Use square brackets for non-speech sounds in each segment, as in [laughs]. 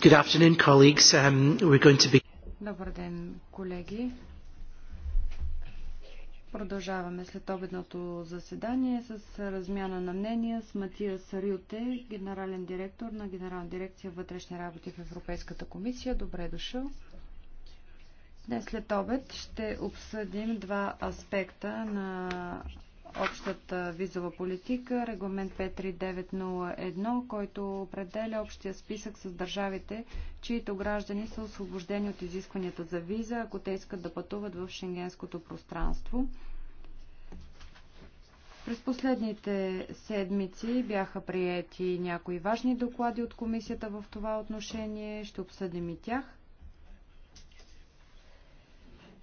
Good afternoon, colleagues. Um, we're going to be... Добър ден, колеги. Продължаваме след обедното заседание с размяна на мнения с Матия Сарилте, генерален директор на Генерална дирекция вътрешни работи в Европейската комисия. Добре е дошъл. Днес след обед ще обсъдим два аспекта на общата визова политика, регламент 53901, който определя общия списък с държавите, чието граждани са освобождени от изискванията за виза, ако те искат да пътуват в шенгенското пространство. През последните седмици бяха приети някои важни доклади от комисията в това отношение. Ще обсъдим и тях.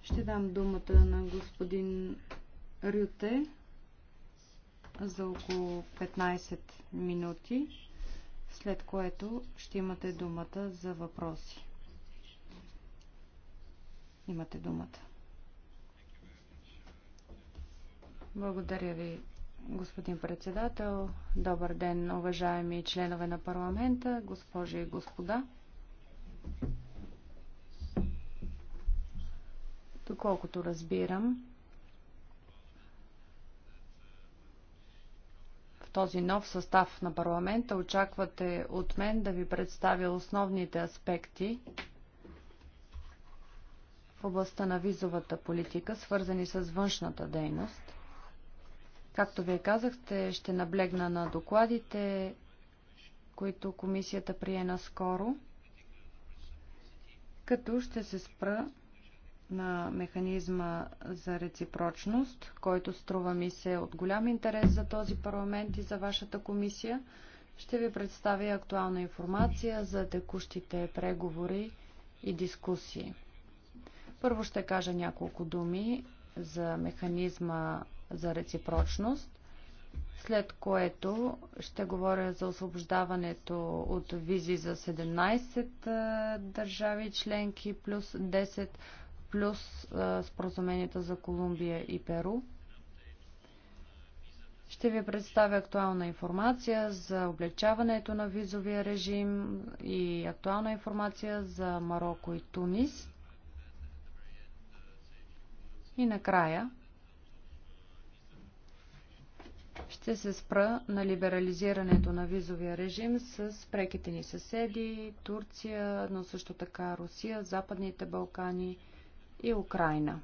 Ще дам думата на господин Рюте, за около 15 минути, след което ще имате думата за въпроси. Имате думата. Благодаря ви, господин председател. Добър ден, уважаеми членове на парламента, госпожи и господа. Доколкото разбирам, този нов състав на парламента очаквате от мен да ви представя основните аспекти в областта на визовата политика, свързани с външната дейност. Както вие казахте, ще наблегна на докладите, които комисията прие наскоро, като ще се спра на механизма за реципрочност, който струва ми се от голям интерес за този парламент и за вашата комисия. Ще ви представя актуална информация за текущите преговори и дискусии. Първо ще кажа няколко думи за механизма за реципрочност, след което ще говоря за освобождаването от визи за 17 държави членки плюс 10 плюс споразуменията за Колумбия и Перу. Ще ви представя актуална информация за облегчаването на визовия режим и актуална информация за Марокко и Тунис. И накрая ще се спра на либерализирането на визовия режим с преките ни съседи, Турция, но също така Русия, Западните Балкани – и Украина.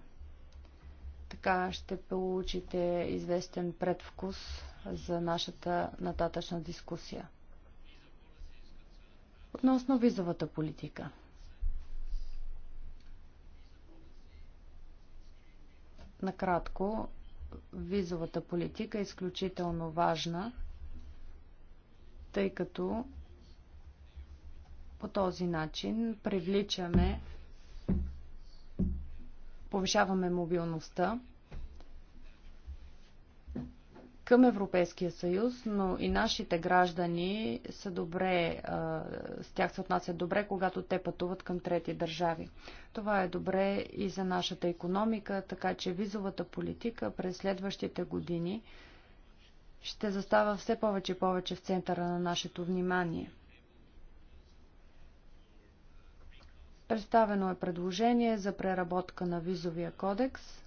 Така ще получите известен предвкус за нашата нататъчна дискусия. Относно визовата политика. Накратко, визовата политика е изключително важна, тъй като по този начин привличаме повишаваме мобилността към Европейския съюз, но и нашите граждани са добре, с тях се отнасят добре, когато те пътуват към трети държави. Това е добре и за нашата економика, така че визовата политика през следващите години ще застава все повече и повече в центъра на нашето внимание – Представено е предложение за преработка на визовия кодекс.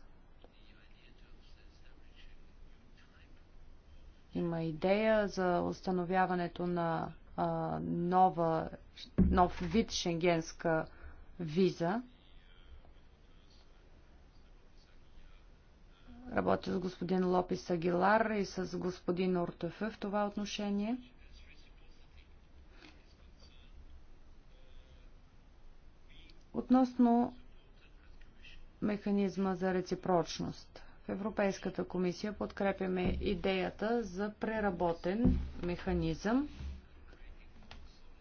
Има идея за установяването на а, нова, нов вид шенгенска виза. Работя с господин Лопис Агилар и с господин Ортефе в това отношение. Относно механизма за реципрочност. В Европейската комисия подкрепяме идеята за преработен механизъм,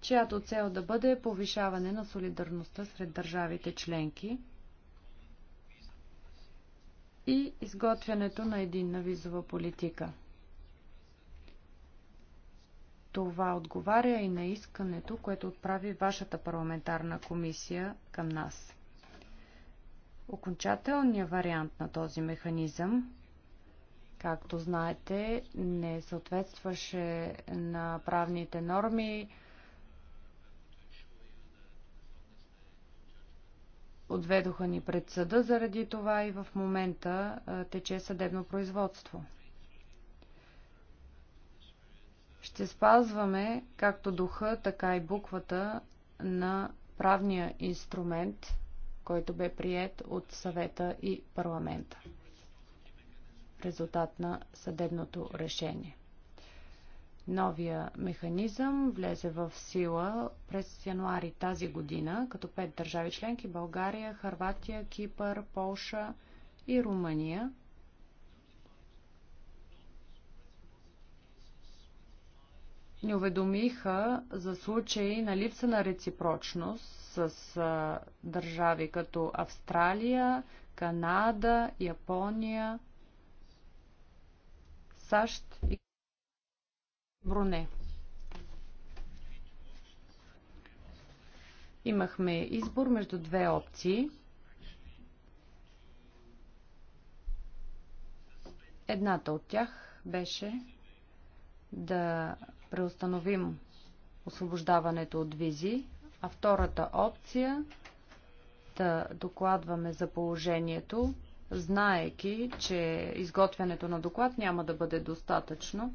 чиято цел да бъде повишаване на солидарността сред държавите членки и изготвянето на единна визова политика. Това отговаря и на искането, което отправи вашата парламентарна комисия към нас. Окончателният вариант на този механизъм, както знаете, не съответстваше на правните норми, Отведоха ни пред съда заради това и в момента тече съдебно производство. Ще спазваме както духа, така и буквата на правния инструмент, който бе прият от съвета и парламента. Резултат на съдебното решение. Новия механизъм влезе в сила през януари тази година, като пет държави членки България, Харватия, Кипър, Полша и Румъния ни уведомиха за случаи на липса на реципрочност с а, държави като Австралия, Канада, Япония, САЩ и Бруне. Имахме избор между две опции. Едната от тях беше да преустановим освобождаването от визи, а втората опция да докладваме за положението, знаеки, че изготвянето на доклад няма да бъде достатъчно,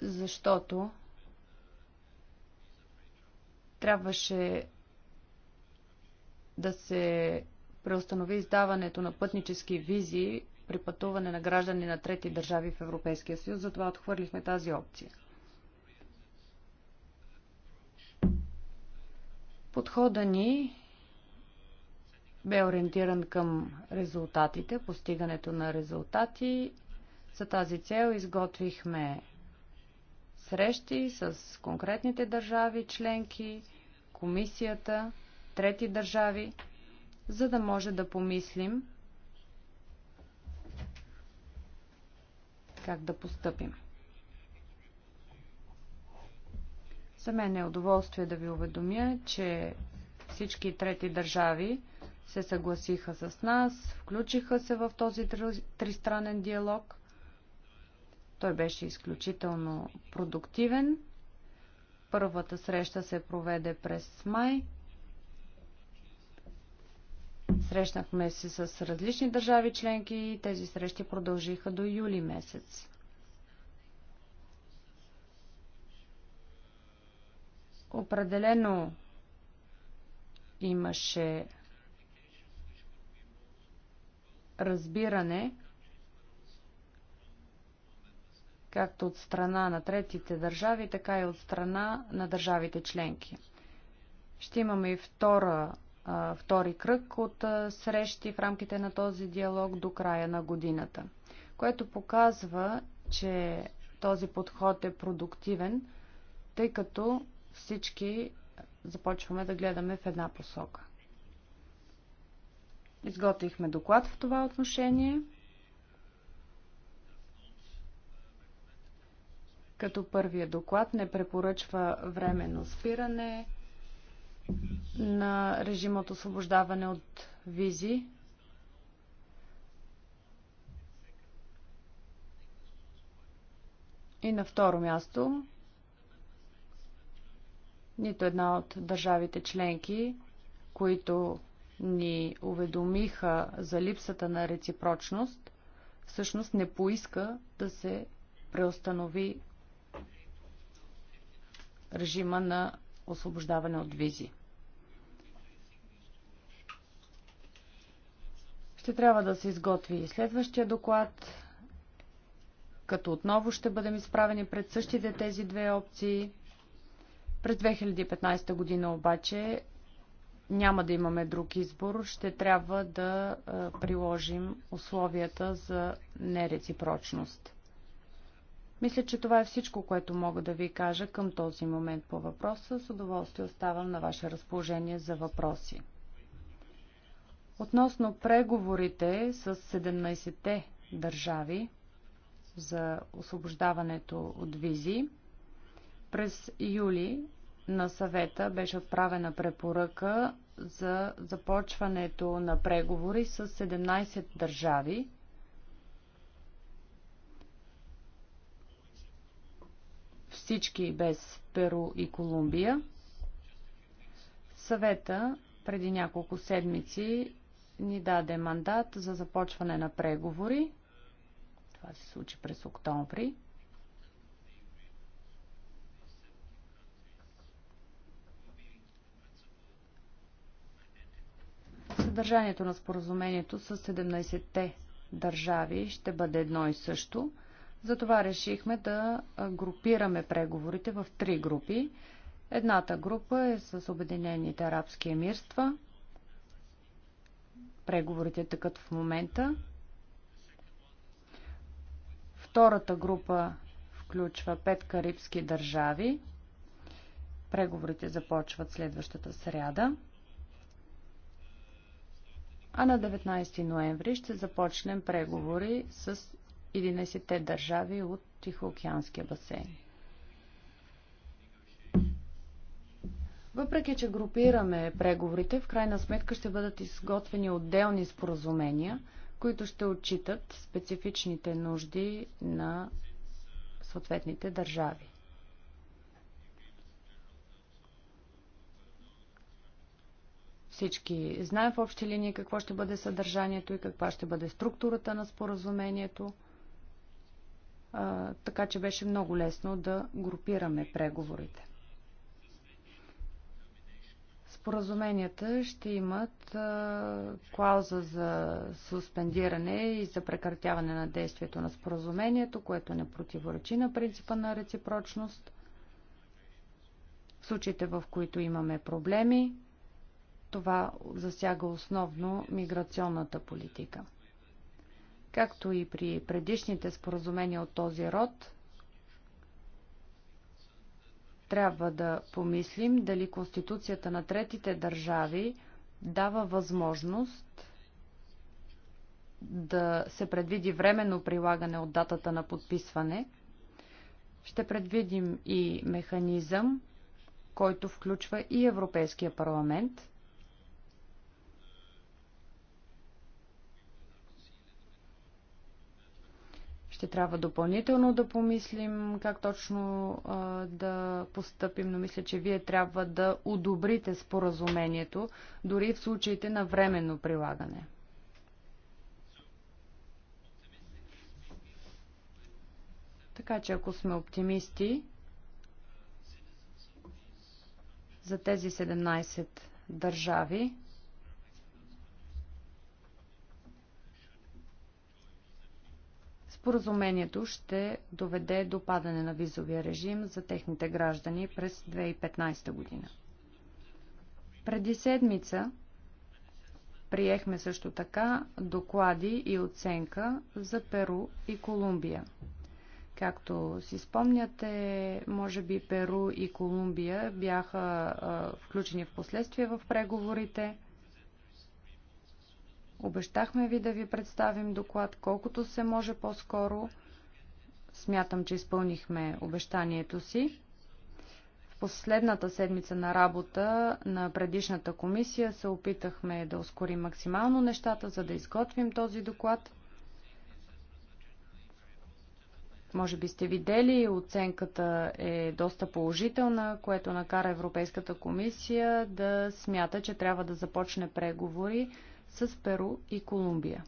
защото трябваше да се преустанови издаването на пътнически визи при пътуване на граждани на трети държави в Европейския съюз, затова отхвърлихме тази опция. Подхода ни бе ориентиран към резултатите, постигането на резултати. За тази цел изготвихме срещи с конкретните държави, членки, комисията, трети държави, за да може да помислим как да постъпим. За мен е удоволствие да ви уведомя, че всички трети държави се съгласиха с нас, включиха се в този тристранен диалог. Той беше изключително продуктивен. Първата среща се проведе през май Срещнахме се с различни държави членки и тези срещи продължиха до юли месец. Определено имаше разбиране, както от страна на третите държави, така и от страна на държавите членки. Ще имаме и втора втори кръг от срещи в рамките на този диалог до края на годината, което показва, че този подход е продуктивен, тъй като всички започваме да гледаме в една посока. Изготвихме доклад в това отношение. Като първия доклад не препоръчва временно спиране, на режима от освобождаване от визи. И на второ място, нито една от държавите членки, които ни уведомиха за липсата на реципрочност, всъщност не поиска да се преустанови режима на освобождаване от визи. ще трябва да се изготви и следващия доклад, като отново ще бъдем изправени пред същите тези две опции. През 2015 година обаче няма да имаме друг избор, ще трябва да приложим условията за нереципрочност. Мисля, че това е всичко, което мога да ви кажа към този момент по въпроса. С удоволствие оставам на ваше разположение за въпроси. Относно преговорите с 17-те държави за освобождаването от визи, през юли на съвета беше отправена препоръка за започването на преговори с 17 държави. Всички без Перу и Колумбия. Съвета преди няколко седмици ни даде мандат за започване на преговори. Това се случи през октомври. Съдържанието на споразумението с 17-те държави ще бъде едно и също. Затова решихме да групираме преговорите в три групи. Едната група е с Обединените арабски емирства – Преговорите такът в момента. Втората група включва пет карибски държави. Преговорите започват следващата сряда. А на 19 ноември ще започнем преговори с 11-те държави от Тихоокеанския басейн. Въпреки, че групираме преговорите, в крайна сметка ще бъдат изготвени отделни споразумения, които ще отчитат специфичните нужди на съответните държави. Всички знаем в общи линии какво ще бъде съдържанието и каква ще бъде структурата на споразумението. А, така че беше много лесно да групираме преговорите. Споразуменията ще имат клауза за суспендиране и за прекратяване на действието на споразумението, което не противоречи на принципа на реципрочност. В случаите, в които имаме проблеми, това засяга основно миграционната политика. Както и при предишните споразумения от този род, трябва да помислим дали Конституцията на третите държави дава възможност да се предвиди временно прилагане от датата на подписване. Ще предвидим и механизъм, който включва и Европейския парламент – ще трябва допълнително да помислим как точно а, да постъпим, но мисля, че вие трябва да одобрите споразумението, дори в случаите на временно прилагане. Така че ако сме оптимисти за тези 17 държави, Споразумението ще доведе до падане на визовия режим за техните граждани през 2015 година. Преди седмица приехме също така доклади и оценка за Перу и Колумбия. Както си спомняте, може би Перу и Колумбия бяха а, включени в последствие в преговорите – Обещахме ви да ви представим доклад колкото се може по-скоро. Смятам, че изпълнихме обещанието си. В последната седмица на работа на предишната комисия се опитахме да ускорим максимално нещата, за да изготвим този доклад. Може би сте видели, оценката е доста положителна, което накара Европейската комисия да смята, че трябва да започне преговори с Перу и Колумбия.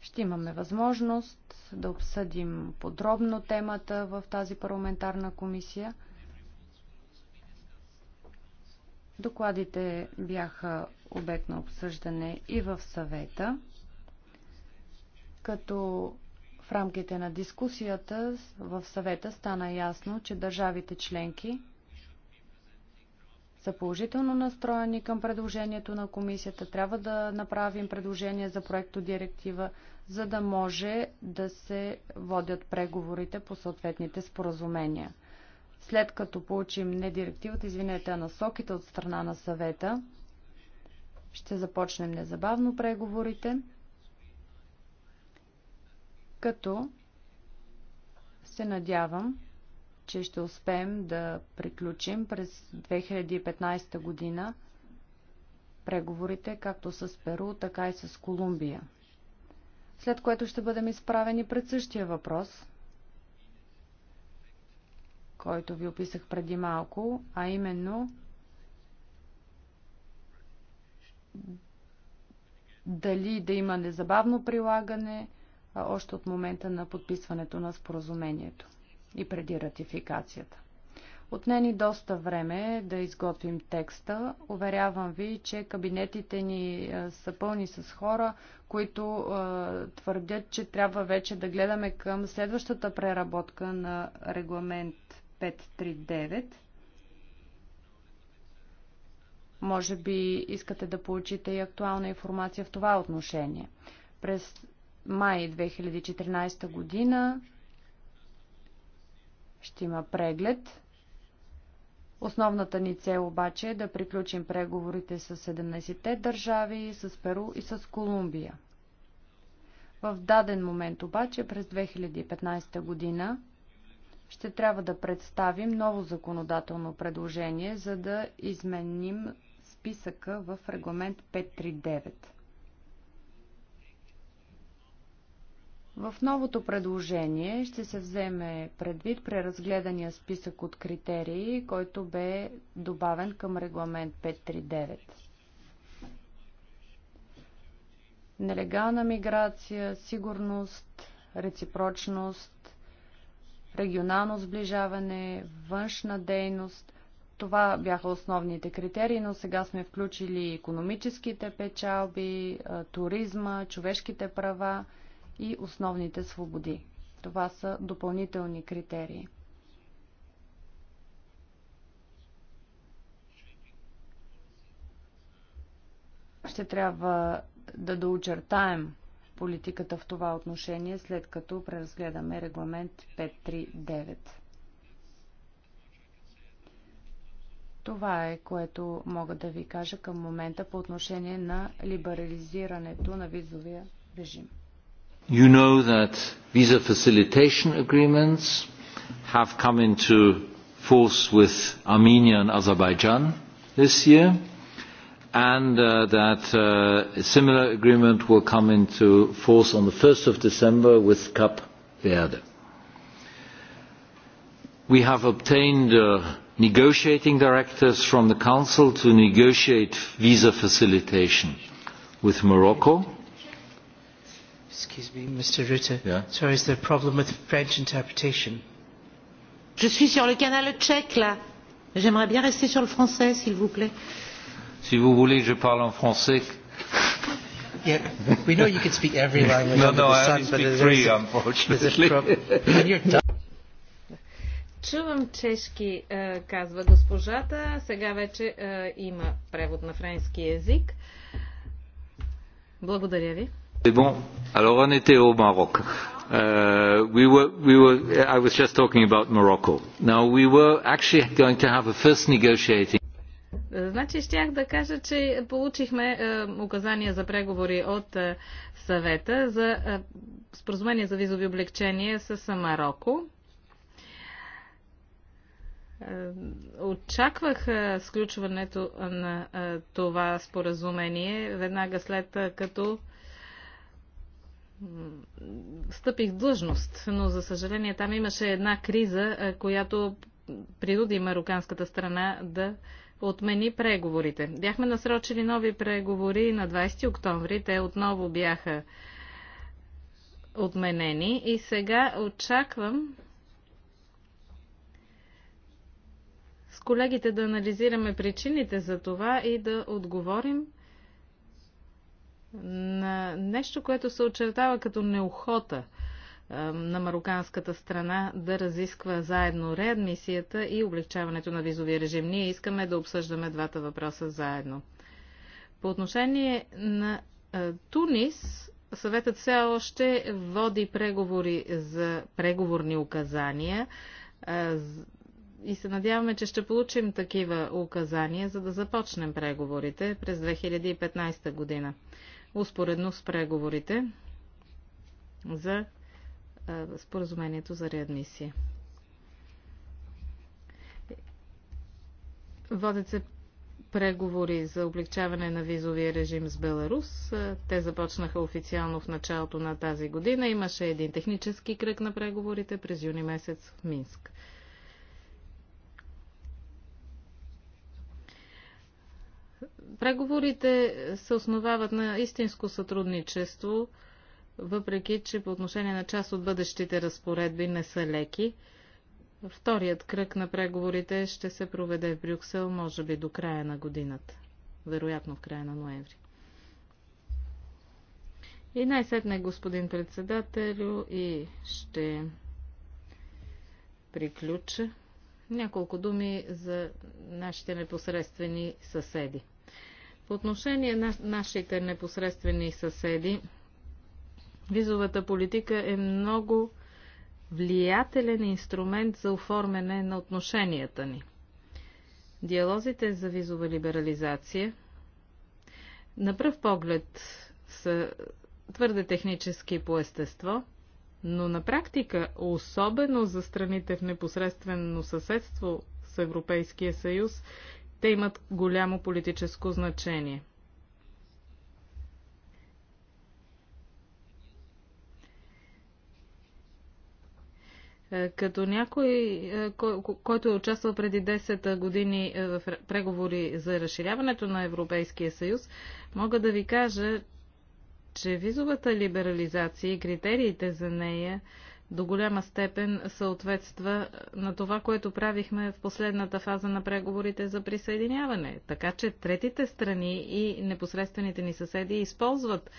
Ще имаме възможност да обсъдим подробно темата в тази парламентарна комисия. Докладите бяха обект на обсъждане и в съвета, като в рамките на дискусията в съвета стана ясно, че държавите членки са положително настроени към предложението на комисията. Трябва да направим предложение за проекто директива, за да може да се водят преговорите по съответните споразумения. След като получим не директивата, извинете, а насоките от страна на съвета, ще започнем незабавно преговорите, като се надявам, че ще успеем да приключим през 2015 година преговорите както с Перу, така и с Колумбия. След което ще бъдем изправени пред същия въпрос, който ви описах преди малко, а именно дали да има незабавно прилагане още от момента на подписването на споразумението и преди ратификацията. Отне ни доста време е да изготвим текста. Уверявам ви, че кабинетите ни е, са пълни с хора, които е, твърдят, че трябва вече да гледаме към следващата преработка на регламент 539. Може би искате да получите и актуална информация в това отношение. През май 2014 година ще има преглед. Основната ни цел обаче е да приключим преговорите с 17-те държави, с Перу и с Колумбия. В даден момент обаче през 2015 година ще трябва да представим ново законодателно предложение, за да изменим списъка в регламент 539. В новото предложение ще се вземе предвид преразгледания списък от критерии, който бе добавен към регламент 539. Нелегална миграция, сигурност, реципрочност, регионално сближаване, външна дейност – това бяха основните критерии, но сега сме включили економическите печалби, туризма, човешките права – и основните свободи. Това са допълнителни критерии. Ще трябва да доочертаем политиката в това отношение, след като преразгледаме регламент 539. Това е, което мога да ви кажа към момента по отношение на либерализирането на визовия режим. You know that visa facilitation agreements have come into force with Armenia and Azerbaijan this year, and uh, that uh, a similar agreement will come into force on the 1st of December with Cap Verde. We have obtained uh, negotiating directives from the Council to negotiate visa facilitation with Morocco Excuse me, Mr. Rutte. Yeah. Sorry, is there a problem with French interpretation? Je suis sur le canal tchèque, là. J'aimerais bien rester sur le français, s'il vous plaît. Si vous voulez je parle en français. Yeah, we know you can speak every language. no, no, I sun, speak three, unfortunately. And you're done. Чувам чешки, казва госпожата. Сега вече има превод на френски язик. Благодаря ви. C'est Bon, alors on était au Maroc. Uh, we were, we were, I was just talking about Morocco. Now we were actually going to have a first negotiating. Е, значи щях да кажа, че получихме е, указания за преговори от е, съвета за е, споразумение за визови облегчения с е, Марокко. Е, очаквах сключването на това споразумение веднага след като стъпих длъжност, но за съжаление там имаше една криза, която принуди мароканската страна да отмени преговорите. Бяхме насрочили нови преговори на 20 октомври. Те отново бяха отменени и сега очаквам с колегите да анализираме причините за това и да отговорим на нещо, което се очертава като неохота на мароканската страна да разисква заедно реадмисията и облегчаването на визовия режим. Ние искаме да обсъждаме двата въпроса заедно. По отношение на Тунис, съветът все още води преговори за преговорни указания и се надяваме, че ще получим такива указания, за да започнем преговорите през 2015 година успоредно с преговорите за споразумението за реадмисия. Водят се преговори за облегчаване на визовия режим с Беларус. Те започнаха официално в началото на тази година. Имаше един технически кръг на преговорите през юни месец в Минск. Преговорите се основават на истинско сътрудничество, въпреки че по отношение на част от бъдещите разпоредби не са леки. Вторият кръг на преговорите ще се проведе в Брюксел, може би до края на годината. Вероятно в края на ноември. И най-сетне, господин председателю, и ще приключа няколко думи за нашите непосредствени съседи. По отношение на нашите непосредствени съседи, визовата политика е много влиятелен инструмент за оформяне на отношенията ни. Диалозите за визова либерализация на пръв поглед са твърде технически по естество, но на практика, особено за страните в непосредствено съседство с Европейския съюз, те имат голямо политическо значение. Е, като някой, е, който е участвал преди 10 години е, в преговори за разширяването на Европейския съюз, мога да ви кажа, че визовата либерализация и критериите за нея до голяма степен съответства на това, което правихме в последната фаза на преговорите за присъединяване. Така че третите страни и непосредствените ни съседи използват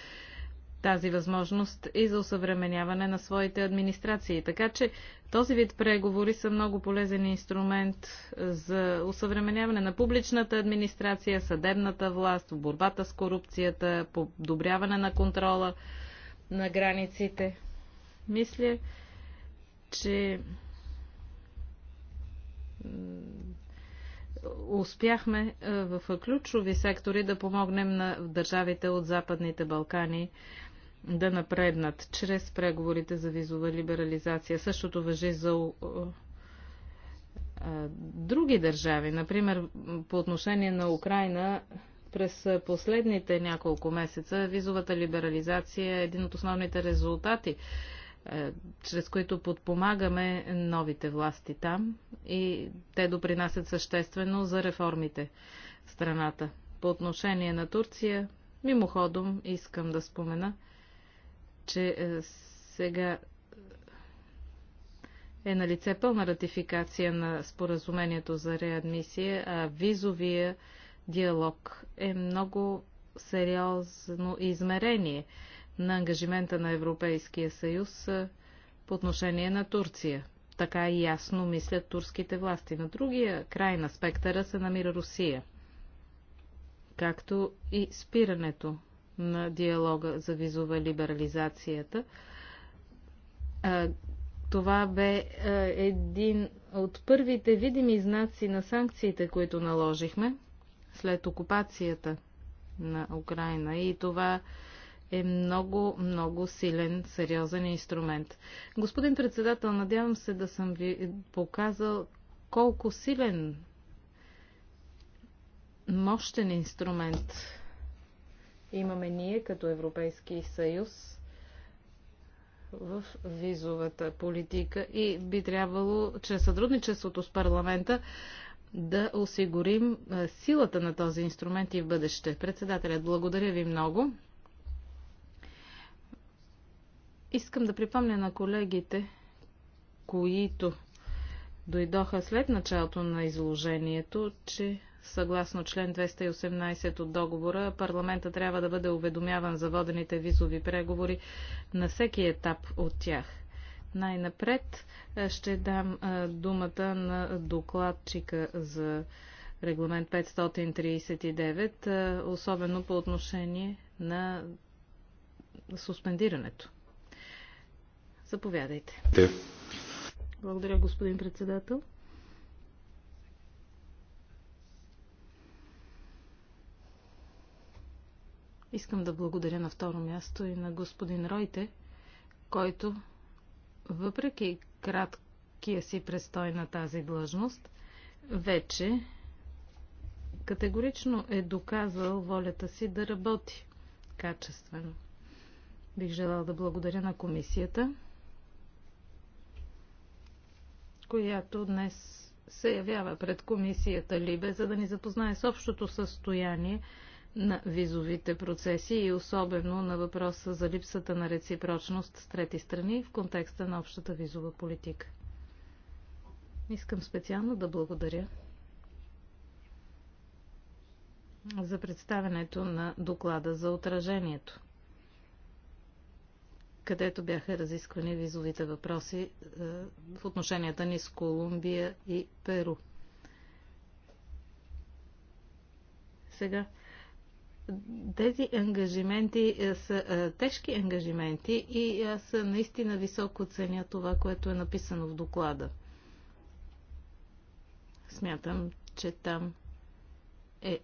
тази възможност и за усъвременяване на своите администрации. Така че този вид преговори са много полезен инструмент за усъвременяване на публичната администрация, съдебната власт, борбата с корупцията, подобряване на контрола на границите. Мисля, че успяхме в ключови сектори да помогнем на държавите от Западните Балкани да напреднат чрез преговорите за визова либерализация. Същото въжи за други държави. Например, по отношение на Украина, през последните няколко месеца визовата либерализация е един от основните резултати е, чрез които подпомагаме новите власти там и те допринасят съществено за реформите в страната. По отношение на Турция, мимоходом искам да спомена, че е, сега е на лице пълна ратификация на споразумението за реадмисия, а визовия диалог е много сериозно измерение – на ангажимента на Европейския съюз по отношение на Турция. Така и ясно мислят турските власти. На другия край на спектъра се намира Русия, както и спирането на диалога за визова либерализацията. Това бе един от първите видими знаци на санкциите, които наложихме след окупацията на Украина. И това е много, много силен, сериозен инструмент. Господин председател, надявам се да съм ви показал колко силен, мощен инструмент имаме ние като Европейски съюз в визовата политика и би трябвало чрез сътрудничеството с парламента да осигурим силата на този инструмент и в бъдеще. Председателят, благодаря ви много. Искам да припомня на колегите, които дойдоха след началото на изложението, че съгласно член 218 от договора, парламента трябва да бъде уведомяван за водените визови преговори на всеки етап от тях. Най-напред е, ще дам е, думата на докладчика за регламент 539, е, особено по отношение на суспендирането. Заповядайте. Те. Благодаря, господин председател. Искам да благодаря на второ място и на господин Ройте, който, въпреки краткия си престой на тази длъжност, вече категорично е доказал волята си да работи качествено. Бих желал да благодаря на комисията, която днес се явява пред комисията Либе, за да ни запознае с общото състояние на визовите процеси и особено на въпроса за липсата на реципрочност с трети страни в контекста на общата визова политика. Искам специално да благодаря за представенето на доклада за отражението – където бяха разисквани визовите въпроси е, в отношенията ни с Колумбия и Перу. Сега, тези ангажименти е, са е, тежки ангажименти и аз наистина високо ценя това, което е написано в доклада. Смятам, че там е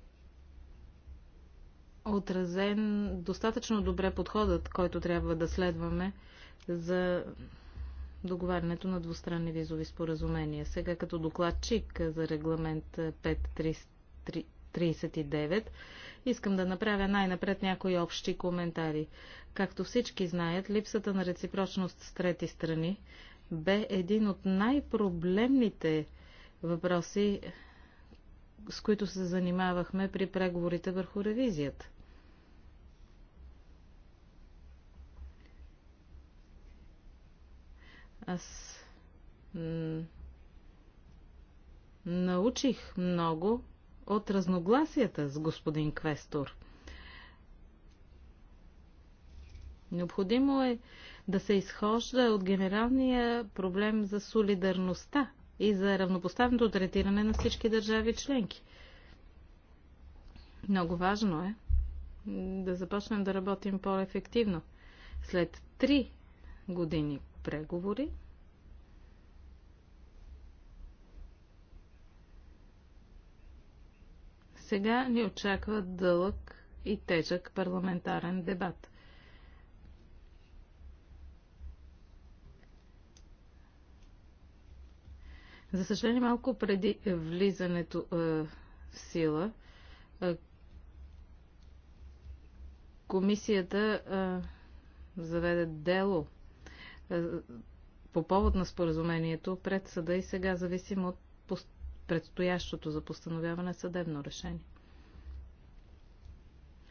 отразен достатъчно добре подходът, който трябва да следваме за договарянето на двустранни визови споразумения. Сега като докладчик за регламент 539 искам да направя най-напред някои общи коментари. Както всички знаят, липсата на реципрочност с трети страни бе един от най-проблемните въпроси, с които се занимавахме при преговорите върху ревизията. Аз научих много от разногласията с господин Квестор. Необходимо е да се изхожда от генералния проблем за солидарността и за равнопоставеното третиране на всички държави членки. Много важно е да започнем да работим по-ефективно. След три години преговори. Сега ни очаква дълъг и тежък парламентарен дебат. За съжаление, малко преди влизането е, в сила, е, комисията е, заведе дело е, по повод на споразумението пред съда и сега зависим от предстоящото за постановяване съдебно решение.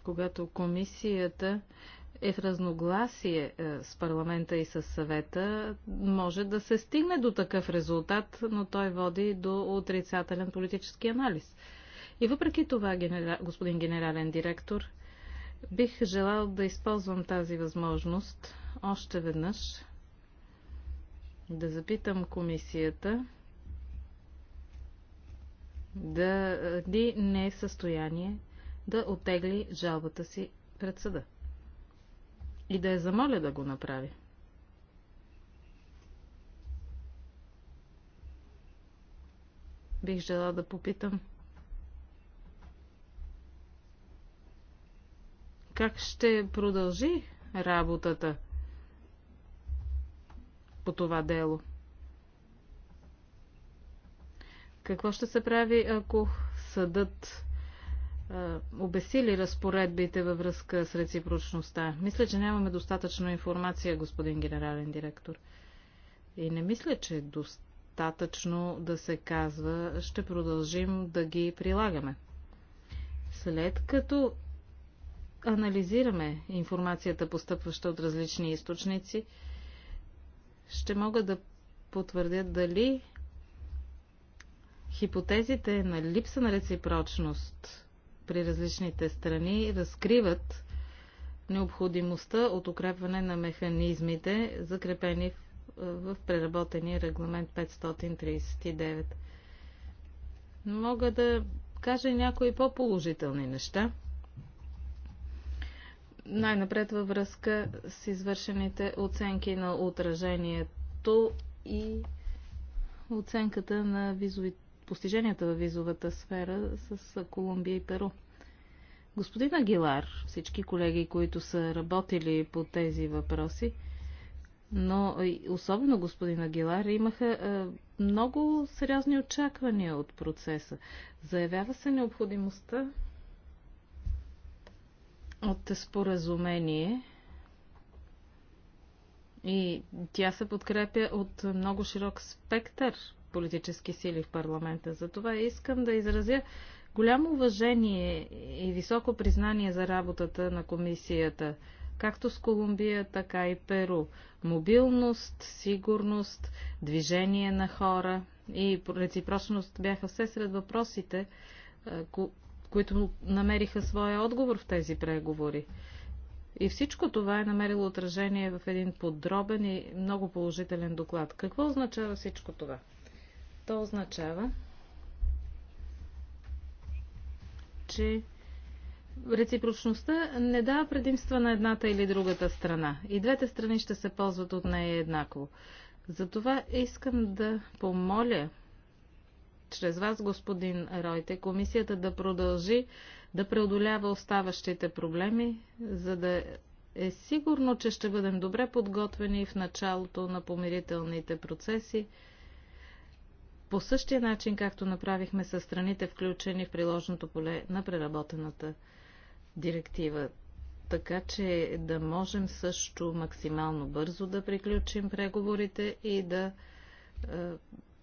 Когато комисията е в разногласие е, с парламента и с съвета, може да се стигне до такъв резултат, но той води до отрицателен политически анализ. И въпреки това, генера... господин генерален директор, бих желал да използвам тази възможност още веднъж да запитам комисията да ли не е в състояние да отегли жалбата си пред съда и да я замоля да го направи. Бих желала да попитам как ще продължи работата по това дело. Какво ще се прави, ако съдът обесили разпоредбите във връзка с реципрочността? Мисля, че нямаме достатъчно информация, господин генерален директор. И не мисля, че е достатъчно да се казва, ще продължим да ги прилагаме. След като анализираме информацията, постъпваща от различни източници, ще мога да потвърдят дали хипотезите на липса на реципрочност при различните страни разкриват необходимостта от укрепване на механизмите, закрепени в, в преработения регламент 539. Мога да кажа някои по-положителни неща – най-напред във връзка с извършените оценки на отражението и оценката на визови... постиженията във визовата сфера с Колумбия и Перу. Господин Агилар, всички колеги, които са работили по тези въпроси, но особено господин Агилар, имаха много сериозни очаквания от процеса. Заявява се необходимостта от споразумение и тя се подкрепя от много широк спектър политически сили в парламента. Затова искам да изразя голямо уважение и високо признание за работата на комисията, както с Колумбия, така и Перу. Мобилност, сигурност, движение на хора и реципрочност бяха все сред въпросите, които намериха своя отговор в тези преговори. И всичко това е намерило отражение в един подробен и много положителен доклад. Какво означава всичко това? То означава, че реципрочността не дава предимства на едната или другата страна. И двете страни ще се ползват от нея еднакво. Затова искам да помоля чрез вас, господин Ройте, комисията да продължи да преодолява оставащите проблеми, за да е сигурно, че ще бъдем добре подготвени в началото на помирителните процеси, по същия начин, както направихме с страните, включени в приложното поле на преработената директива. Така че да можем също максимално бързо да приключим преговорите и да е,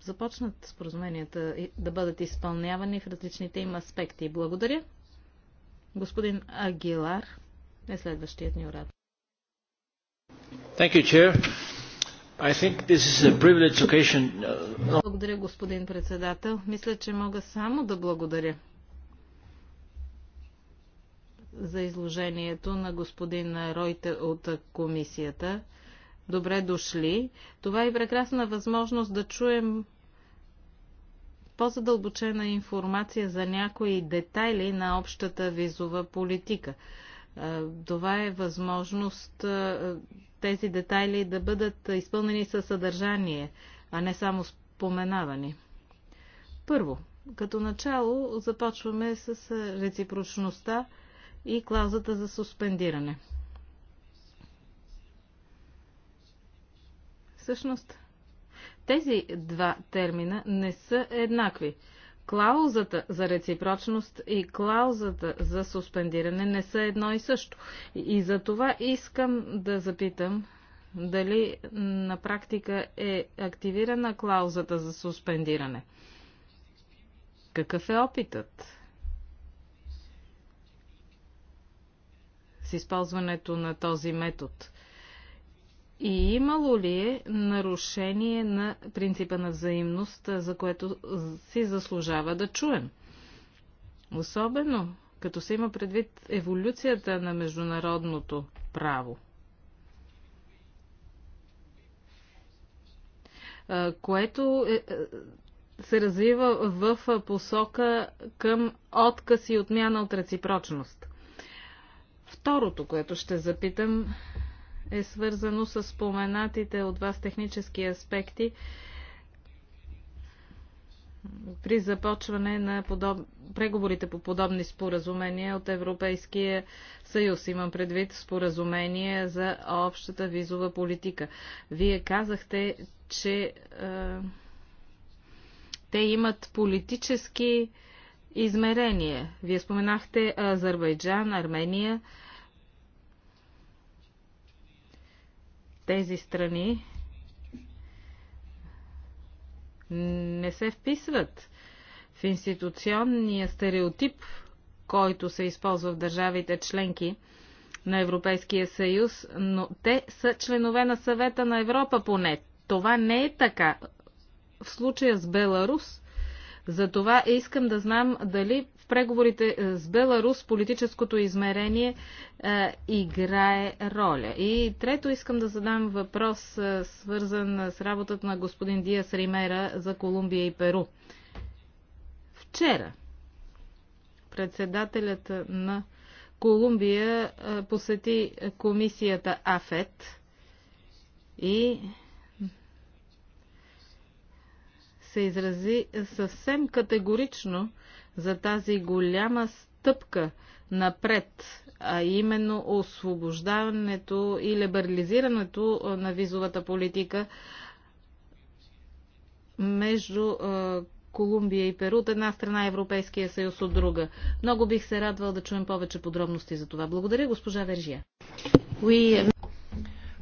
започнат споразуменията да бъдат изпълнявани в различните им аспекти. Благодаря. Господин Агилар е следващият ни оратор. Благодаря, господин председател. Мисля, че мога само да благодаря за изложението на господин Ройте от комисията. Добре дошли. Това е прекрасна възможност да чуем по-задълбочена информация за някои детайли на общата визова политика. Е, това е възможност е, тези детайли да бъдат изпълнени със съдържание, а не само споменавани. Първо, като начало започваме с е, реципрочността и клаузата за суспендиране. Всъщност, тези два термина не са еднакви. Клаузата за реципрочност и клаузата за суспендиране не са едно и също. И за това искам да запитам дали на практика е активирана клаузата за суспендиране. Какъв е опитът с използването на този метод – и имало ли е нарушение на принципа на взаимност, за което си заслужава да чуем? Особено като се има предвид еволюцията на международното право. което е, е, се развива в посока към отказ и отмяна от реципрочност. Второто, което ще запитам, е свързано с споменатите от вас технически аспекти при започване на подоб... преговорите по подобни споразумения от Европейския съюз. Имам предвид споразумение за общата визова политика. Вие казахте, че е... те имат политически измерения. Вие споменахте Азербайджан, Армения. Е... тези страни не се вписват в институционния стереотип, който се използва в държавите членки на Европейския съюз, но те са членове на съвета на Европа поне. Това не е така в случая с Беларус. Затова искам да знам дали преговорите е, с Беларус политическото измерение е, играе роля. И трето искам да задам въпрос, е, свързан с работата на господин Диас Римера за Колумбия и Перу. Вчера председателят на Колумбия е, посети комисията АФЕТ и се изрази съвсем категорично за тази голяма стъпка напред, а именно освобождаването и либерализирането на визовата политика между Колумбия и Перу от една страна, Европейския съюз от друга. Много бих се радвал да чуем повече подробности за това. Благодаря, госпожа Вержия.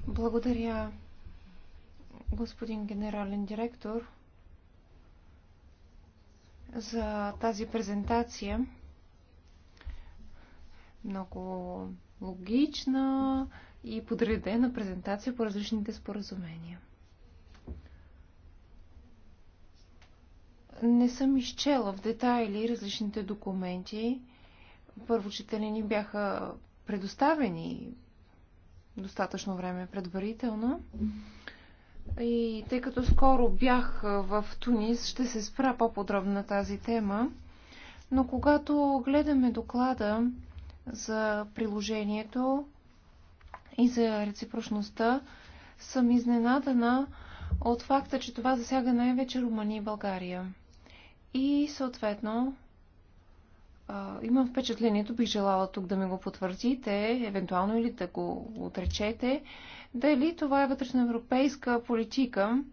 Благодаря, господин генерален директор за тази презентация. Много логична и подредена презентация по различните споразумения. Не съм изчела в детайли различните документи. Първо четене ни бяха предоставени достатъчно време предварително. И тъй като скоро бях в Тунис, ще се спра по-подробно на тази тема. Но когато гледаме доклада за приложението и за реципрочността, съм изненадана от факта, че това засяга най-вече Румъния и България. И съответно имам впечатлението, бих желала тук да ми го потвърдите, евентуално или да го отречете, дали това е вътрешноевропейска политика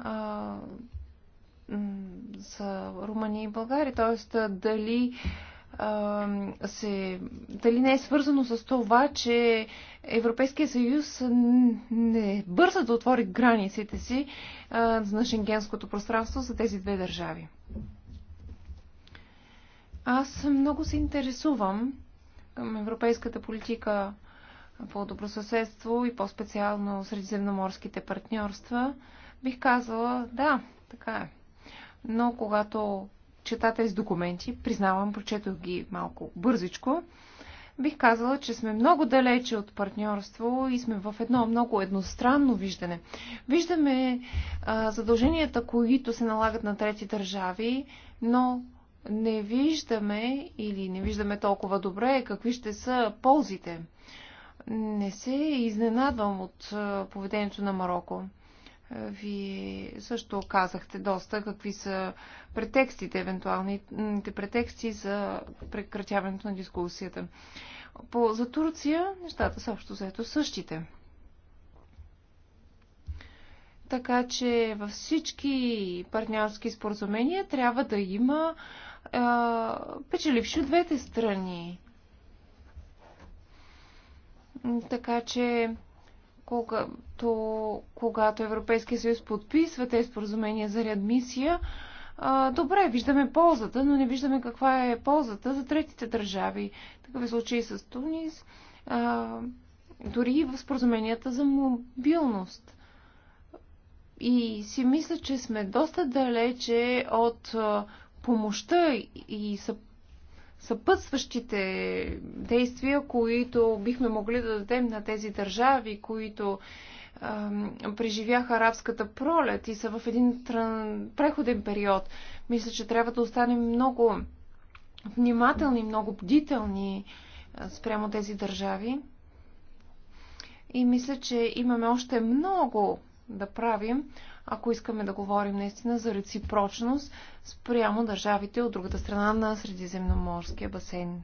а, за Румъния и България, т.е. дали се, дали не е свързано с това, че Европейския съюз не е бърза да отвори границите си а, на шенгенското пространство за тези две държави. Аз много се интересувам към европейската политика по добросъседство и по-специално средиземноморските партньорства. Бих казала, да, така е. Но когато чета тези документи, признавам, прочетох ги малко бързичко, бих казала, че сме много далече от партньорство и сме в едно много едностранно виждане. Виждаме а, задълженията, които се налагат на трети държави, но не виждаме или не виждаме толкова добре какви ще са ползите. Не се изненадвам от поведението на Марокко. Вие също казахте доста какви са претекстите, евентуалните претексти за прекратяването на дискусията. По, за Турция нещата са общо заето същите. Така че във всички партньорски споразумения трябва да има печеливши от двете страни. Така че, когато, когато Европейския съюз подписва тези споразумения за реадмисия, добре, виждаме ползата, но не виждаме каква е ползата за третите държави. Такъв е случай с Тунис, а, дори и в споразуменията за мобилност. И си мисля, че сме доста далече от а, помощта и съпътстващите действия, които бихме могли да дадем на тези държави, които преживяха арабската пролет и са в един преходен период. Мисля, че трябва да останем много внимателни, много бдителни спрямо тези държави. И мисля, че имаме още много да правим, ако искаме да говорим наистина за реципрочност спрямо държавите от другата страна на Средиземноморския басейн.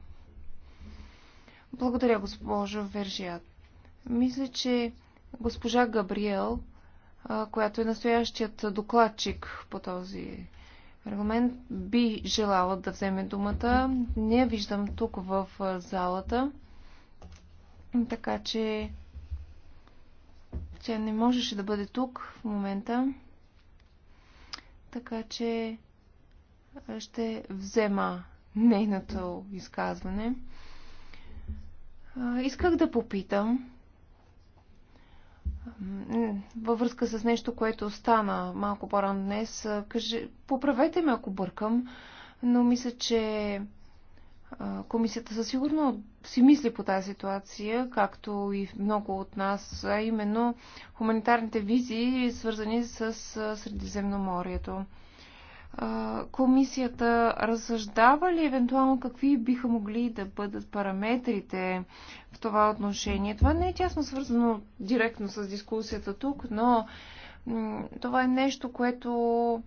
Благодаря, госпожо Вержият. Мисля, че госпожа Габриел, която е настоящият докладчик по този регламент, би желала да вземе думата. Не я виждам тук в залата. Така че че не можеше да бъде тук в момента, така че ще взема нейното изказване. Исках да попитам във връзка с нещо, което стана малко по-рано днес. Каже, поправете ме, ако бъркам, но мисля, че комисията със сигурно си мисли по тази ситуация, както и много от нас, а именно хуманитарните визии, свързани с Средиземноморието. Комисията разсъждава ли евентуално какви биха могли да бъдат параметрите в това отношение? Това не е тясно свързано директно с дискусията тук, но това е нещо, което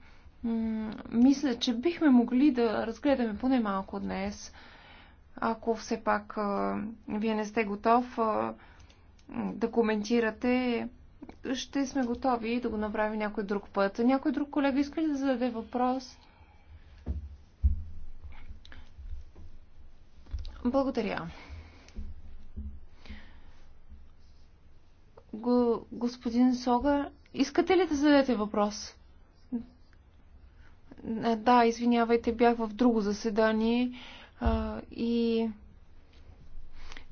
мисля, че бихме могли да разгледаме поне малко днес. Ако все пак вие не сте готов да коментирате, ще сме готови да го направим някой друг път. Някой друг колега иска ли да зададе въпрос? Благодаря. Го, господин Сога, искате ли да зададете въпрос? Да, извинявайте, бях в друго заседание. А, и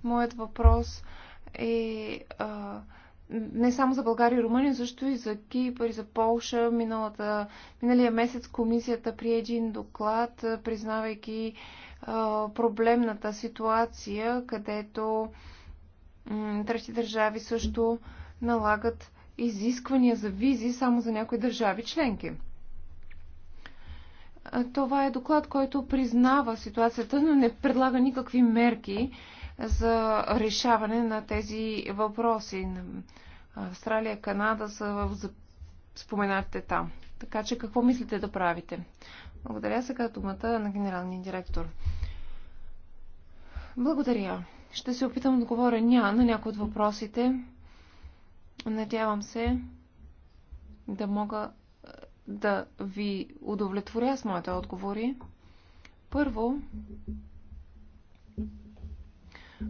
моят въпрос е а, не само за България и Румъния, също и за Кипър и за Полша. Миналата, миналия месец комисията прие един доклад, признавайки а, проблемната ситуация, където трети държави също налагат изисквания за визи само за някои държави членки. Това е доклад, който признава ситуацията, но не предлага никакви мерки за решаване на тези въпроси. Австралия, Канада са в споменатите там. Така че какво мислите да правите? Благодаря сега думата на генералния директор. Благодаря. Ще се опитам да говоря ня на някои от въпросите. Надявам се да мога да ви удовлетворя с моите отговори. Първо,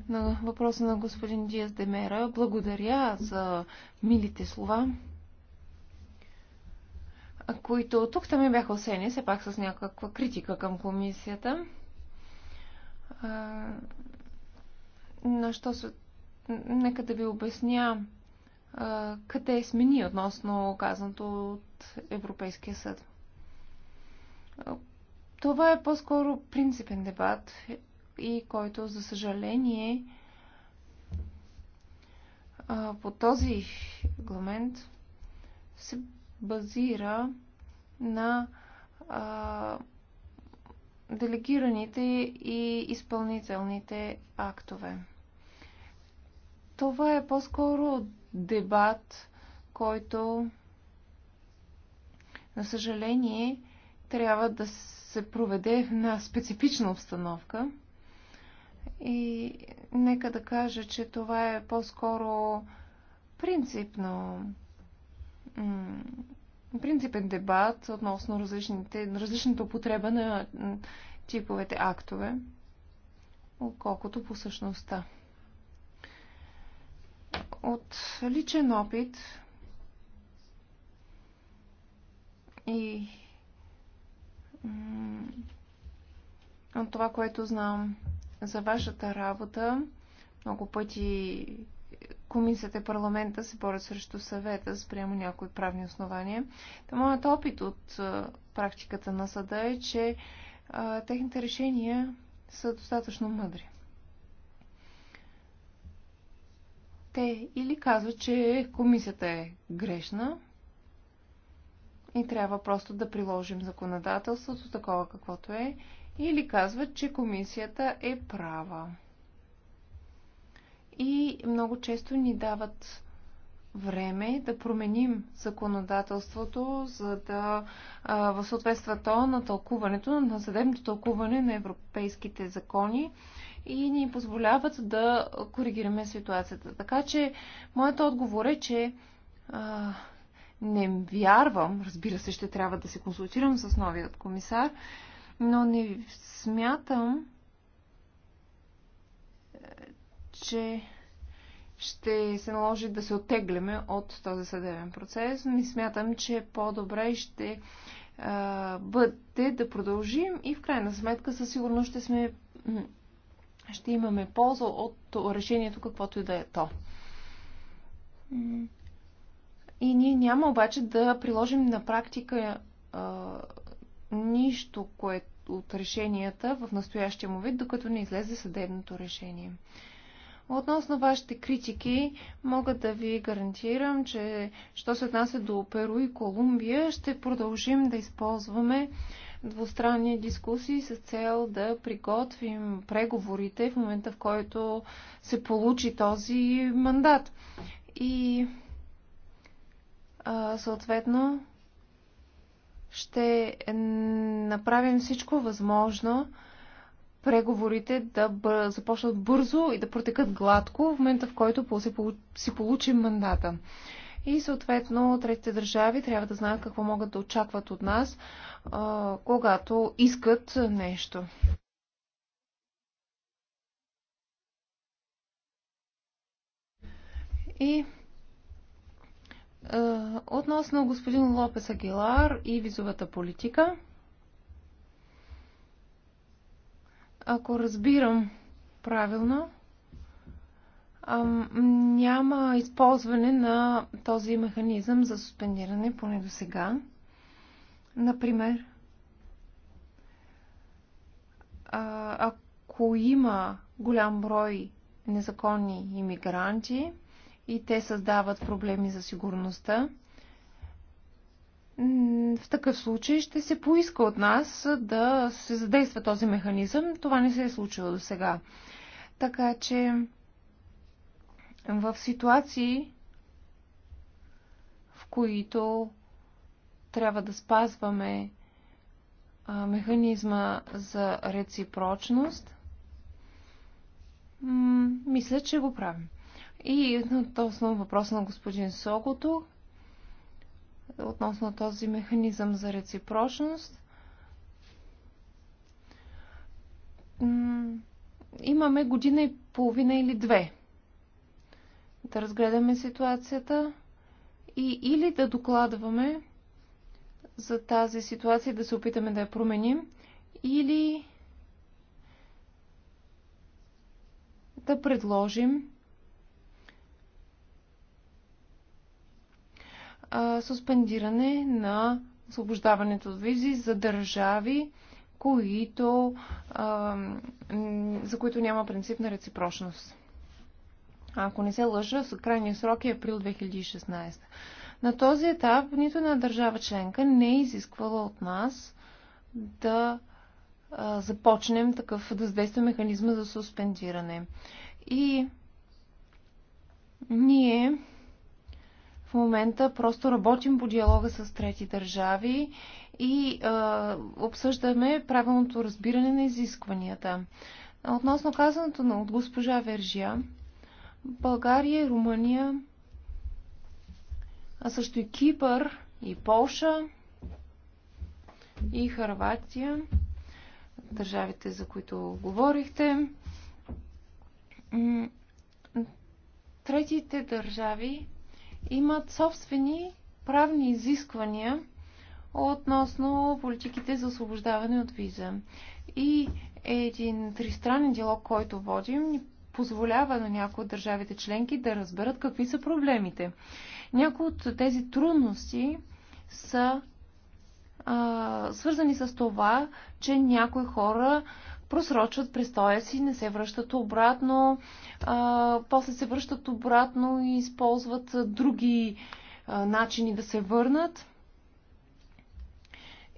на въпроса на господин Диас Демера, благодаря за милите слова, които тук там ми бяха осени, все пак с някаква критика към комисията. Но що се... Нека да ви обясня къде е смени относно казаното Европейския съд. Това е по-скоро принципен дебат и който, за съжаление, по този регламент се базира на делегираните и изпълнителните актове. Това е по-скоро дебат, който на съжаление, трябва да се проведе на специфична обстановка. И нека да кажа, че това е по-скоро принципно принципен дебат относно различните, различната употреба на типовете актове, отколкото по същността. От личен опит и от това, което знам за вашата работа, много пъти комисията и парламента се борят срещу съвета спрямо някои правни основания. Та моят опит от практиката на съда е, че а, техните решения са достатъчно мъдри. Те или казват, че комисията е грешна, и трябва просто да приложим законодателството такова каквото е, или казват, че комисията е права. И много често ни дават време да променим законодателството, за да а, съответства то на тълкуването, на съдебното тълкуване на европейските закони и ни позволяват да коригираме ситуацията. Така че, моят отговор е, че а, не вярвам, разбира се, ще трябва да се консултирам с новият комисар, но не смятам, е, че ще се наложи да се оттегляме от този съдебен процес. Не смятам, че по-добре ще а, е, бъде да продължим и в крайна сметка със сигурност ще сме ще имаме полза от решението, каквото и да е то. И ние няма обаче да приложим на практика а, нищо кое, от решенията в настоящия му вид, докато не излезе съдебното решение. Относно вашите критики, мога да ви гарантирам, че що се отнася до Перу и Колумбия, ще продължим да използваме двустранни дискусии с цел да приготвим преговорите в момента, в който се получи този мандат. И съответно ще направим всичко възможно преговорите да започнат бързо и да протекат гладко в момента, в който си получим мандата. И съответно третите държави трябва да знаят какво могат да очакват от нас, когато искат нещо. И е, относно господин Лопес Агилар и визовата политика, ако разбирам правилно, няма използване на този механизъм за суспендиране, поне до сега. Например, ако има голям брой незаконни иммигранти, и те създават проблеми за сигурността, в такъв случай ще се поиска от нас да се задейства този механизъм. Това не се е случило до сега. Така че в ситуации, в които трябва да спазваме механизма за реципрочност, мисля, че го правим. И относно въпроса на господин Сокото, относно този механизъм за реципрочност, имаме година и половина или две да разгледаме ситуацията и или да докладваме за тази ситуация, да се опитаме да я променим, или да предложим а, суспендиране на освобождаването от визи за държави, които, а, за които няма принцип на реципрочност. Ако не се лъжа, крайният срок е април 2016. На този етап нито една държава членка не е изисквала от нас да а, започнем такъв, да задейства механизма за суспендиране. И ние в момента просто работим по диалога с трети държави и а, обсъждаме правилното разбиране на изискванията. Относно казаното на от госпожа Вержия, България и Румъния, а също и Кипър и Полша и Харватия, държавите, за които говорихте. Третите държави имат собствени правни изисквания относно политиките за освобождаване от виза. И един тристранен диалог, който водим, ни позволява на някои от държавите членки да разберат какви са проблемите. Някои от тези трудности са а, свързани с това, че някои хора просрочват престоя си, не се връщат обратно, а, после се връщат обратно и използват други а, начини да се върнат.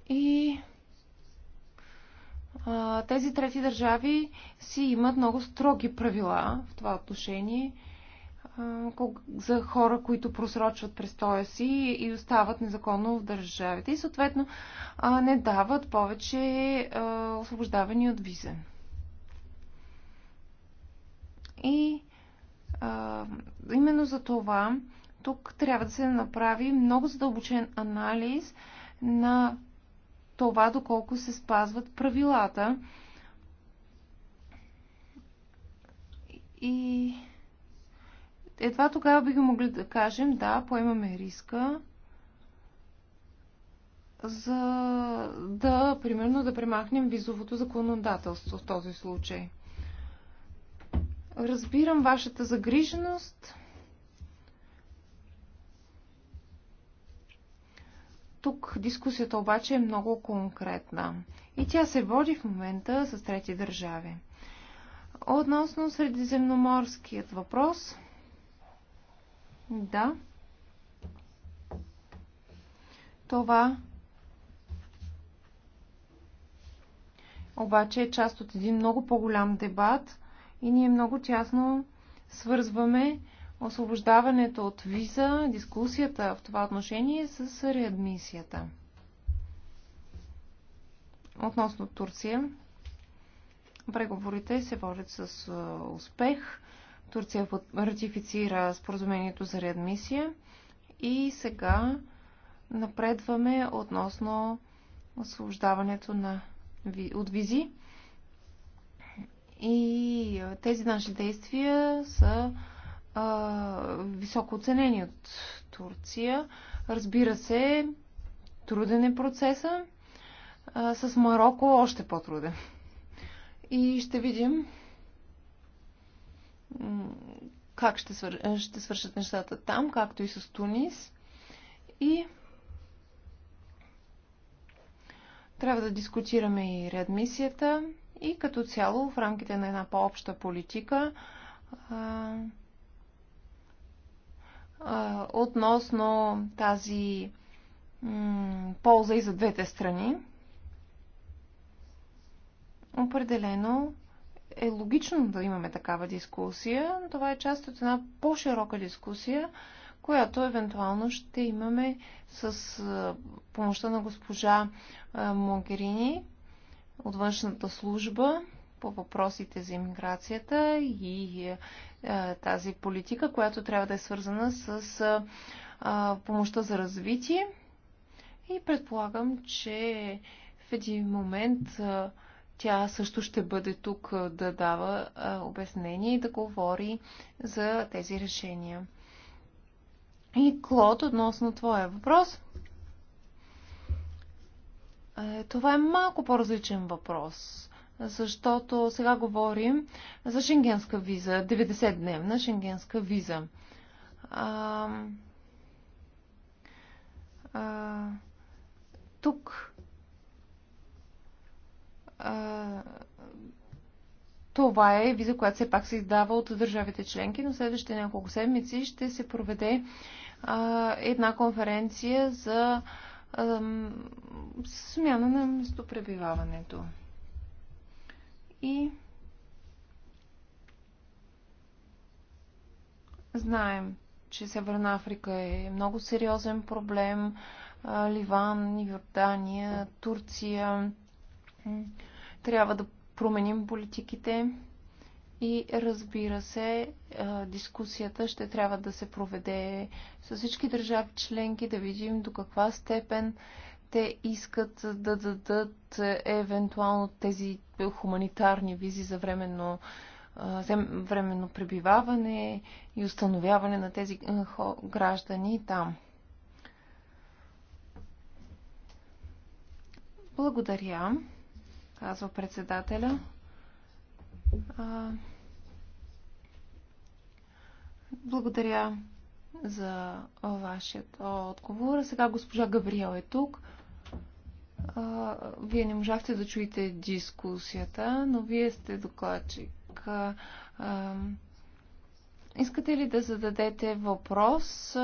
И а, тези трети държави си имат много строги правила в това отношение за хора, които просрочват престоя си и остават незаконно в държавите и съответно не дават повече освобождавани от виза. И именно за това тук трябва да се направи много задълбочен анализ на това доколко се спазват правилата. И едва тогава бихме могли да кажем, да, поемаме риска за да, примерно, да премахнем визовото законодателство в този случай. Разбирам вашата загриженост. Тук дискусията обаче е много конкретна и тя се води в момента с трети държави. Относно средиземноморският въпрос – да. Това обаче е част от един много по-голям дебат и ние много тясно свързваме освобождаването от виза, дискусията в това отношение с реадмисията. Относно Турция, преговорите се водят с успех. Турция ратифицира споразумението за реадмисия и сега напредваме относно освобождаването на, от визи. И тези наши действия са а, високо оценени от Турция. Разбира се, труден е процеса. А, с Марокко още по-труден. И ще видим как ще, свър... Е, ще свършат нещата там, както и с Тунис. И трябва да дискутираме и реадмисията и като цяло в рамките на една по-обща политика а, а, относно тази полза и за двете страни. Определено е логично да имаме такава дискусия. Това е част от една по-широка дискусия, която евентуално ще имаме с помощта на госпожа Могерини от външната служба по въпросите за иммиграцията и тази политика, която трябва да е свързана с помощта за развитие. И предполагам, че в един момент тя също ще бъде тук да дава обяснение и да говори за тези решения. И Клод, относно твоя въпрос. Е, това е малко по-различен въпрос, защото сега говорим за шенгенска виза, 90-дневна шенгенска виза. А, а, тук това е виза, която все пак се издава от държавите членки, но следващите няколко седмици ще се проведе а, една конференция за а, смяна на местопребиваването. И знаем, че Северна Африка е много сериозен проблем. Ливан, Йордания, Турция трябва да променим политиките и разбира се, дискусията ще трябва да се проведе с всички държави членки, да видим до каква степен те искат да дадат евентуално тези хуманитарни визи за временно, временно пребиваване и установяване на тези граждани там. Благодаря казва председателя. А, благодаря за вашият отговор. Сега госпожа Габриел е тук. А, вие не можахте да чуете дискусията, но вие сте докладчик. А, а, искате ли да зададете въпрос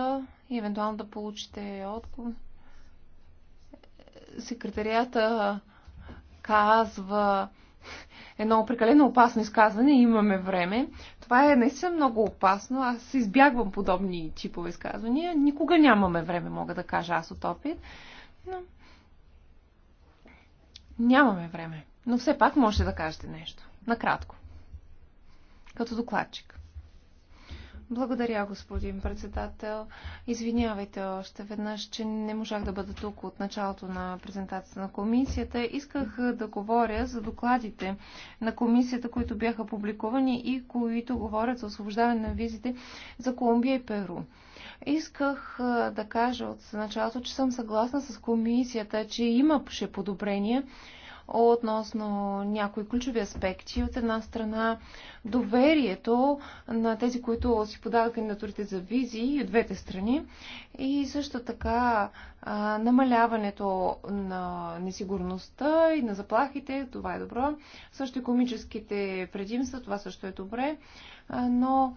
и евентуално да получите отговор? Секретарията казва едно прекалено опасно изказване, имаме време. Това е наистина много опасно. Аз избягвам подобни типове изказвания. Никога нямаме време, мога да кажа аз от опит. Но... Нямаме време. Но все пак можете да кажете нещо. Накратко. Като докладчик. Благодаря, господин председател. Извинявайте още веднъж, че не можах да бъда тук от началото на презентацията на комисията. Исках да говоря за докладите на комисията, които бяха публикувани и които говорят за освобождаване на визите за Колумбия и Перу. Исках да кажа от началото, че съм съгласна с комисията, че имаше подобрения относно някои ключови аспекти. От една страна доверието на тези, които си подават кандидатурите за визи от двете страни и също така намаляването на несигурността и на заплахите, това е добро. Също економическите предимства, това също е добре, но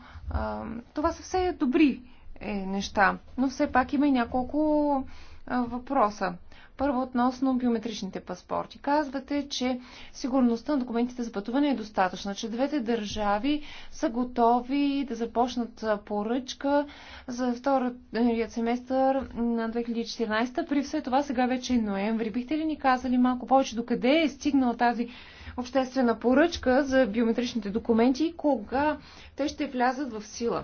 това са все добри е, неща. Но все пак има и няколко въпроса. Първо относно биометричните паспорти. Казвате, че сигурността на документите за пътуване е достатъчна, че двете държави са готови да започнат поръчка за втория семестър на 2014. При все това сега вече е ноември. Бихте ли ни казали малко повече до къде е стигнала тази обществена поръчка за биометричните документи и кога те ще влязат в сила?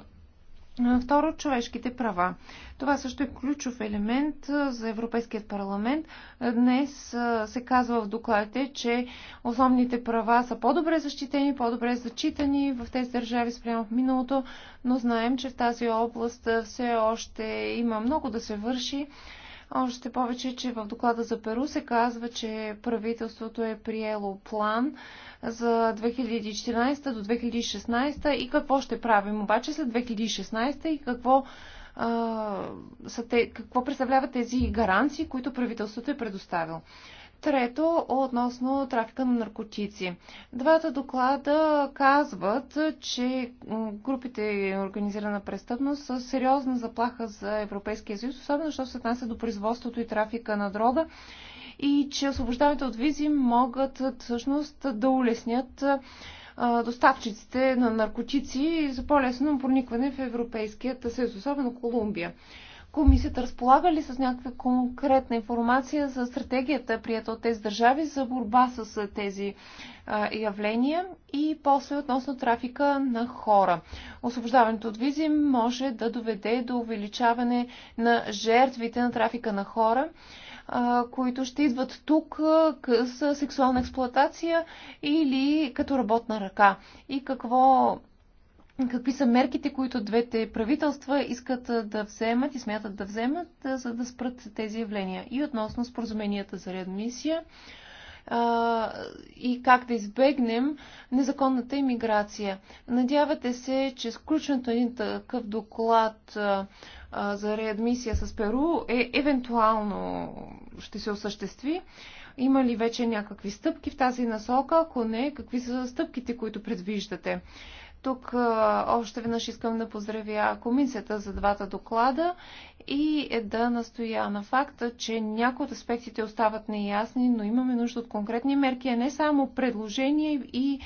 Е, второ, човешките права. Това също е ключов елемент е, за Европейският парламент. Е, днес се казва в докладите, че основните права са по-добре защитени, по-добре зачитани в тези държави спрямо в миналото, но знаем, че в тази област все още има много да се върши още повече, че в доклада за Перу се казва, че правителството е приело план за 2014 до 2016 и какво ще правим обаче след 2016 и какво, а, са те, какво представляват тези гаранции, които правителството е предоставило. Трето, относно трафика на наркотици. Двата доклада казват, че групите организирана престъпност са сериозна заплаха за Европейския съюз, особено що се отнася до производството и трафика на дрога и че освобождаването от визи могат всъщност да улеснят доставчиците на наркотици за по-лесно проникване в Европейския съюз, особено Колумбия. Комисията разполага ли с някаква конкретна информация за стратегията, прията от тези държави, за борба с тези явления и после относно трафика на хора? Освобождаването от визи може да доведе до увеличаване на жертвите на трафика на хора които ще идват тук с сексуална експлоатация или като работна ръка. И какво какви са мерките, които двете правителства искат да вземат и смятат да вземат, за да спрат тези явления. И относно споразуменията за реадмисия и как да избегнем незаконната иммиграция. Надявате се, че сключването на един такъв доклад за реадмисия с Перу е евентуално ще се осъществи. Има ли вече някакви стъпки в тази насока? Ако не, какви са стъпките, които предвиждате? Тук още веднъж искам да поздравя комисията за двата доклада и е да настоя на факта, че някои от аспектите остават неясни, но имаме нужда от конкретни мерки, а не само предложения и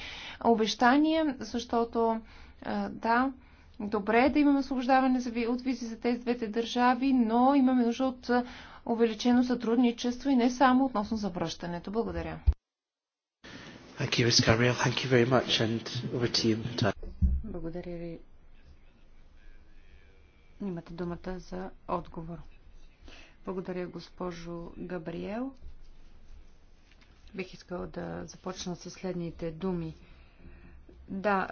обещания, защото да, добре е да имаме освобождаване от визи за тези двете държави, но имаме нужда от увеличено сътрудничество и не само относно завръщането. Благодаря. Thank you, Ms. Gabriel. Thank you very much and over to you, благодаря ви. Имате думата за отговор. Благодаря, госпожо Габриел. Бих искал да започна с следните думи. Да,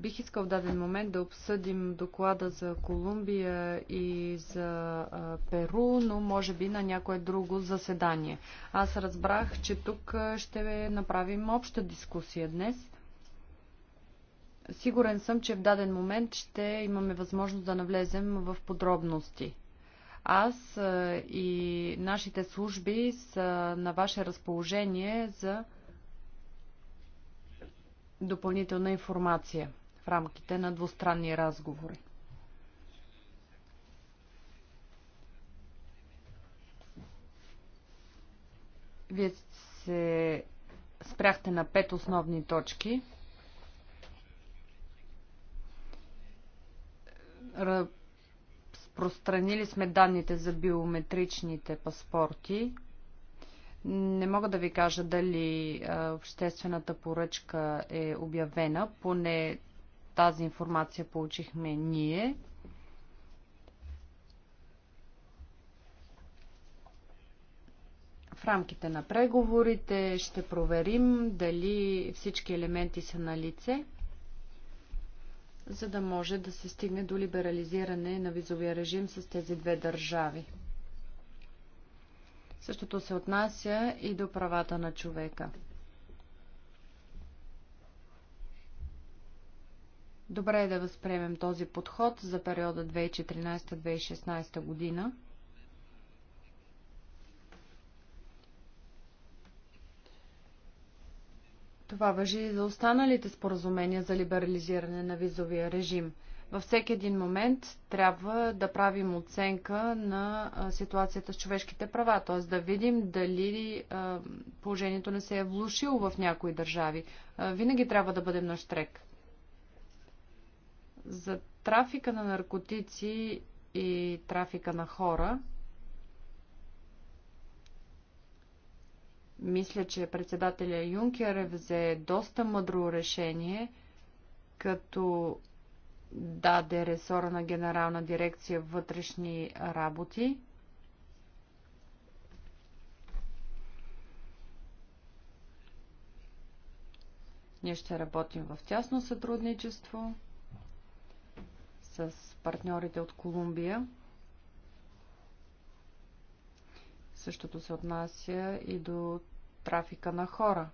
бих искал в даден момент да обсъдим доклада за Колумбия и за Перу, но може би на някое друго заседание. Аз разбрах, че тук ще направим обща дискусия днес. Сигурен съм, че в даден момент ще имаме възможност да навлезем в подробности. Аз и нашите служби са на ваше разположение за допълнителна информация в рамките на двустранни разговори. Вие се спряхте на пет основни точки – разпространили сме данните за биометричните паспорти. Не мога да ви кажа дали обществената поръчка е обявена, поне тази информация получихме ние. в рамките на преговорите ще проверим дали всички елементи са на лице за да може да се стигне до либерализиране на визовия режим с тези две държави. Същото се отнася и до правата на човека. Добре е да възприемем този подход за периода 2014-2016 година. Това въжи и за останалите споразумения за либерализиране на визовия режим. Във всеки един момент трябва да правим оценка на ситуацията с човешките права, т.е. да видим дали положението не се е влушило в някои държави. Винаги трябва да бъдем на штрек. За трафика на наркотици и трафика на хора – Мисля, че председателя Юнкер взе доста мъдро решение, като даде ресора на Генерална дирекция вътрешни работи. Ние ще работим в тясно сътрудничество с партньорите от Колумбия. Същото се отнася и до трафика на хора.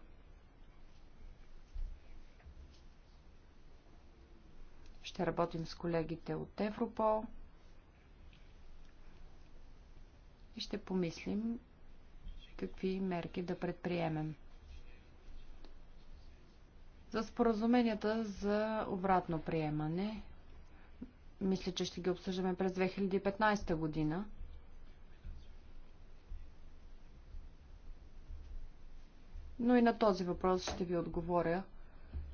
Ще работим с колегите от Европол и ще помислим какви мерки да предприемем. За споразуменията за обратно приемане, мисля, че ще ги обсъждаме през 2015 година. Но и на този въпрос ще ви отговоря,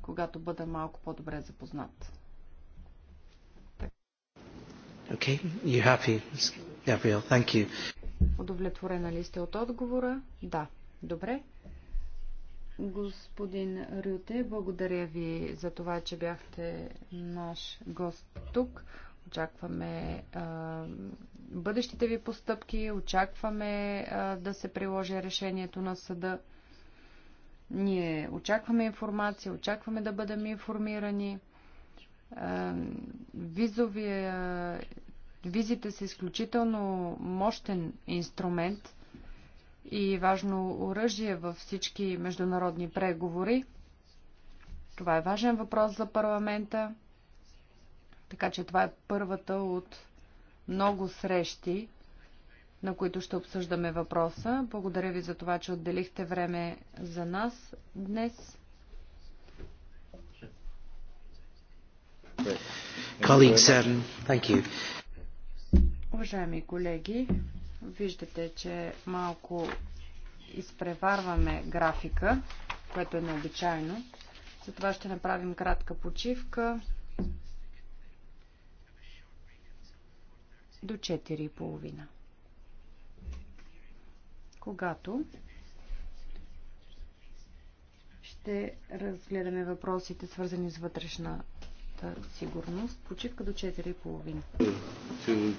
когато бъда малко по-добре запознат. Okay, you happy, Gabriel? Thank you. Удовлетворена ли сте от отговора? Да. Добре. Господин Рюте, благодаря ви за това, че бяхте наш гост тук. Очакваме а, бъдещите ви постъпки, очакваме а, да се приложи решението на съда. Ние очакваме информация, очакваме да бъдем информирани. Визовия, визите са изключително мощен инструмент и важно оръжие във всички международни преговори. Това е важен въпрос за парламента. Така че това е първата от много срещи, на които ще обсъждаме въпроса. Благодаря ви за това, че отделихте време за нас днес. Um, Уважаеми колеги, виждате, че малко изпреварваме графика, което е необичайно. Затова ще направим кратка почивка до 4.30 когато ще разгледаме въпросите, свързани с вътрешната сигурност. Почивка до 4.30.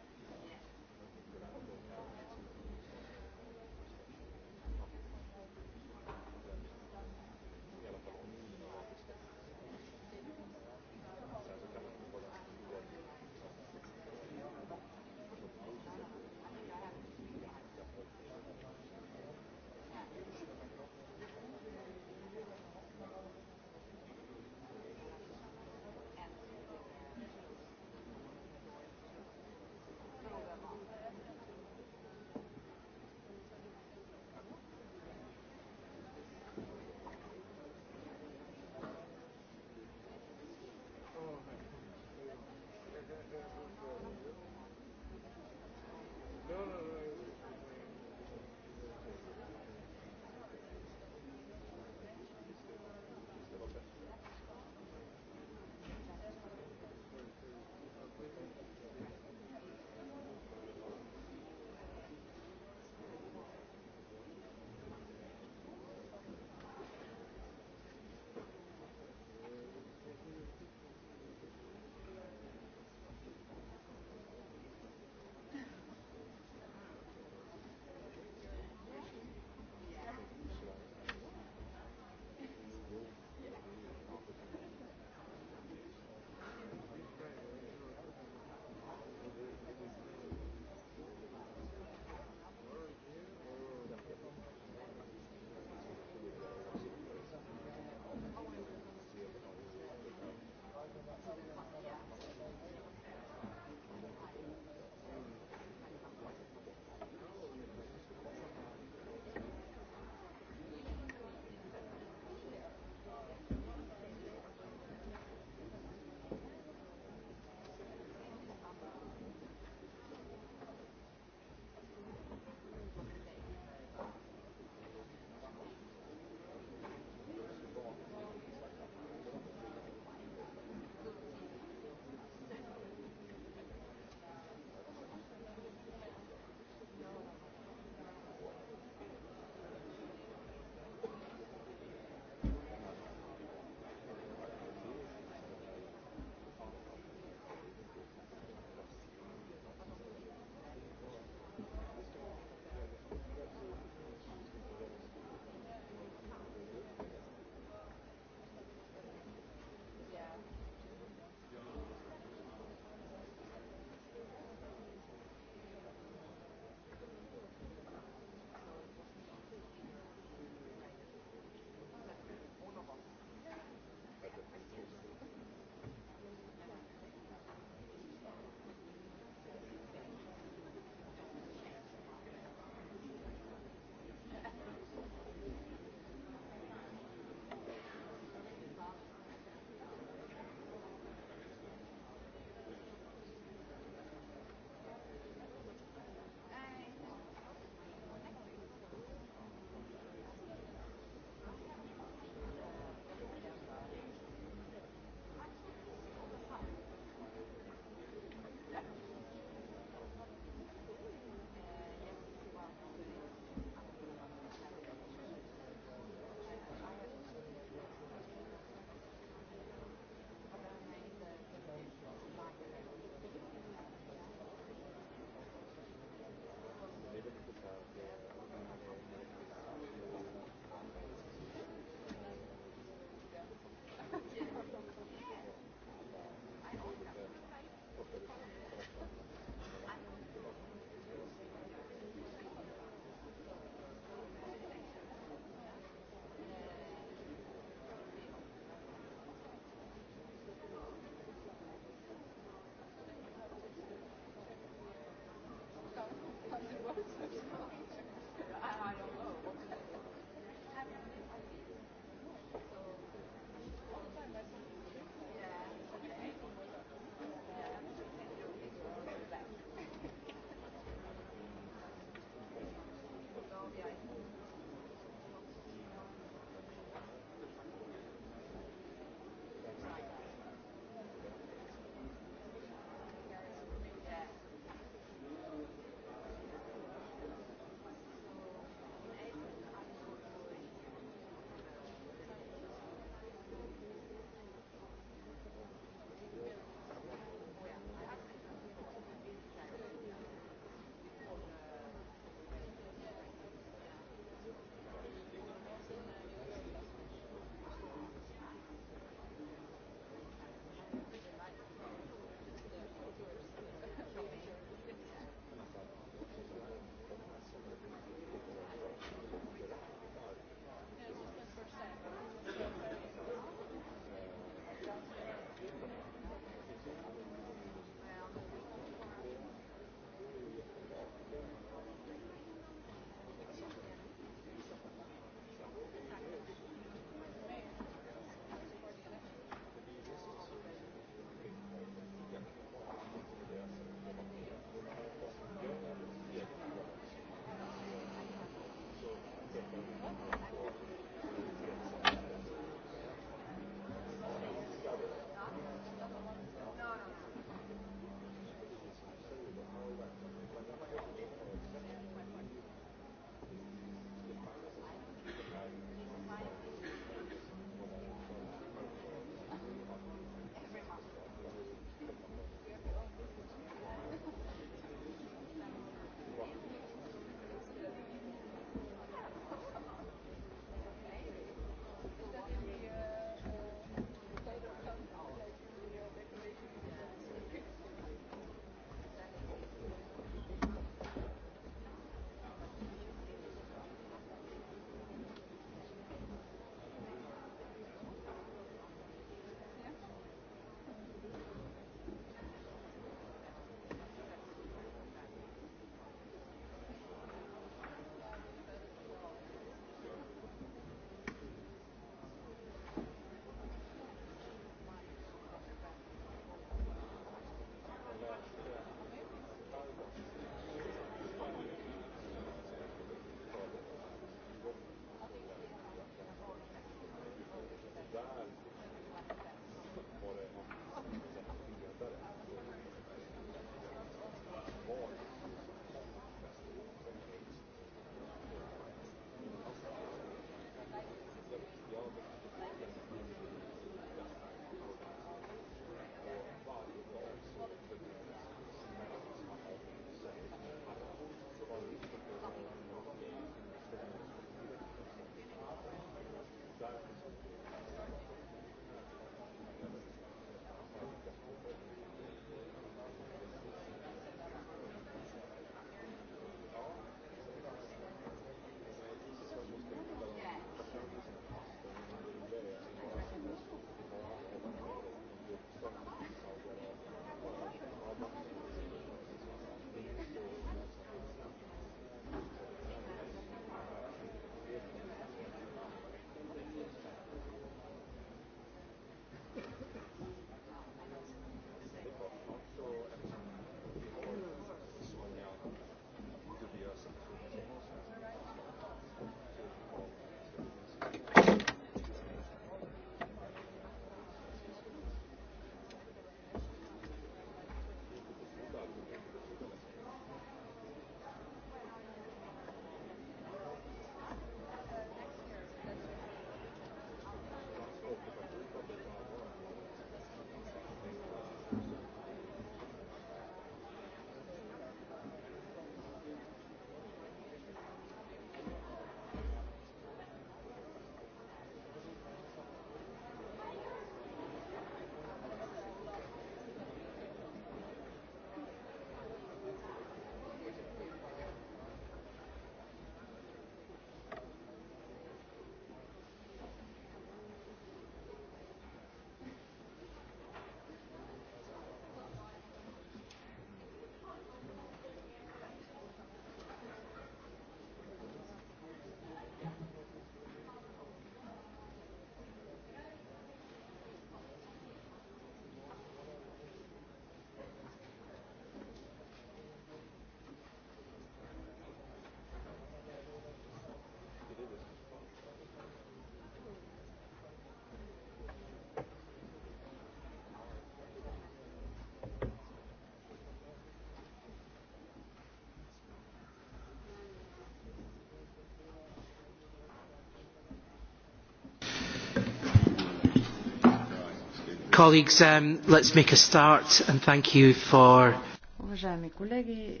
colleagues, um, let's make a start and thank you for... Уважаеми колеги,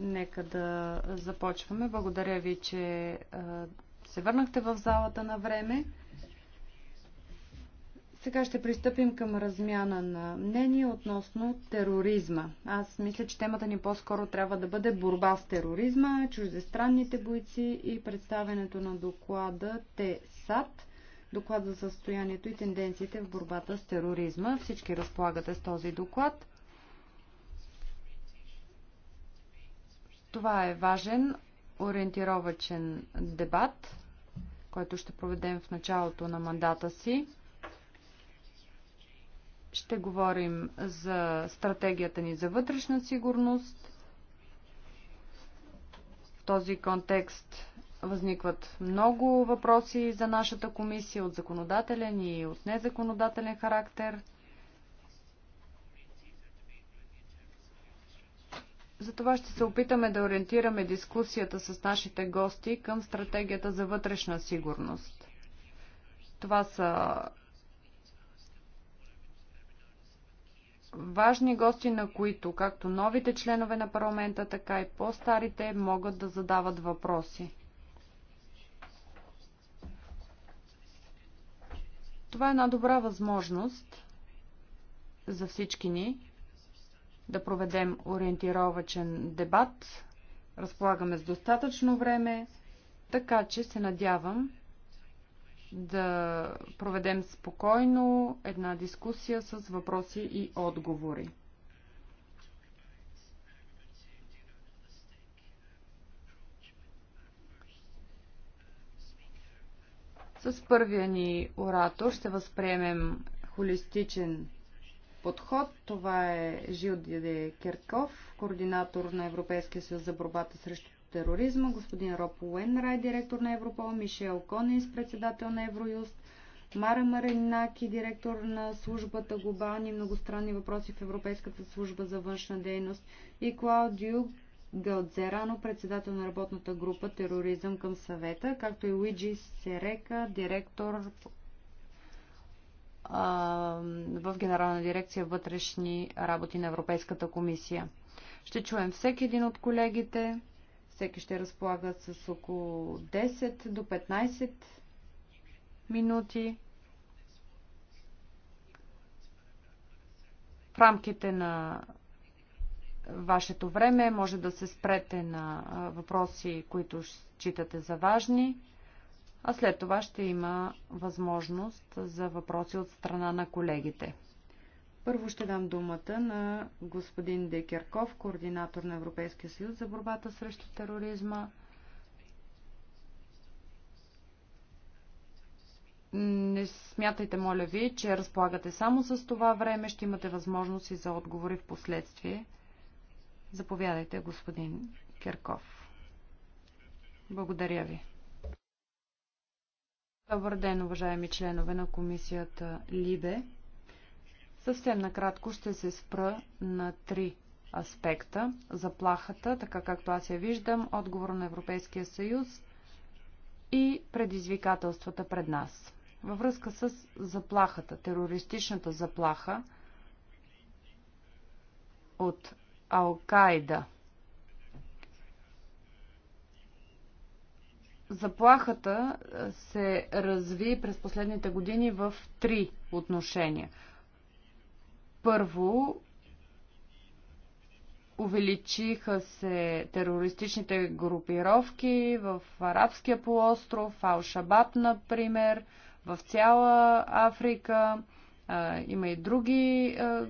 нека да започваме. Благодаря ви, че се върнахте в залата на време. Сега ще пристъпим към размяна на мнение относно тероризма. Аз мисля, че темата ни по-скоро трябва да бъде борба с тероризма, чуждестранните бойци и представенето на доклада ТЕСАД – доклад за състоянието и тенденциите в борбата с тероризма. Всички разполагате с този доклад. Това е важен ориентировачен дебат, който ще проведем в началото на мандата си. Ще говорим за стратегията ни за вътрешна сигурност. В този контекст Възникват много въпроси за нашата комисия от законодателен и от незаконодателен характер. Затова ще се опитаме да ориентираме дискусията с нашите гости към стратегията за вътрешна сигурност. Това са важни гости, на които както новите членове на парламента, така и по-старите могат да задават въпроси. Това е една добра възможност за всички ни да проведем ориентировачен дебат. Разполагаме с достатъчно време, така че се надявам да проведем спокойно една дискусия с въпроси и отговори. С първия ни оратор ще възприемем холистичен подход. Това е Жил Диде Керков, координатор на Европейския съюз за борбата срещу тероризма, господин Роб Уенрай, директор на Европол, Мишел Конис, председател на Евроюст, Мара Маринаки, директор на службата Глобални многостранни въпроси в Европейската служба за външна дейност и Клаудио Галдзерано, председател на работната група Тероризъм към съвета, както и Луиджи Серека, директор в Генерална дирекция вътрешни работи на Европейската комисия. Ще чуем всеки един от колегите. Всеки ще разполага с около 10 до 15 минути. В рамките на вашето време. Може да се спрете на въпроси, които считате за важни. А след това ще има възможност за въпроси от страна на колегите. Първо ще дам думата на господин Декерков, координатор на Европейския съюз за борбата срещу тероризма. Не смятайте, моля ви, че разполагате само с това време, ще имате възможност и за отговори в последствие. Заповядайте, господин Кирков. Благодаря ви. Добър ден, уважаеми членове на комисията Либе. Съвсем накратко ще се спра на три аспекта. Заплахата, така както аз я виждам, отговор на Европейския съюз и предизвикателствата пред нас. Във връзка с заплахата, терористичната заплаха от Алкайда. Заплахата е, се разви през последните години в три отношения. Първо, увеличиха се терористичните групировки в Арабския полуостров, Алшабаб, например, в цяла Африка. Е, има и други е,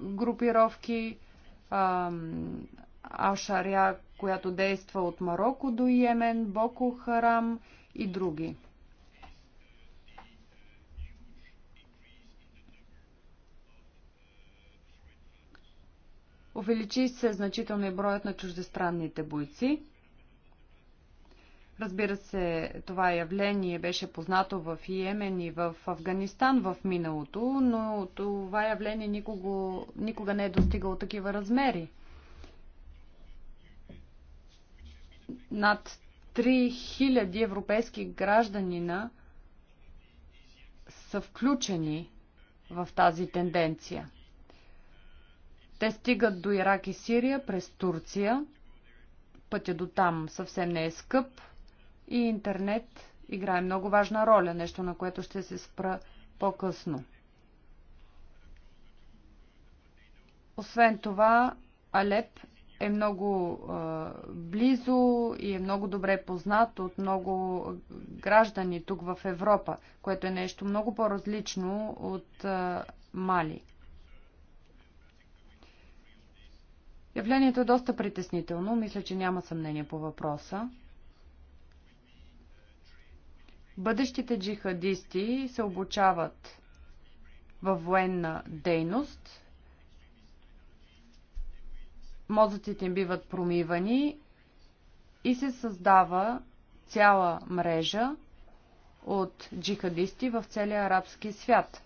групировки, Ашаря, която действа от Марокко до Йемен, Боко Харам и други. Увеличи се значително и броят на чуждестранните бойци. Разбира се, това явление беше познато в Йемен и в Афганистан в миналото, но това явление никого, никога не е достигало такива размери. Над 3000 европейски гражданина са включени в тази тенденция. Те стигат до Ирак и Сирия през Турция. Пътя до там съвсем не е скъп и интернет играе много важна роля, нещо на което ще се спра по-късно. Освен това, Алеп е много е, близо и е много добре познат от много граждани тук в Европа, което е нещо много по-различно от е, Мали. Явлението е доста притеснително, мисля, че няма съмнение по въпроса. Бъдещите джихадисти се обучават във военна дейност. Мозъците им биват промивани и се създава цяла мрежа от джихадисти в целия арабски свят.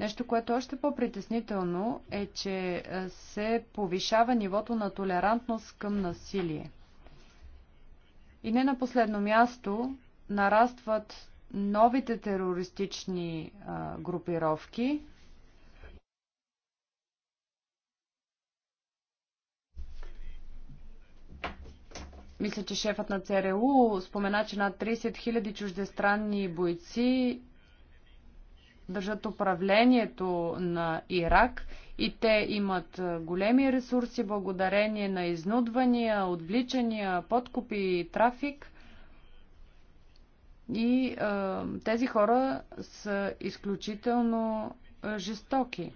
Нещо, което е още по-притеснително е, че се повишава нивото на толерантност към насилие. И не на последно място, нарастват новите терористични а, групировки. Мисля, че шефът на ЦРУ е спомена, че над 30 000 чуждестранни бойци държат управлението на Ирак и те имат големи ресурси благодарение на изнудвания, отвличания, подкупи и трафик. И а, тези хора са изключително жестоки.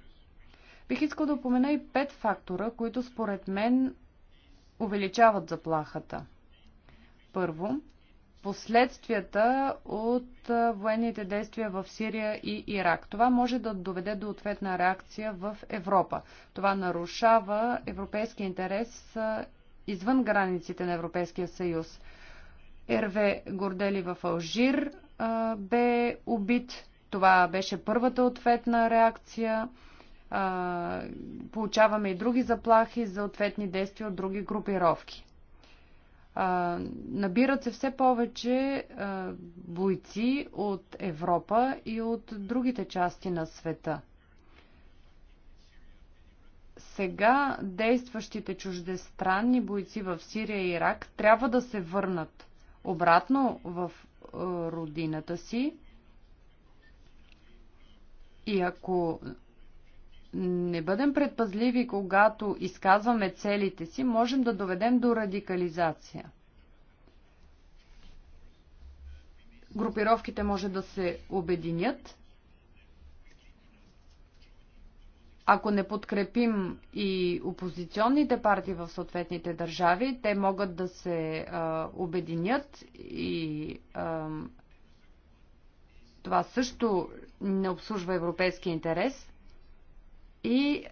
Бих искал да упомена и пет фактора, които според мен увеличават заплахата. Първо, последствията от военните действия в Сирия и Ирак. Това може да доведе до ответна реакция в Европа. Това нарушава европейски интерес извън границите на Европейския съюз. Ерве Гордели в Алжир а, бе убит. Това беше първата ответна реакция. А, получаваме и други заплахи за ответни действия от други групировки. А, набират се все повече а, бойци от Европа и от другите части на света. Сега действащите чуждестранни бойци в Сирия и Ирак трябва да се върнат обратно в е, родината си и ако не бъдем предпазливи, когато изказваме целите си, можем да доведем до радикализация. Групировките може да се обединят Ако не подкрепим и опозиционните партии в съответните държави, те могат да се а, обединят и а, това също не обслужва европейски интерес. И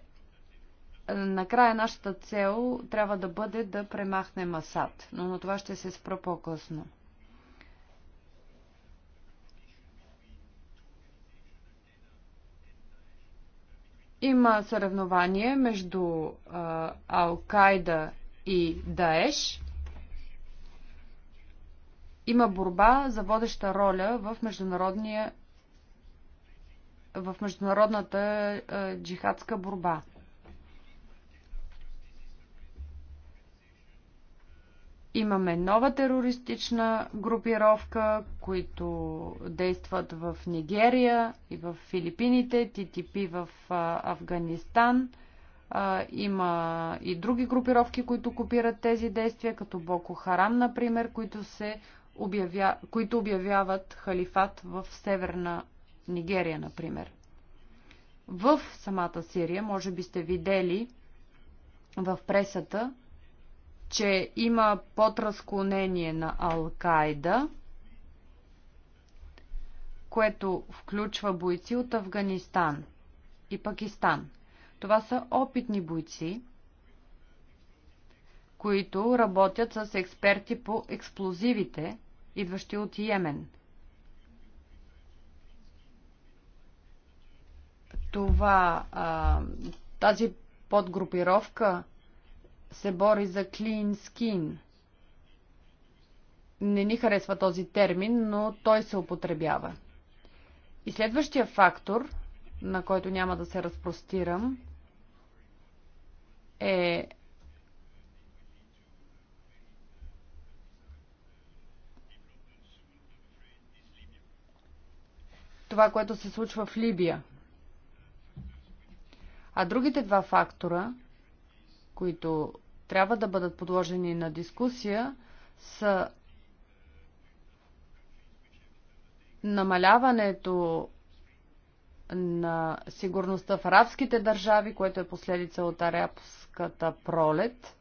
накрая нашата цел трябва да бъде да премахнем Асад, но на това ще се спра по-късно. Има съревнование между Ал-Кайда и Даеш. Има борба за водеща роля в международния в международната джихадска борба. Имаме нова терористична групировка, които действат в Нигерия и в Филипините, ТТП в Афганистан. Има и други групировки, които копират тези действия, като Боко Харам, например, които, се обявя... които обявяват халифат в северна Нигерия, например. В самата Сирия, може би сте видели в пресата, че има подразклонение на Ал-Кайда, което включва бойци от Афганистан и Пакистан. Това са опитни бойци, които работят с експерти по експлозивите, идващи от Йемен. Това, а, тази подгрупировка се бори за clean skin. Не ни харесва този термин, но той се употребява. И следващия фактор, на който няма да се разпростирам, е това, което се случва в Либия. А другите два фактора, които трябва да бъдат подложени на дискусия, са намаляването на сигурността в арабските държави, което е последица от арабската пролет.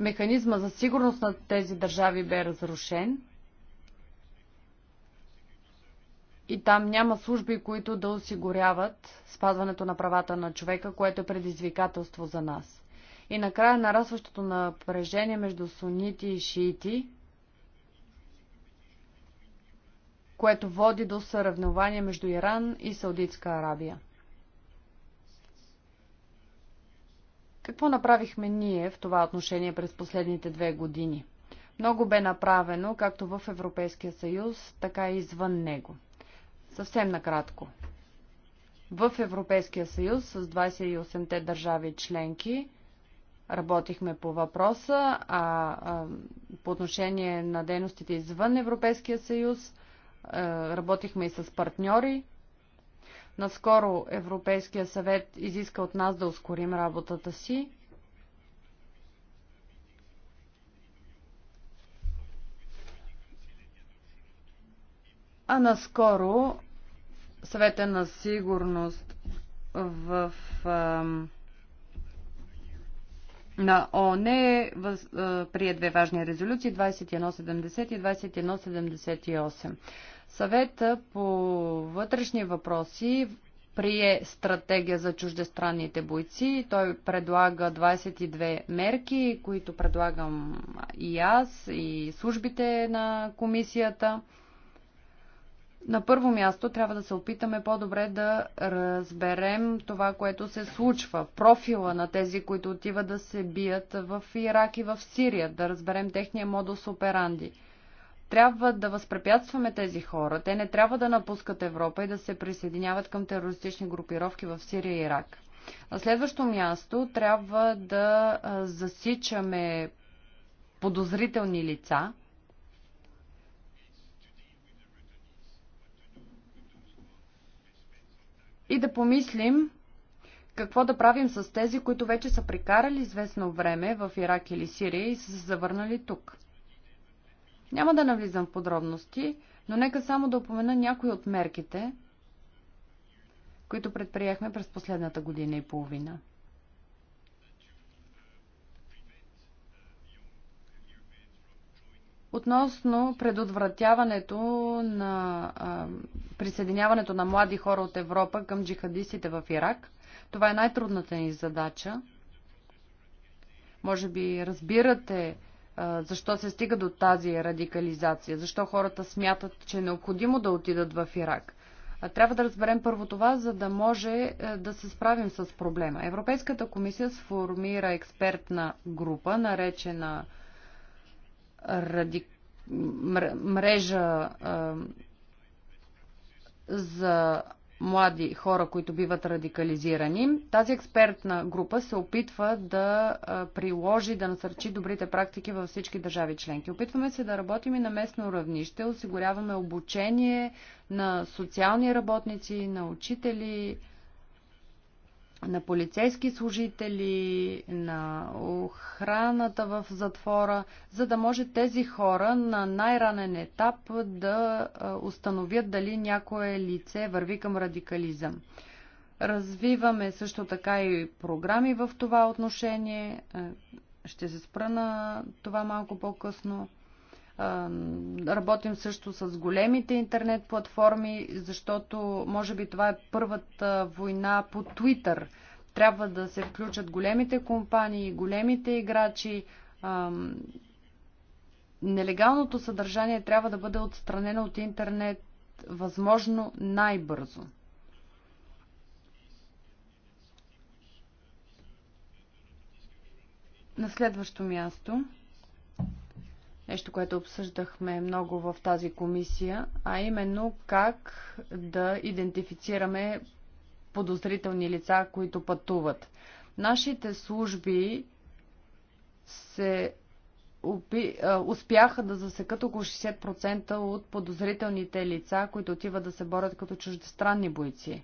Механизма за сигурност на тези държави бе разрушен. и там няма служби, които да осигуряват спазването на правата на човека, което е предизвикателство за нас. И накрая нарастващото напрежение между сунити и шиити, което води до съравнование между Иран и Саудитска Арабия. Какво направихме ние в това отношение през последните две години? Много бе направено както в Европейския съюз, така и извън него. Съвсем накратко. В Европейския съюз с 28-те държави членки работихме по въпроса, а, а по отношение на дейностите извън Европейския съюз а, работихме и с партньори. Наскоро Европейския съвет изиска от нас да ускорим работата си. А наскоро съвета на сигурност в а, на ООН е прие две важни резолюции 2170 и 2178. Съвета по вътрешни въпроси прие стратегия за чуждестранните бойци. Той предлага 22 мерки, които предлагам и аз, и службите на комисията. На първо място трябва да се опитаме по-добре да разберем това, което се случва, профила на тези, които отиват да се бият в Ирак и в Сирия, да разберем техния модус операнди. Трябва да възпрепятстваме тези хора. Те не трябва да напускат Европа и да се присъединяват към терористични групировки в Сирия и Ирак. На следващо място трябва да засичаме подозрителни лица, и да помислим какво да правим с тези, които вече са прекарали известно време в Ирак или Сирия и са се завърнали тук. Няма да навлизам в подробности, но нека само да упомена някои от мерките, които предприехме през последната година и половина. Относно предотвратяването на а, присъединяването на млади хора от Европа към джихадистите в Ирак, това е най-трудната ни задача. Може би разбирате а, защо се стига до тази радикализация, защо хората смятат, че е необходимо да отидат в Ирак. Трябва да разберем първо това, за да може да се справим с проблема. Европейската комисия сформира експертна група, наречена ради... мрежа а, за млади хора, които биват радикализирани. Тази експертна група се опитва да приложи, да насърчи добрите практики във всички държави членки. Опитваме се да работим и на местно равнище, осигуряваме обучение на социални работници, на учители, на полицейски служители, на охраната в затвора, за да може тези хора на най-ранен етап да установят дали някое лице върви към радикализъм. Развиваме също така и програми в това отношение. Е, ще се спра на това малко по-късно. Работим също с големите интернет платформи, защото може би това е първата война по Twitter. Трябва да се включат големите компании, големите играчи. Нелегалното съдържание трябва да бъде отстранено от интернет възможно най-бързо. На следващо място нещо, което обсъждахме много в тази комисия, а именно как да идентифицираме подозрителни лица, които пътуват. Нашите служби се опи... успяха да засекат около 60% от подозрителните лица, които отиват да се борят като чуждестранни бойци.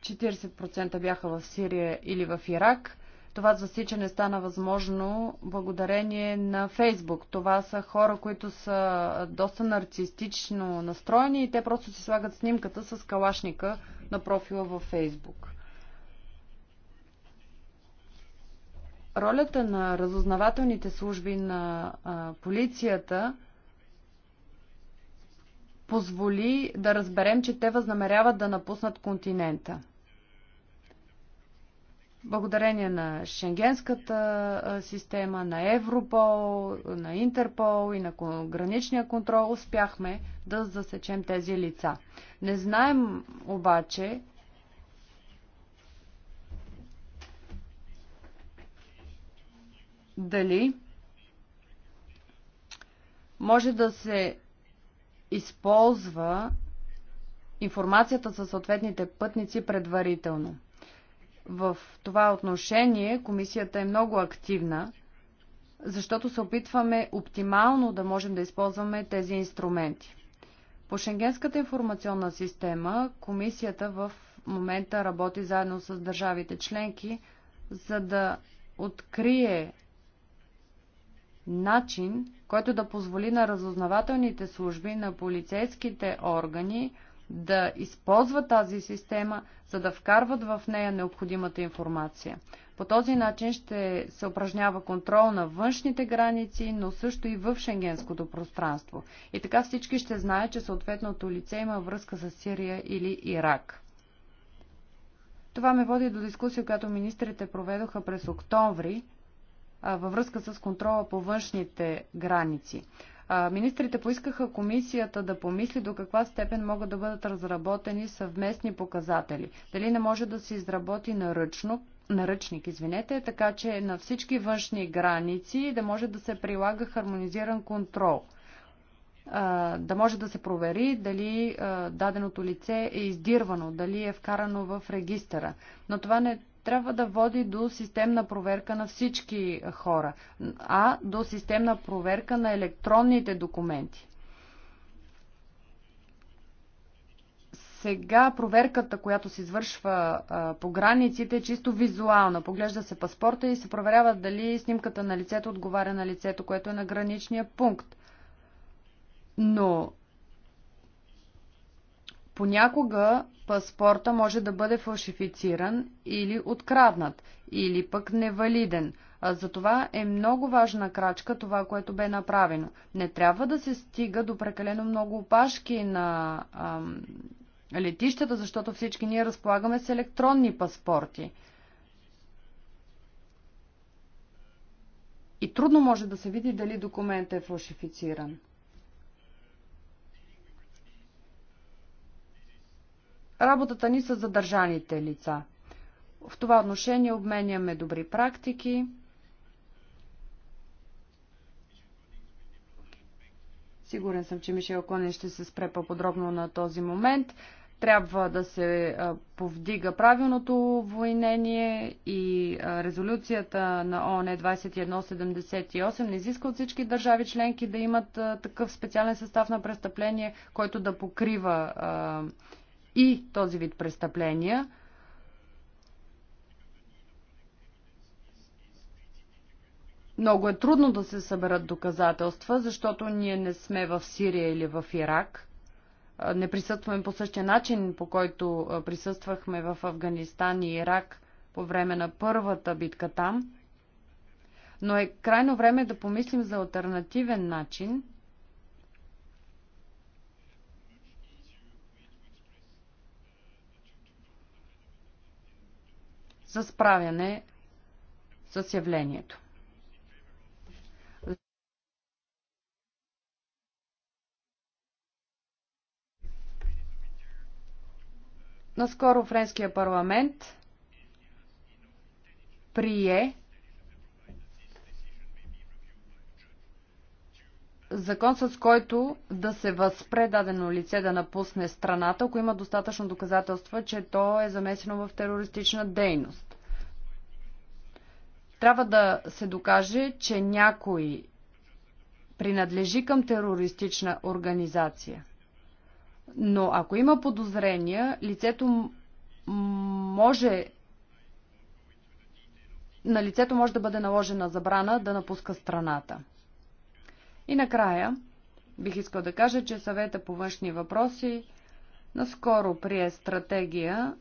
40% бяха в Сирия или в Ирак – това засичане стана възможно благодарение на Фейсбук. Това са хора, които са доста нарцистично настроени и те просто си слагат снимката с калашника на профила във Фейсбук. Ролята на разузнавателните служби на а, полицията позволи да разберем, че те възнамеряват да напуснат континента. Благодарение на Шенгенската система, на Европол, на Интерпол и на граничния контрол успяхме да засечем тези лица. Не знаем обаче дали може да се използва информацията за съответните пътници предварително. В това отношение комисията е много активна, защото се опитваме оптимално да можем да използваме тези инструменти. По Шенгенската информационна система комисията в момента работи заедно с държавите членки, за да открие начин, който да позволи на разузнавателните служби, на полицейските органи да използват тази система, за да вкарват в нея необходимата информация. По този начин ще се упражнява контрол на външните граници, но също и в шенгенското пространство. И така всички ще знаят, че съответното лице има връзка с Сирия или Ирак. Това ме води до дискусия, която министрите проведоха през октомври във връзка с контрола по външните граници. Министрите поискаха комисията да помисли до каква степен могат да бъдат разработени съвместни показатели. Дали не може да се изработи наръчно, наръчник, извинете, така че на всички външни граници да може да се прилага хармонизиран контрол. Да може да се провери дали даденото лице е издирвано, дали е вкарано в регистъра. Но това не трябва да води до системна проверка на всички хора, а до системна проверка на електронните документи. Сега проверката, която се извършва а, по границите, е чисто визуална. Поглежда се паспорта и се проверява дали снимката на лицето отговаря на лицето, което е на граничния пункт. Но понякога паспорта може да бъде фалшифициран или откраднат, или пък невалиден. За това е много важна крачка това, което бе направено. Не трябва да се стига до прекалено много опашки на ам, летищата, защото всички ние разполагаме с електронни паспорти. И трудно може да се види дали документът е фалшифициран. работата ни са задържаните лица. В това отношение обменяме добри практики. Сигурен съм, че Мишел Конин ще се спре по-подробно на този момент. Трябва да се повдига правилното войнение и резолюцията на ООН 2178 не изиска от всички държави членки да имат такъв специален състав на престъпление, който да покрива и този вид престъпления, много е трудно да се съберат доказателства, защото ние не сме в Сирия или в Ирак. Не присъстваме по същия начин, по който присъствахме в Афганистан и Ирак по време на първата битка там. Но е крайно време да помислим за альтернативен начин – за справяне с явлението. Наскоро Френския парламент прие закон, с който да се възпре дадено лице да напусне страната, ако има достатъчно доказателства, че то е замесено в терористична дейност. Трябва да се докаже, че някой принадлежи към терористична организация. Но ако има подозрения, лицето може на лицето може да бъде наложена забрана да напуска страната. И накрая, бих искал да кажа, че съвета по външни въпроси наскоро прие стратегия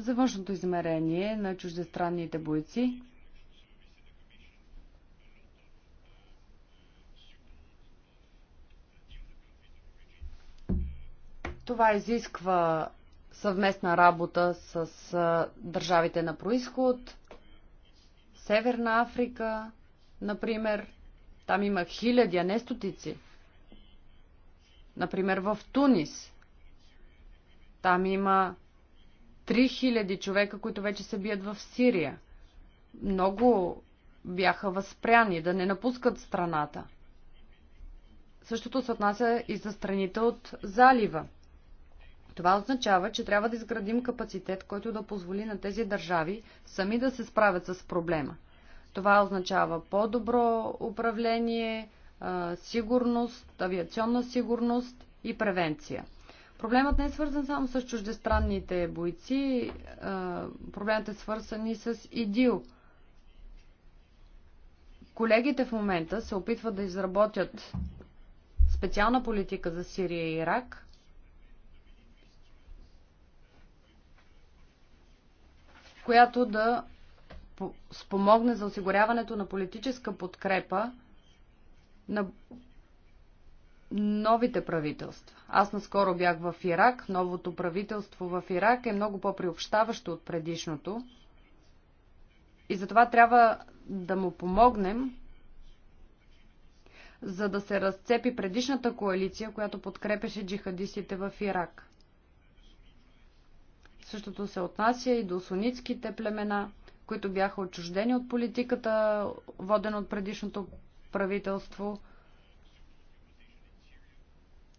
за външното измерение на чуждестранните бойци, това изисква съвместна работа с държавите на происход, Северна Африка, например. Там има хиляди, а не стотици. Например, в Тунис. Там има 3000 човека, които вече се бият в Сирия. Много бяха възпряни да не напускат страната. Същото се отнася и за страните от залива. Това означава, че трябва да изградим капацитет, който да позволи на тези държави сами да се справят с проблема. Това означава по-добро управление, сигурност, авиационна сигурност и превенция. Проблемът не е свързан само с чуждестранните бойци, проблемът е свързан и с ИДИЛ. Колегите в момента се опитват да изработят специална политика за Сирия и Ирак. която да спомогне за осигуряването на политическа подкрепа на новите правителства. Аз наскоро бях в Ирак. Новото правителство в Ирак е много по-приобщаващо от предишното. И затова трябва да му помогнем, за да се разцепи предишната коалиция, която подкрепеше джихадистите в Ирак. Същото се отнася и до сунитските племена, които бяха отчуждени от политиката, водена от предишното правителство –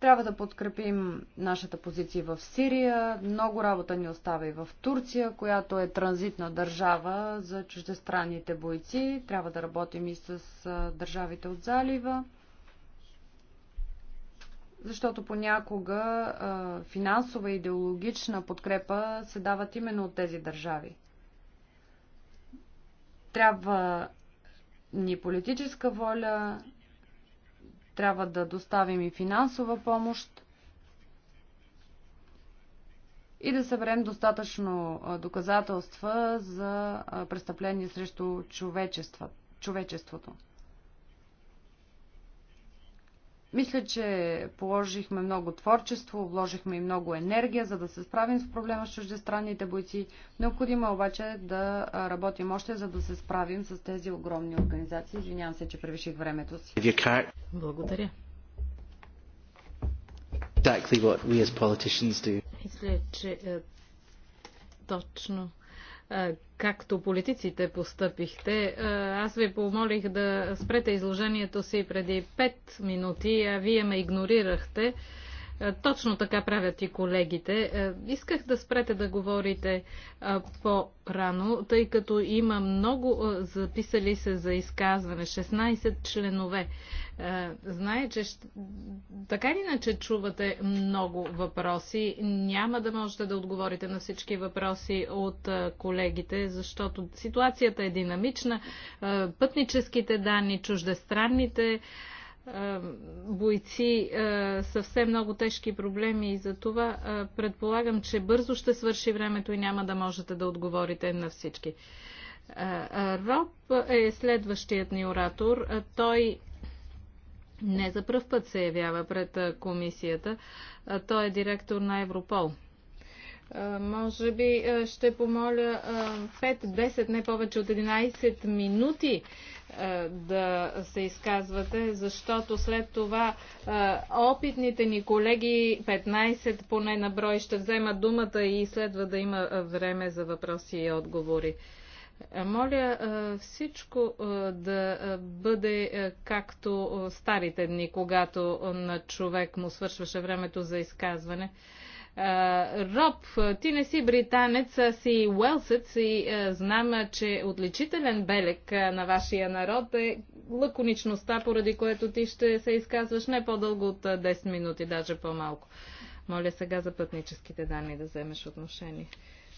трябва да подкрепим нашата позиция в Сирия. Много работа ни остава и в Турция, която е транзитна държава за чуждестранните бойци. Трябва да работим и с държавите от залива. Защото понякога финансова и идеологична подкрепа се дават именно от тези държави. Трябва ни политическа воля, трябва да доставим и финансова помощ и да съберем достатъчно доказателства за престъпление срещу човечеството. Мисля, че положихме много творчество, вложихме и много енергия, за да се справим с проблема с чуждестранните бойци. Необходимо е обаче да работим още, за да се справим с тези огромни организации. Извинявам се, че превиших времето си. Благодаря. Exactly what we as politicians do. Мисля, че е, точно както политиците постъпихте. Аз ви помолих да спрете изложението си преди 5 минути, а вие ме игнорирахте. Е, точно така правят и колегите. Е, исках да спрете да говорите е, по-рано, тъй като има много записали се за изказване. 16 членове. Знае, че така или иначе чувате много въпроси. Няма да можете да отговорите на всички въпроси от колегите, защото ситуацията е динамична. Пътническите данни, чуждестранните е, бойци е, съвсем много тежки проблеми и за това е, предполагам, че бързо ще свърши времето и няма да можете да отговорите на всички. Роб е следващият ни оратор. Той не за пръв път се явява пред комисията. Той е директор на Европол. Може би ще помоля 5-10, не повече от 11 минути е, да се изказвате, защото след това е, опитните ни колеги, 15 поне на брой, ще вземат думата и следва да има време за въпроси и отговори. Е, моля всичко да бъде както старите дни, когато на човек му свършваше времето за изказване. Роб, ти не си британец, а си уелсец и знам, че отличителен белек на вашия народ е лаконичността, поради което ти ще се изказваш не по-дълго от 10 минути, даже по-малко. Моля сега за пътническите данни да вземеш отношение.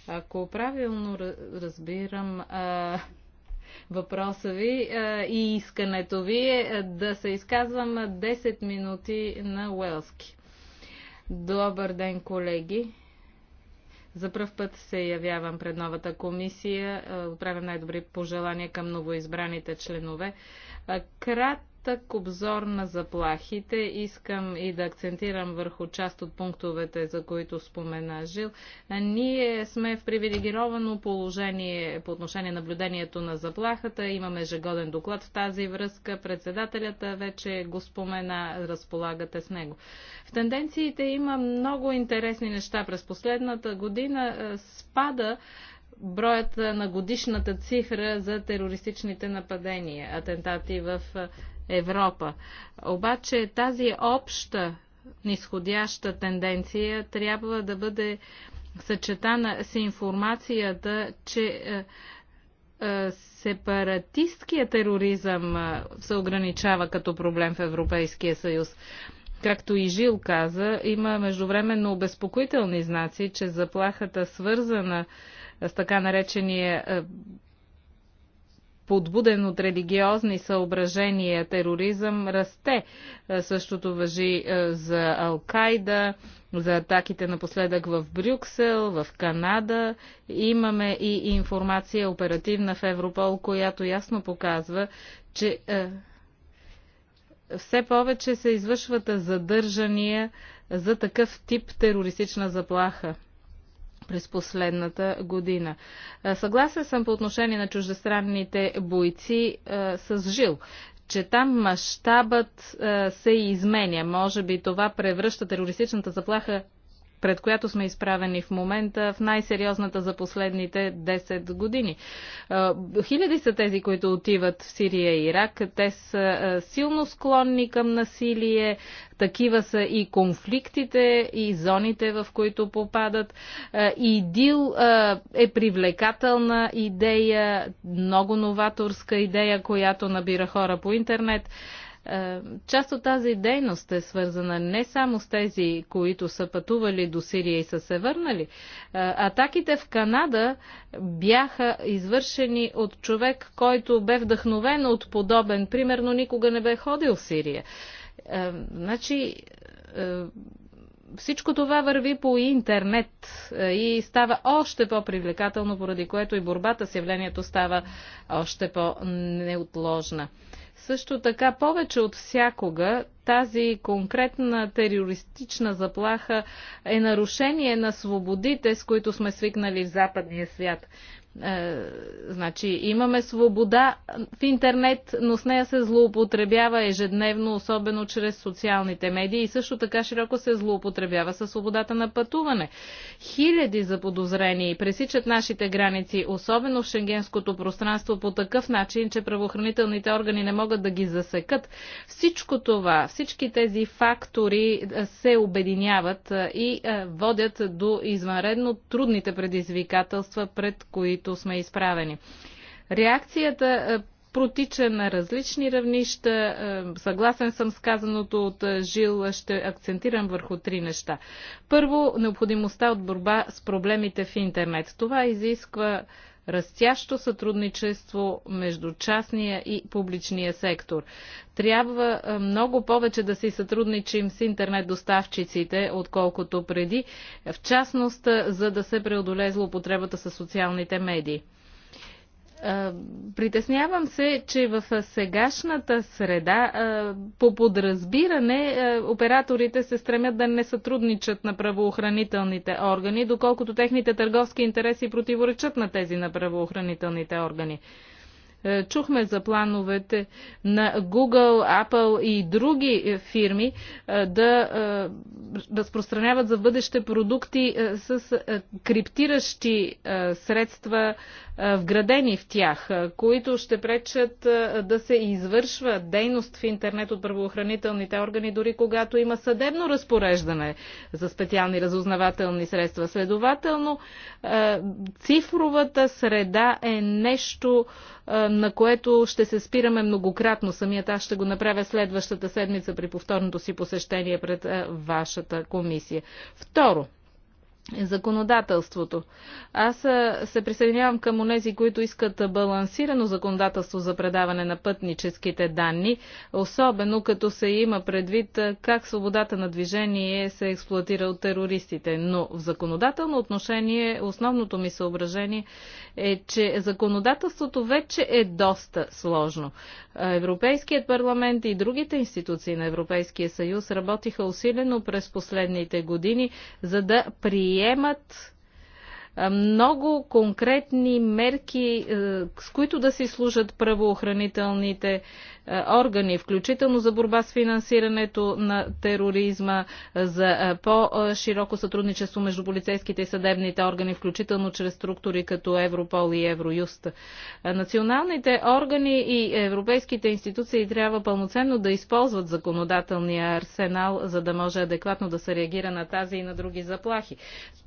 Ако правилно разбирам въпроса ви а, и искането ви е да се изказвам 10 минути на уелски. Добър ден, колеги! За пръв път се явявам пред новата комисия. Е, отправям най-добри пожелания към новоизбраните членове. Е, Крат кратък обзор на заплахите. Искам и да акцентирам върху част от пунктовете, за които спомена Жил. Ние сме в привилегировано положение по отношение наблюдението на заплахата. Имаме ежегоден доклад в тази връзка. Председателята вече го спомена, разполагате с него. В тенденциите има много интересни неща. През последната година спада броят на годишната цифра за терористичните нападения, атентати в Европа. Обаче тази обща нисходяща тенденция трябва да бъде съчетана с информацията, че сепаратистския тероризъм се ограничава като проблем в Европейския съюз. Както и Жил каза, има междувременно обезпокоителни знаци, че заплахата свързана с с така наречения е, подбуден от религиозни съображения тероризъм расте. Е, същото въжи е, за Алкайда, за атаките напоследък в Брюксел, в Канада. Имаме и информация оперативна в Европол, която ясно показва, че все повече се извършват задържания за такъв тип терористична заплаха през последната година. Съгласен съм по отношение на чуждестранните бойци с Жил че там мащабът се изменя. Може би това превръща терористичната заплаха пред която сме изправени в момента, в най-сериозната за последните 10 години. Хиляди са тези, които отиват в Сирия и Ирак. Те са силно склонни към насилие, такива са и конфликтите, и зоните, в които попадат. ИДИЛ е привлекателна идея, много новаторска идея, която набира хора по интернет. Е, част от тази дейност е свързана не само с тези, които са пътували до Сирия и са се върнали. Е, атаките в Канада бяха извършени от човек, който бе вдъхновен от подобен, примерно никога не бе ходил в Сирия. Е, значи, всичко това върви по интернет и става още по-привлекателно, поради което и борбата с явлението става още по-неотложна. Също така, повече от всякога, тази конкретна терористична заплаха е нарушение на свободите, с които сме свикнали в западния свят. Е, значи имаме свобода в интернет, но с нея се злоупотребява ежедневно, особено чрез социалните медии и също така широко се злоупотребява със свободата на пътуване. Хиляди заподозрени пресичат нашите граници, особено в шенгенското пространство, по такъв начин, че правоохранителните органи не могат да ги засекат. Всичко това, всички тези фактори е, се обединяват е, и водят до извънредно трудните предизвикателства, пред които които сме изправени. Реакцията е, протича на различни равнища. Е, съгласен съм с казаното от е, Жил. Ще акцентирам върху три неща. Първо, необходимостта от борба с проблемите в интернет. Това изисква растящо сътрудничество между частния и публичния сектор. Трябва много повече да си сътрудничим с интернет доставчиците, отколкото преди, в частност, за да се преодолее злоупотребата с социалните медии. Притеснявам се, че в сегашната среда по подразбиране операторите се стремят да не сътрудничат на правоохранителните органи, доколкото техните търговски интереси противоречат на тези на правоохранителните органи. Чухме за плановете на Google, Apple и други е, фирми да разпространяват за бъдеще продукти с криптиращи средства, вградени в тях, които ще пречат да се извършва дейност в интернет от правоохранителните органи, дори когато има съдебно разпореждане за специални разузнавателни средства. Следователно, цифровата среда е нещо, на което ще се спираме многократно. Самият аз ще го направя следващата седмица при повторното си посещение пред вашата комисия. Второ, законодателството. Аз се присъединявам към онези, които искат балансирано законодателство за предаване на пътническите данни, особено като се има предвид как свободата на движение се експлуатира от терористите. Но в законодателно отношение основното ми съображение е, че законодателството вече е доста сложно. Европейският парламент и другите институции на Европейския съюз работиха усилено през последните години, за да приемат приемат много конкретни мерки, с които да си служат правоохранителните е, органи, включително за борба с финансирането на тероризма, е, за е, по-широко сътрудничество между полицейските и съдебните органи, включително чрез структури като Европол и Евроюст. Националните органи и европейските институции трябва пълноценно да използват законодателния арсенал, за да може адекватно да се реагира на тази и на други заплахи.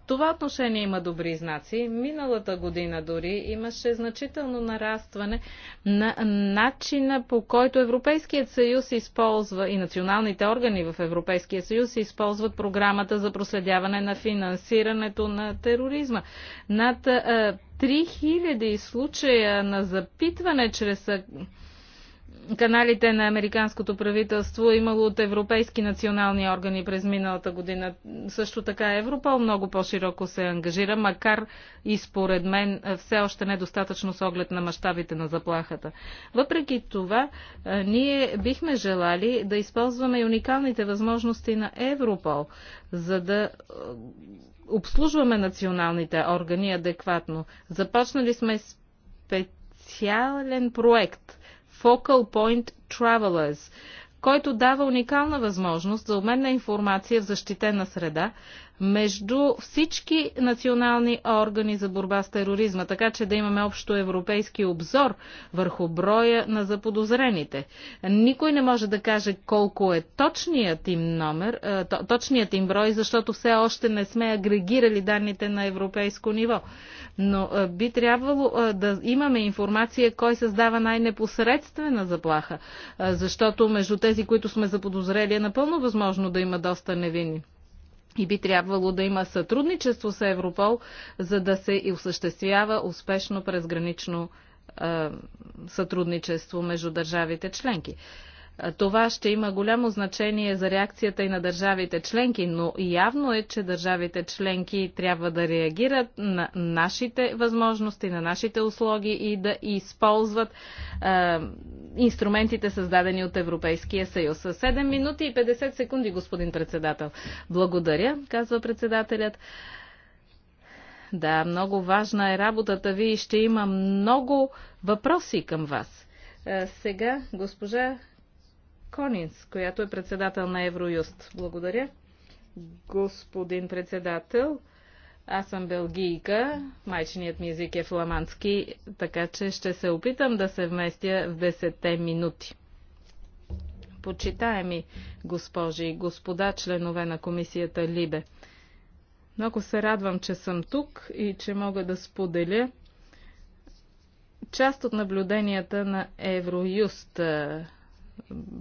Това отношение има добри знаци. Миналата година дори имаше значително нарастване на начина по който който Европейският съюз използва и националните органи в Европейския съюз използват програмата за проследяване на финансирането на тероризма. Над 3000 случая на запитване чрез каналите на американското правителство, имало от европейски национални органи през миналата година. Също така Европол много по-широко се ангажира, макар и според мен все още недостатъчно с оглед на мащабите на заплахата. Въпреки това, ние бихме желали да използваме и уникалните възможности на Европол, за да обслужваме националните органи адекватно. Започнали сме специален проект Focal Point Travelers, който дава уникална възможност за обмен на информация в защитена среда между всички национални органи за борба с тероризма, така че да имаме общо европейски обзор върху броя на заподозрените. Никой не може да каже колко е точният им номер, е, точният им брой, защото все още не сме агрегирали данните на европейско ниво. Но е, би трябвало е, да имаме информация кой създава най-непосредствена заплаха, защото между тези, които сме заподозрели, е напълно възможно да има доста невинни и би трябвало да има сътрудничество с Европол, за да се и осъществява успешно презгранично сътрудничество между държавите членки. Това ще има голямо значение за реакцията и на държавите членки, но явно е, че държавите членки трябва да реагират на нашите възможности, на нашите услуги и да използват е, инструментите, създадени от Европейския съюз. 7 минути и 50 секунди, господин председател. Благодаря, казва председателят. Да, много важна е работата ви и ще има много въпроси към вас. Сега госпожа Конинс, която е председател на Евроюст. Благодаря. Господин председател, аз съм белгийка, майчиният ми език е фламандски, така че ще се опитам да се вместя в 10 минути. Почитаеми госпожи и господа, членове на комисията Либе, много се радвам, че съм тук и че мога да споделя част от наблюденията на Евроюст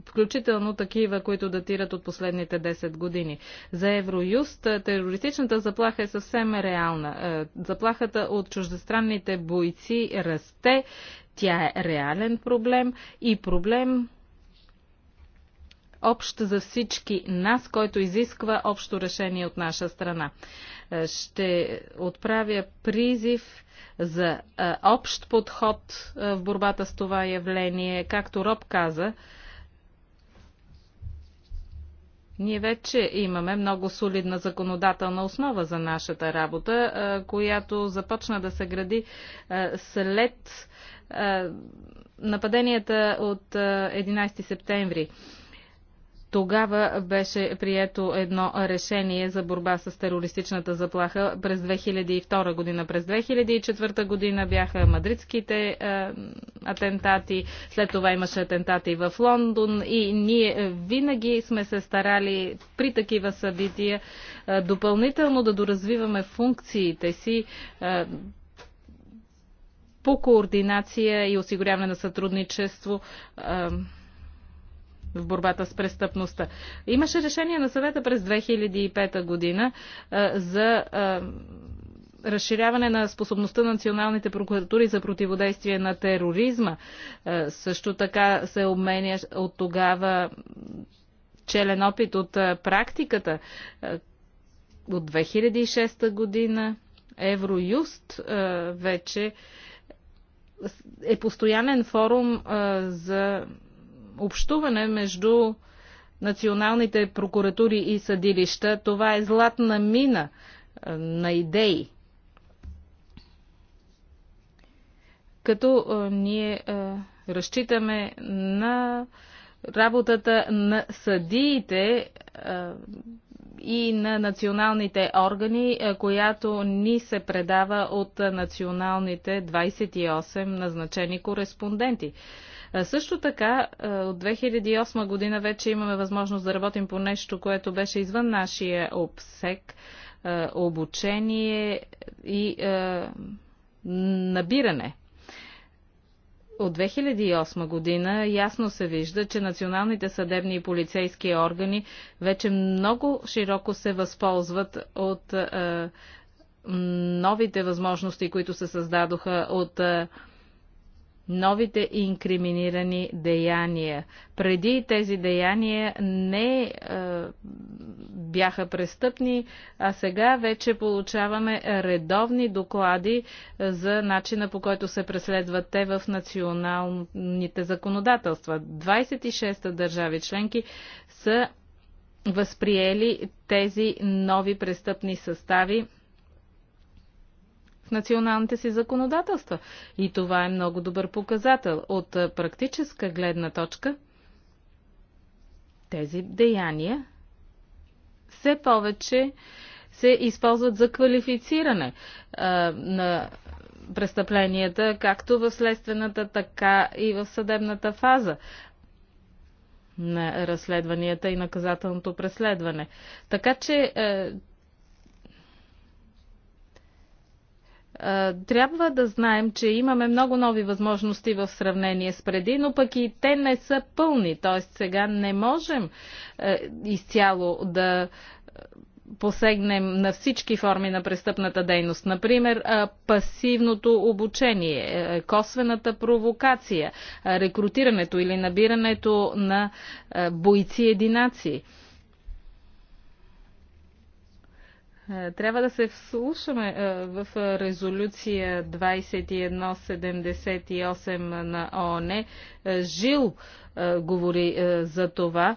включително такива, които датират от последните 10 години. За Евроюст е, терористичната заплаха е съвсем реална. Е, заплахата от чуждестранните бойци расте, тя е реален проблем и проблем общ за всички нас, който изисква общо решение от наша страна. Е, ще отправя призив за общ подход в борбата с това явление. Както Роб каза, ние вече имаме много солидна законодателна основа за нашата работа, която започна да се гради след нападенията от 11 септември. Тогава беше прието едно решение за борба с терористичната заплаха през 2002 година. През 2004 година бяха мадридските е, атентати, след това имаше атентати в Лондон и ние винаги сме се старали при такива събития е, допълнително да доразвиваме функциите си. Е, по координация и осигуряване на сътрудничество е, в борбата с престъпността. Имаше решение на съвета през 2005 година за разширяване на способността на националните прокуратури за противодействие на тероризма. Също така се обменя от тогава челен опит от практиката от 2006 година. Евроюст вече е постоянен форум за общуване между националните прокуратури и съдилища. Това е златна мина е, на идеи. Като е, ние е, разчитаме на работата на съдиите и на националните органи, която ни се предава от националните 28 назначени кореспонденти. Е, също така, е, от 2008 година вече имаме възможност да работим по нещо, което беше извън нашия обсек, е, обучение и набиране от 2008 година ясно се вижда, че националните съдебни и полицейски органи вече много широко се възползват от е, новите възможности, които се създадоха от е, новите инкриминирани деяния. Преди тези деяния не е, бяха престъпни, а сега вече получаваме редовни доклади е, за начина по който се преследват те в националните законодателства. 26 държави членки са възприели тези нови престъпни състави в националните си законодателства. И това е много добър показател. От практическа гледна точка тези деяния все повече се използват за квалифициране а, на престъпленията, както в следствената, така и в съдебната фаза на разследванията и наказателното преследване. Така че е, Е, трябва да знаем, че имаме много нови възможности в сравнение с преди, но пък и те не са пълни. Т.е. сега не можем е, изцяло да е, посегнем на всички форми на престъпната дейност. Например, пасивното обучение, косвената провокация, рекрутирането или набирането на бойци-единаци. Е, трябва да се вслушаме е, в е, резолюция 2178 на ООН. Жил говори за това.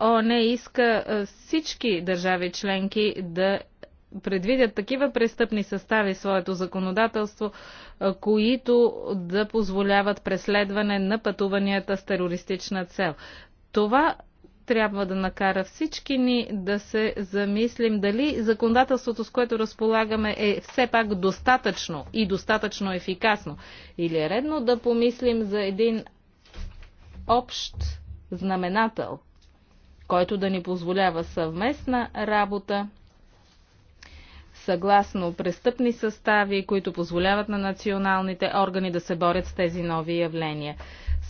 ООН иска всички държави членки да предвидят такива престъпни състави в своето законодателство, които да позволяват преследване на пътуванията с терористична цел. Това трябва да накара всички ни да се замислим дали законодателството, с което разполагаме, е все пак достатъчно и достатъчно ефикасно. Или е редно да помислим за един общ знаменател, който да ни позволява съвместна работа съгласно престъпни състави, които позволяват на националните органи да се борят с тези нови явления.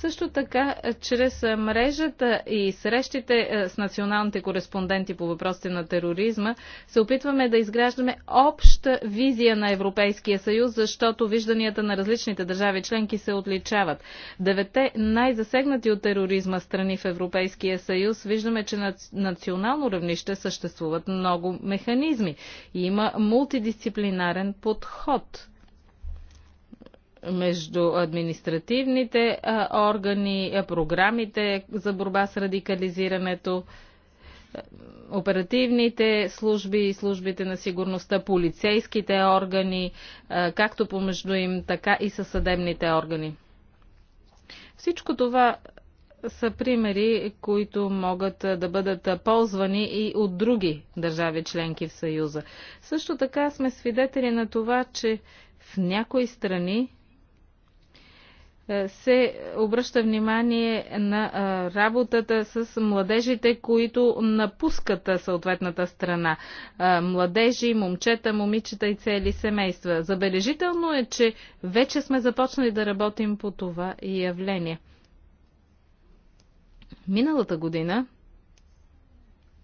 Също така, чрез мрежата и срещите с националните кореспонденти по въпросите на тероризма, се опитваме да изграждаме обща визия на Европейския съюз, защото вижданията на различните държави членки се отличават. Девете най-засегнати от тероризма страни в Европейския съюз, виждаме, че на национално равнище съществуват много механизми. Има мултидисциплинарен подход между административните органи, програмите за борба с радикализирането, оперативните служби и службите на сигурността, полицейските органи, както помежду им, така и със съдебните органи. Всичко това са примери, които могат да бъдат ползвани и от други държави членки в Съюза. Също така сме свидетели на това, че в някои страни е, се обръща внимание на е, работата с младежите, които напускат е, съответната страна. Младежи, момчета, момичета и цели семейства. Забележително е, че вече сме започнали да работим по това явление. Миналата година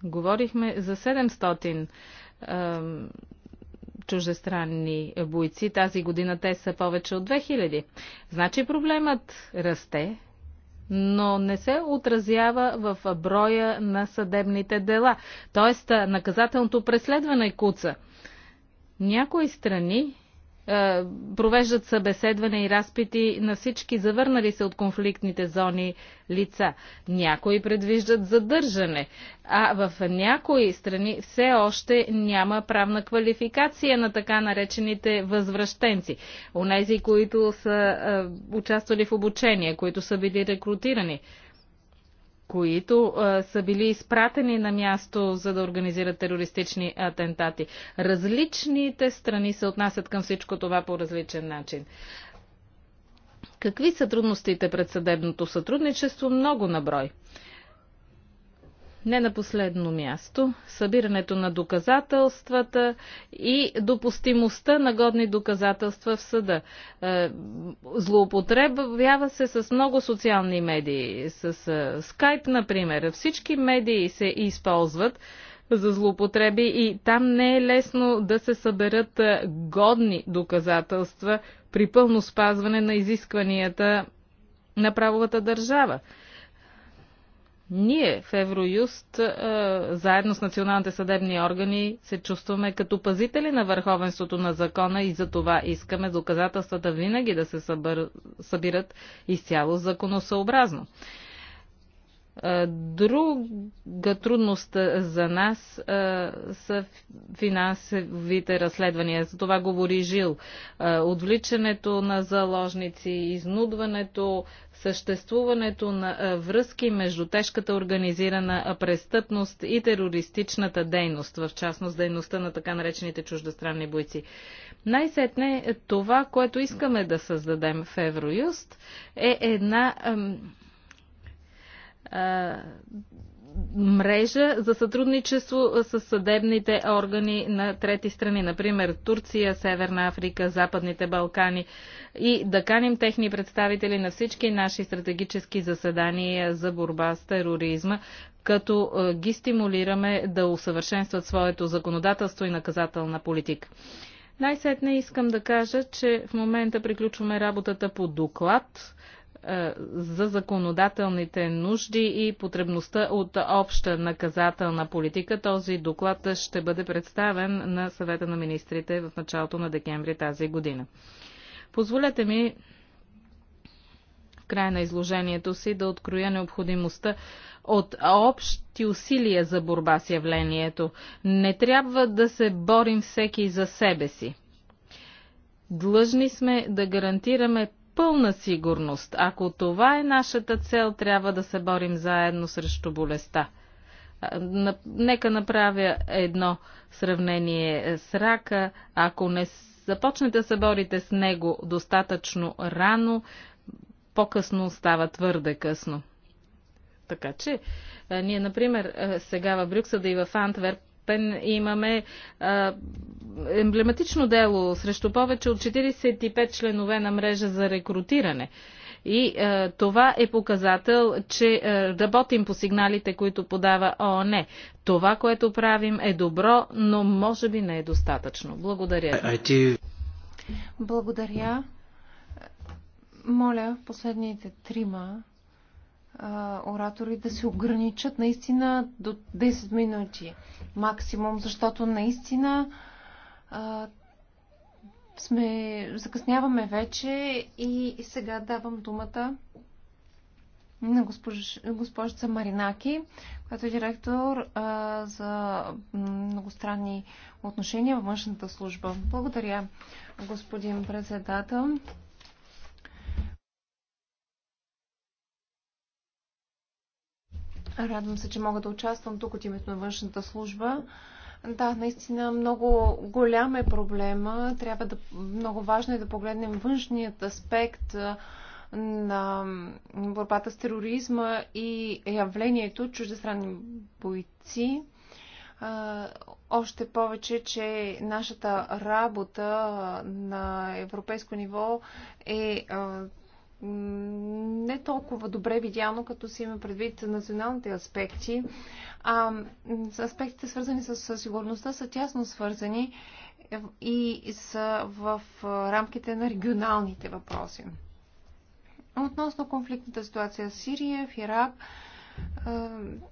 говорихме за 700 чуждестранни бойци. Тази година те са повече от 2000. Значи проблемът расте, но не се отразява в броя на съдебните дела. Тоест наказателното преследване куца. Някои страни е, провеждат събеседване и разпити на всички завърнали се от конфликтните зони лица. Някои предвиждат задържане, а в някои страни все още няма правна квалификация на така наречените възвръщенци. Онези, които са е, участвали в обучение, които са били рекрутирани които а, са били изпратени на място, за да организират терористични атентати. Различните страни се отнасят към всичко това по различен начин. Какви са трудностите пред съдебното сътрудничество? Много наброй. брой. Не на последно място, събирането на доказателствата и допустимостта на годни доказателства в съда. Е, злоупотребява се с много социални медии, с е, Skype, например. Всички медии се използват за злоупотреби и там не е лесно да се съберат е, годни доказателства при пълно спазване на изискванията на правовата държава. Ние в Евроюст, заедно с националните съдебни органи, се чувстваме като пазители на върховенството на закона и за това искаме доказателствата винаги да се събират изцяло законосъобразно. Друга трудност за нас са финансовите разследвания. За това говори Жил. отвличането на заложници, изнудването, съществуването на връзки между тежката организирана престъпност и терористичната дейност, в частност дейността на така наречените чуждестранни бойци. Най-сетне това, което искаме да създадем в Евроюст, е една мрежа за сътрудничество с съдебните органи на трети страни, например Турция, Северна Африка, Западните Балкани и да каним техни представители на всички наши стратегически заседания за борба с тероризма, като ги стимулираме да усъвършенстват своето законодателство и наказателна политика. Най-сетне искам да кажа, че в момента приключваме работата по доклад, е, за законодателните нужди и потребността от обща наказателна политика. Този доклад ще бъде представен на съвета на министрите в началото на декември тази година. Позволете ми в края на изложението си да откроя необходимостта от общи усилия за борба с явлението. Не трябва да се борим всеки за себе си. Длъжни сме да гарантираме пълна сигурност. Ако това е нашата цел, трябва да се борим заедно срещу болестта. Нека направя едно сравнение с рака. Ако не започнете да се борите с него достатъчно рано, по-късно става твърде късно. Така че, ние, например, сега в Брюксел да и в Антверп степен имаме а, емблематично дело срещу повече от 45 членове на мрежа за рекрутиране. И е, това е показател, че е, работим по сигналите, които подава ООН. Това, което правим е добро, но може би не е достатъчно. Благодаря. Благодаря. Моля, последните трима оратори да се ограничат наистина до 10 минути максимум, защото наистина а, сме, закъсняваме вече и, и сега давам думата на госпож, госпожица Маринаки, която е директор а, за многостранни отношения в външната служба. Благодаря, господин председател. Радвам се, че мога да участвам тук от името на външната служба. Да, наистина много голям е проблема. Трябва да, много важно е да погледнем външният аспект на борбата с тероризма и явлението чуждестранни бойци. Още повече, че нашата работа на европейско ниво е не толкова добре видяно, като си има предвид националните аспекти. А, аспектите, свързани с сигурността, са тясно свързани е, и са в рамките на регионалните въпроси. Относно конфликтната ситуация в Сирия, в Ирак,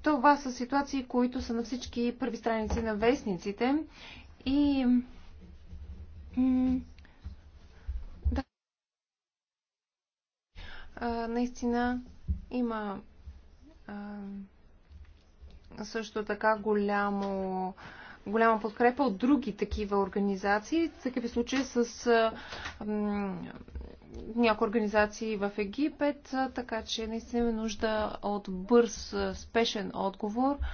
това са ситуации, които са на всички първи страници на вестниците и а, наистина има а, също така голямо, голяма подкрепа от други такива организации. В Такива е случаи с а, м, някои организации в Египет, така че наистина има нужда от бърз, спешен отговор. А,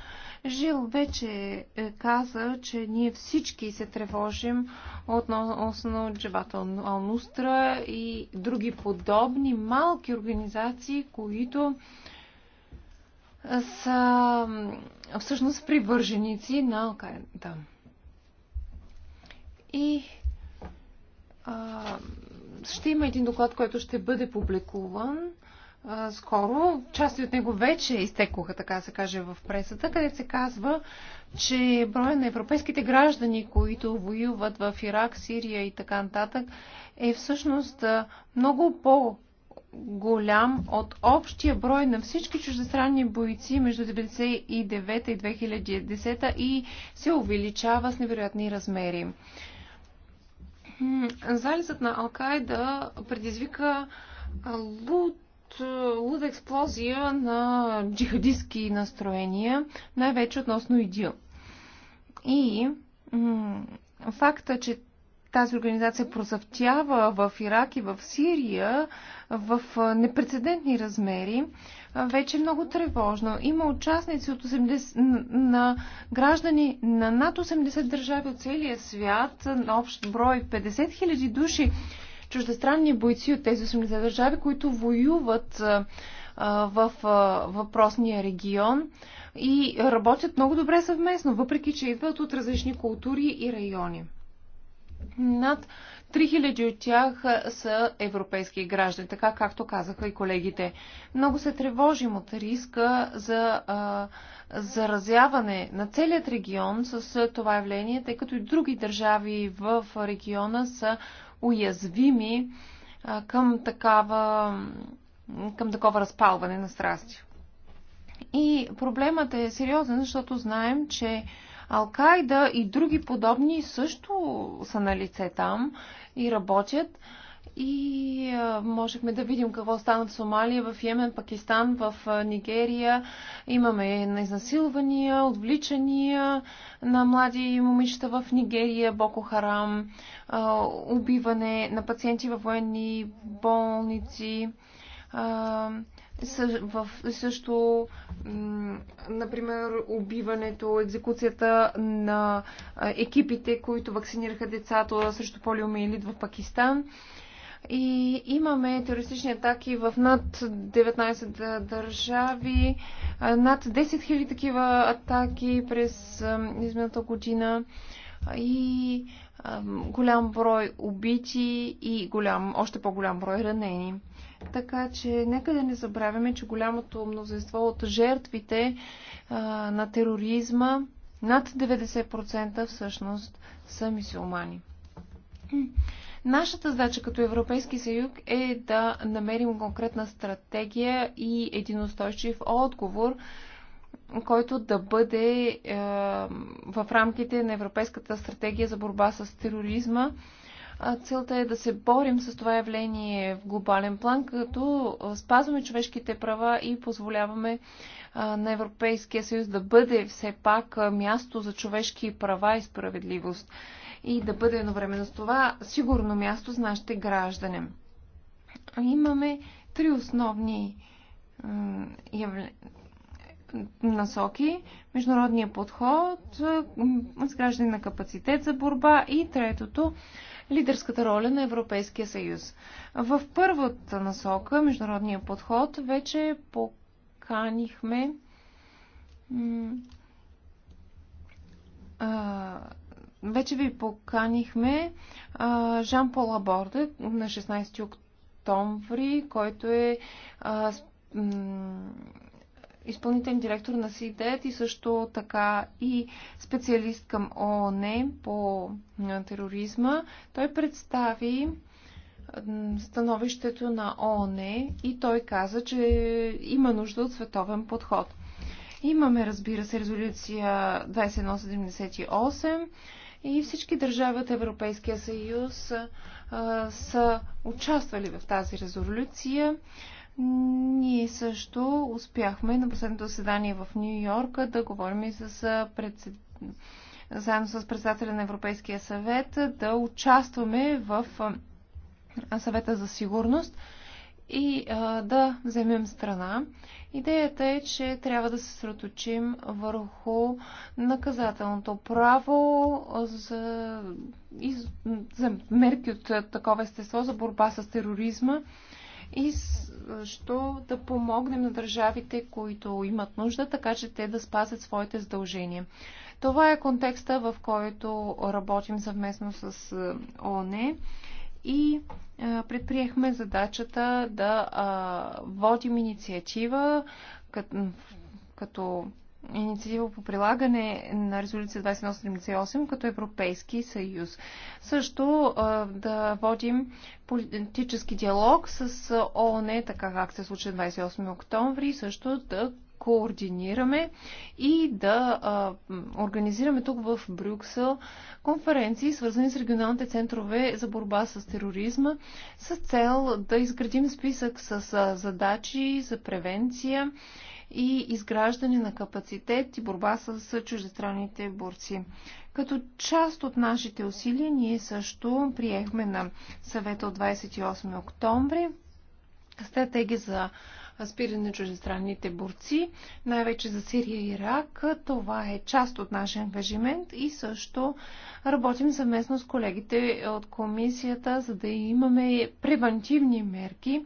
Жил вече е, каза, че ние всички се тревожим относно Джабата Алнустра и други подобни малки организации, които са всъщност привърженици на Алкаида. И а, ще има един доклад, който ще бъде публикуван скоро. Части от него вече изтекоха, така се каже, в пресата, където се казва, че броя на европейските граждани, които воюват в Ирак, Сирия и така нататък, е всъщност много по- голям от общия брой на всички чуждестранни бойци между 1999 и 2010 и се увеличава с невероятни размери. Залезът на Алкайда предизвика лут е, луда експлозия на джихадистски настроения, най-вече относно ИДИЛ. И факта, че тази организация прозавтява в Ирак и в Сирия в е, непрецедентни размери, е, вече е много тревожно. Има участници от 80, на граждани на над 80 държави от целия свят, на общ брой 50 000 души, чуждестранни бойци от тези 80 държави, които воюват в въпросния регион и работят много добре съвместно, въпреки че идват от различни култури и райони. Над 3000 от тях са европейски граждани, така както казаха и колегите. Много се тревожим от риска за а, заразяване на целият регион с това явление, тъй като и други държави в региона са уязвими към, такава, към такова разпалване на страсти. И проблемът е сериозен, защото знаем, че Алкайда и други подобни също са на лице там и работят и а, можехме да видим какво стана в Сомалия, в Йемен, Пакистан, в а, Нигерия. Имаме изнасилвания, отвличания на млади момичета в Нигерия, Боко Харам, а, убиване на пациенти във военни болници. А, в, също, например, убиването, екзекуцията на екипите, които вакцинираха децата срещу полиомиелит в Пакистан. И имаме терористични атаки в над 19 държави, над 10 000 такива атаки през изминалата година и голям брой убити и голям, още по-голям брой ранени. Така че нека да не забравяме, че голямото мнозинство от жертвите а, на тероризма, над 90% всъщност са мисиомани. Нашата задача като Европейски съюз е да намерим конкретна стратегия и един устойчив отговор, който да бъде е, в рамките на Европейската стратегия за борба с тероризма. Целта е да се борим с това явление в глобален план, като е, спазваме човешките права и позволяваме е, на Европейския съюз да бъде все пак е, място за човешки права и справедливост и да бъде едновременно с това сигурно място за нашите граждани. Имаме три основни насоки. Международния подход, изграждане на капацитет за борба и третото лидерската роля на Европейския съюз. В първата насока, международния подход, вече поканихме вече ви поканихме Жан Пол Аборде на 16 октомври, който е изпълнителен директор на СИДЕТ и също така и специалист към ООН е по тероризма. Той представи становището на ООН е и той каза, че има нужда от световен подход. Имаме, разбира се, резолюция 2178 и всички държави от Европейския съюз а, са участвали в тази резолюция. Ние също успяхме на последното заседание в Нью Йорка да говорим и с председ... заедно с председателя на Европейския съвет да участваме в съвета за сигурност и а, да вземем страна. Идеята е, че трябва да се сръточим върху наказателното право за, и, за мерки от такова естество за борба с тероризма и защо да помогнем на държавите, които имат нужда, така че те да спазят своите задължения. Това е контекста, в който работим съвместно с ОНЕ и предприехме задачата да водим инициатива като, като инициатива по прилагане на резолюция 2178 като Европейски съюз. Също да водим политически диалог с ООН, така как се случи 28 октомври, също да координираме и да а, организираме тук в Брюксел конференции, свързани с регионалните центрове за борба с тероризма, с цел да изградим списък с а, задачи за превенция и изграждане на капацитет и борба с чуждестранните борци. Като част от нашите усилия ние също приехме на съвета от 28 октомври стратегия за спиране на чужестранните борци, най-вече за Сирия и Ирак. Това е част от нашия ангажимент и също работим съвместно с колегите от комисията, за да имаме превентивни мерки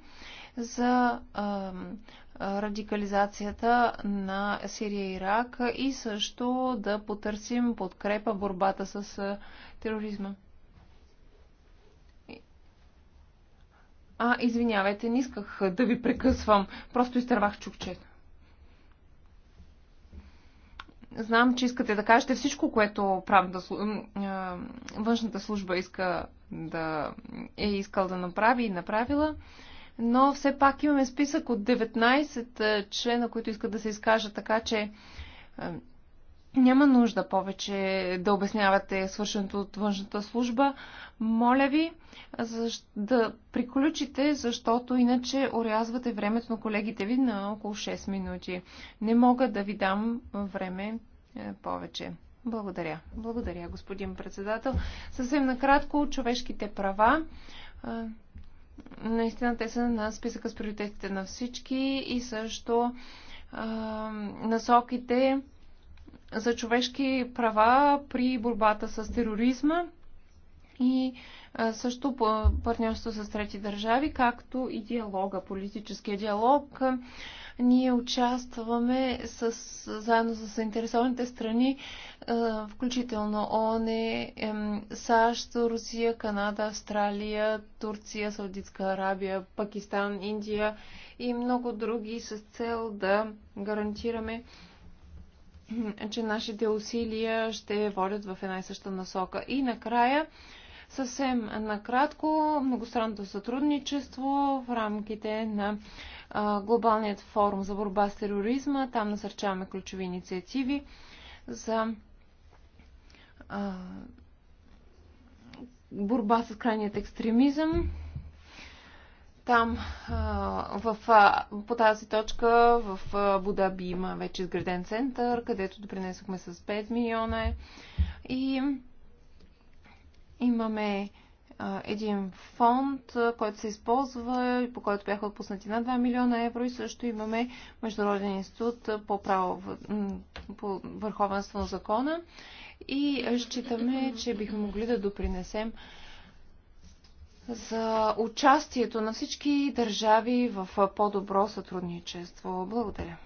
за радикализацията на Сирия и Ирак и също да потърсим подкрепа борбата с тероризма. А, извинявайте, не исках да ви прекъсвам. Просто изтървах чукчета. Знам, че искате да кажете всичко, което правната, външната служба иска да е искал да направи и направила, но все пак имаме списък от 19 члена, които искат да се изкажат, така че няма нужда повече да обяснявате свършеното от външната служба. Моля ви да приключите, защото иначе орязвате времето на колегите ви на около 6 минути. Не мога да ви дам време е, повече. Благодаря. Благодаря, господин председател. Съвсем накратко, човешките права. Е, наистина те са на списъка с приоритетите на всички и също е, насоките за човешки права при борбата с тероризма и също партньорство с трети държави, както и диалога, политическия диалог. Ние участваме с, заедно с заинтересованите страни, включително ООН, САЩ, Русия, Канада, Австралия, Турция, Саудитска Арабия, Пакистан, Индия и много други с цел да гарантираме е, че нашите усилия ще водят в една и съща насока. И накрая, съвсем накратко, многостранното сътрудничество в рамките на глобалният форум за борба с тероризма. Там насърчаваме ключови инициативи за борба с крайният екстремизъм. Там в, по тази точка в Будаби има вече изграден център, където допринесохме с 5 милиона. И имаме един фонд, който се използва и по който бяха отпуснати на 2 милиона евро и също имаме Международен институт по право по върховенство на закона и считаме, че бихме могли да допринесем за участието на всички държави в по-добро сътрудничество. Благодаря.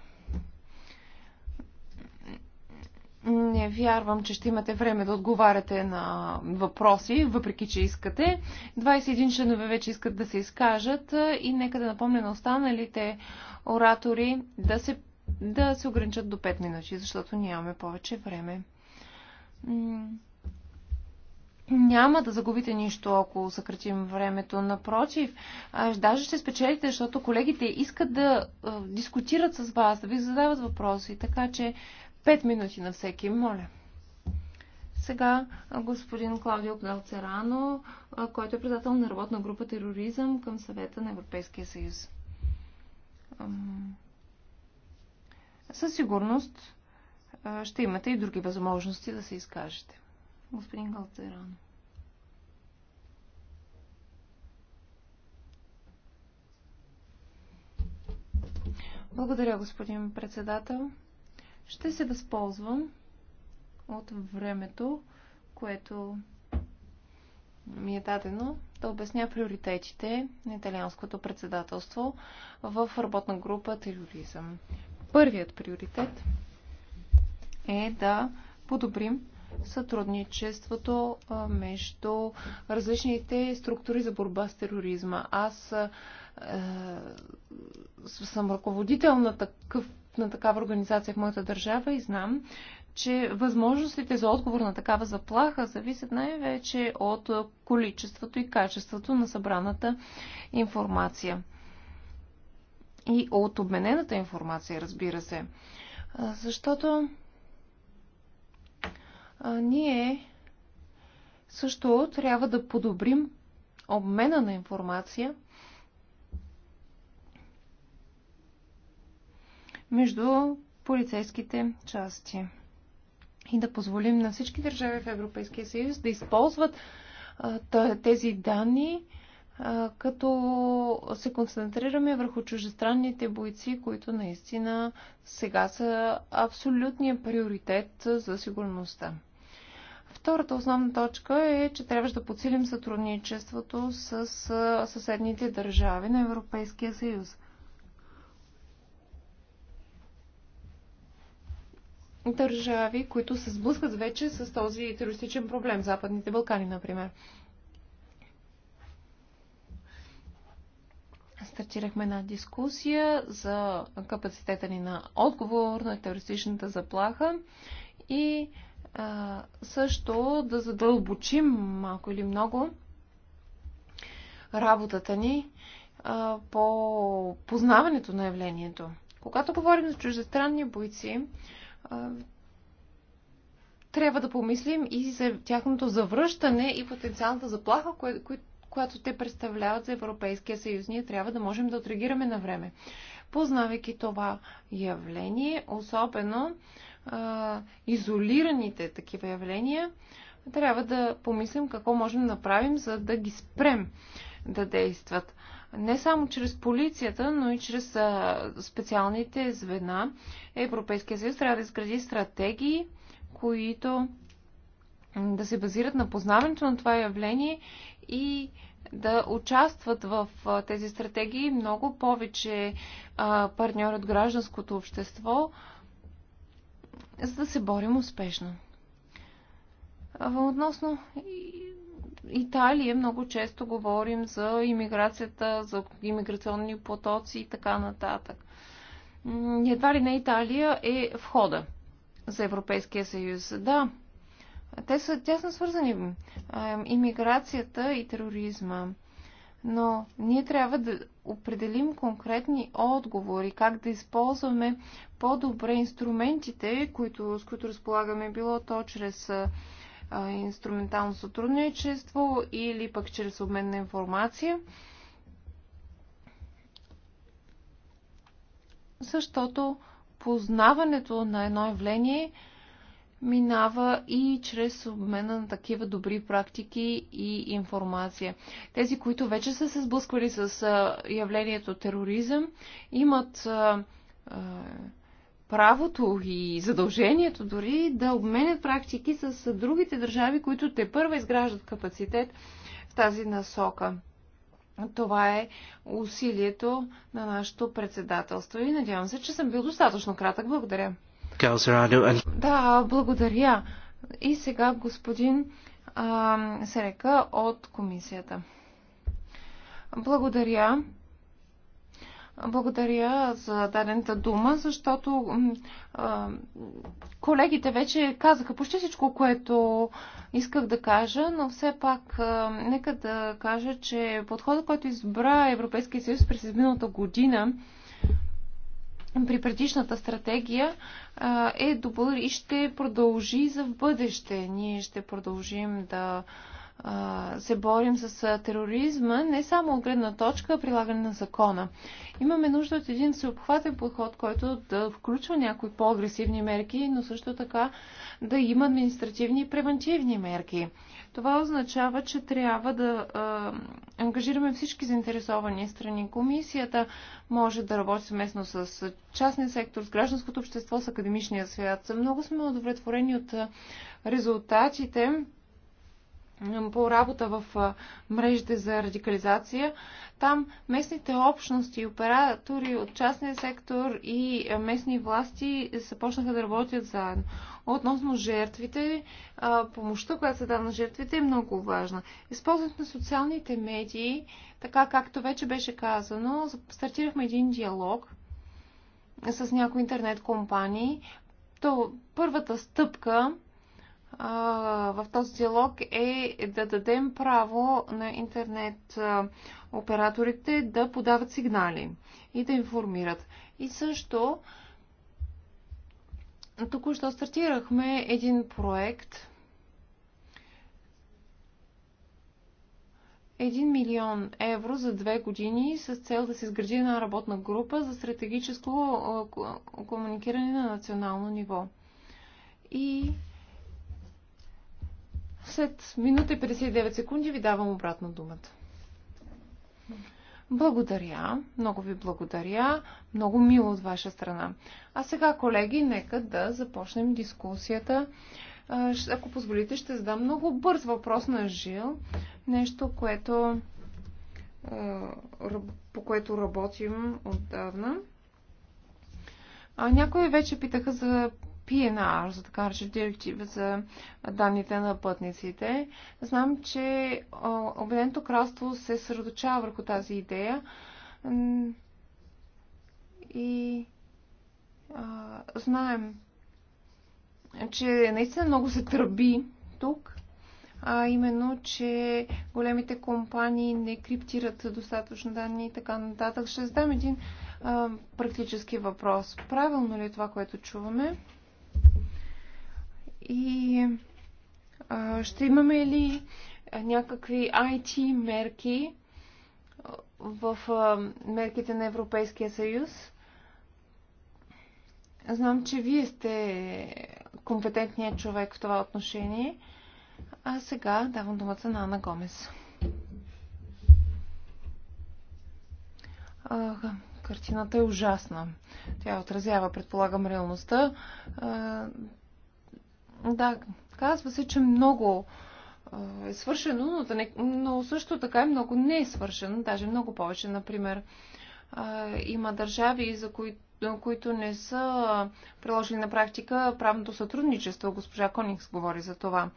Не вярвам, че ще имате време да отговаряте на въпроси, въпреки че искате. 21 членове вече искат да се изкажат и нека да напомня на останалите оратори да се, да се ограничат до 5 минути, защото нямаме повече време няма да загубите нищо, ако съкратим времето. Напротив, даже ще спечелите, защото колегите искат да дискутират с вас, да ви задават въпроси. Така че 5 минути на всеки, моля. Сега господин Клаудио Пелцерано, който е председател на работна група Тероризъм към съвета на Европейския съюз. Със сигурност ще имате и други възможности да се изкажете господин Галтеран. Благодаря, господин председател. Ще се възползвам от времето, което ми е дадено да обясня приоритетите на италианското председателство в работна група тероризъм. Първият приоритет е да подобрим сътрудничеството между различните структури за борба с тероризма. Аз е, съм ръководител на, такъв, на такава организация в моята държава и знам, че възможностите за отговор на такава заплаха зависят най-вече от количеството и качеството на събраната информация. И от обменената информация, разбира се. Защото а, ние също трябва да подобрим обмена на информация между полицейските части и да позволим на всички държави в Европейския съюз да използват а, тези данни, а, като се концентрираме върху чужестранните бойци, които наистина сега са абсолютният приоритет за сигурността. Втората основна точка е, че трябваше да подсилим сътрудничеството с съседните държави на Европейския съюз. Държави, които се сблъскат вече с този терористичен проблем, Западните Балкани, например. стартирахме една дискусия за капацитета ни на отговор на терористичната заплаха и също да задълбочим малко или много работата ни по познаването на явлението. Когато говорим за чуждестранни бойци, трябва да помислим и за тяхното завръщане и потенциалната заплаха, кое, кое, която те представляват за Европейския съюз. Ние трябва да можем да отреагираме на време. Познавайки това явление, особено а, изолираните такива явления, трябва да помислим какво можем да направим, за да ги спрем да действат. Не само чрез полицията, но и чрез а, специалните звена. Европейския съюз трябва да изгради стратегии, които да се базират на познаването на това явление и да участват в тези стратегии много повече партньори от гражданското общество, за да се борим успешно. Относно Италия много често говорим за иммиграцията, за иммиграционни потоци и така нататък. Едва ли не Италия е входа за Европейския съюз. Да, те са тясно свързани. Имиграцията и тероризма но ние трябва да определим конкретни отговори, как да използваме по-добре инструментите, които, с които разполагаме, било то чрез а, инструментално сътрудничество или пък чрез обмен на информация. Защото познаването на едно явление – минава и чрез обмена на такива добри практики и информация. Тези, които вече са се сблъсквали с явлението тероризъм, имат правото и задължението дори да обменят практики с другите държави, които те първа изграждат капацитет в тази насока. Това е усилието на нашето председателство и надявам се, че съм бил достатъчно кратък. Благодаря. Да, благодаря. И сега господин а, Серека от комисията. Благодаря. Благодаря за дадената дума, защото а, колегите вече казаха почти всичко, което исках да кажа, но все пак а, нека да кажа, че подходът, който избра Европейския съюз през изминалата година, при предишната стратегия е добър и ще продължи за в бъдеще. Ние ще продължим да се борим с тероризма не само от гледна точка, а прилагане на закона. Имаме нужда от един всеобхватен подход, който да включва някои по-агресивни мерки, но също така да има административни и превентивни мерки. Това означава, че трябва да а, ангажираме всички заинтересовани страни. Комисията може да работи съвместно с частния сектор, с гражданското общество, с академичния свят. Много сме удовлетворени от резултатите по работа в мрежите за радикализация. Там местните общности оператори от частния сектор и местни власти започнаха да работят заедно относно жертвите, помощта, която се дава на жертвите е много важна. Използването на социалните медии, така както вече беше казано, стартирахме един диалог с някои интернет компании. То първата стъпка в този диалог е да дадем право на интернет операторите да подават сигнали и да информират. И също Току-що стартирахме един проект. Един милион евро за две години с цел да се изгради една работна група за стратегическо комуникиране на национално ниво. И след минута и 59 секунди ви давам обратно думата. Благодаря, много ви благодаря, много мило от ваша страна. А сега, колеги, нека да започнем дискусията. Ако позволите, ще задам много бърз въпрос на Жил. Нещо, което, по което работим отдавна. някои вече питаха за PNR, за така рече директива за данните на пътниците. Знам, че Обединеното кралство се средочава върху тази идея и а, знаем, че наистина много се тръби тук, а именно, че големите компании не криптират достатъчно данни и така нататък. Ще задам един а, практически въпрос. Правилно ли е това, което чуваме? И а, ще имаме ли някакви IT мерки в а, мерките на Европейския съюз? Знам, че вие сте компетентният човек в това отношение. А сега давам думата на Ана Гомес. А, картината е ужасна. Тя отразява, предполагам, реалността. Да, казва се, че много е свършено, но, да не, но също така е много не е свършено, даже много повече. Например, има държави, за кои, които не са приложили на практика правното сътрудничество. Госпожа Конингс говори за това.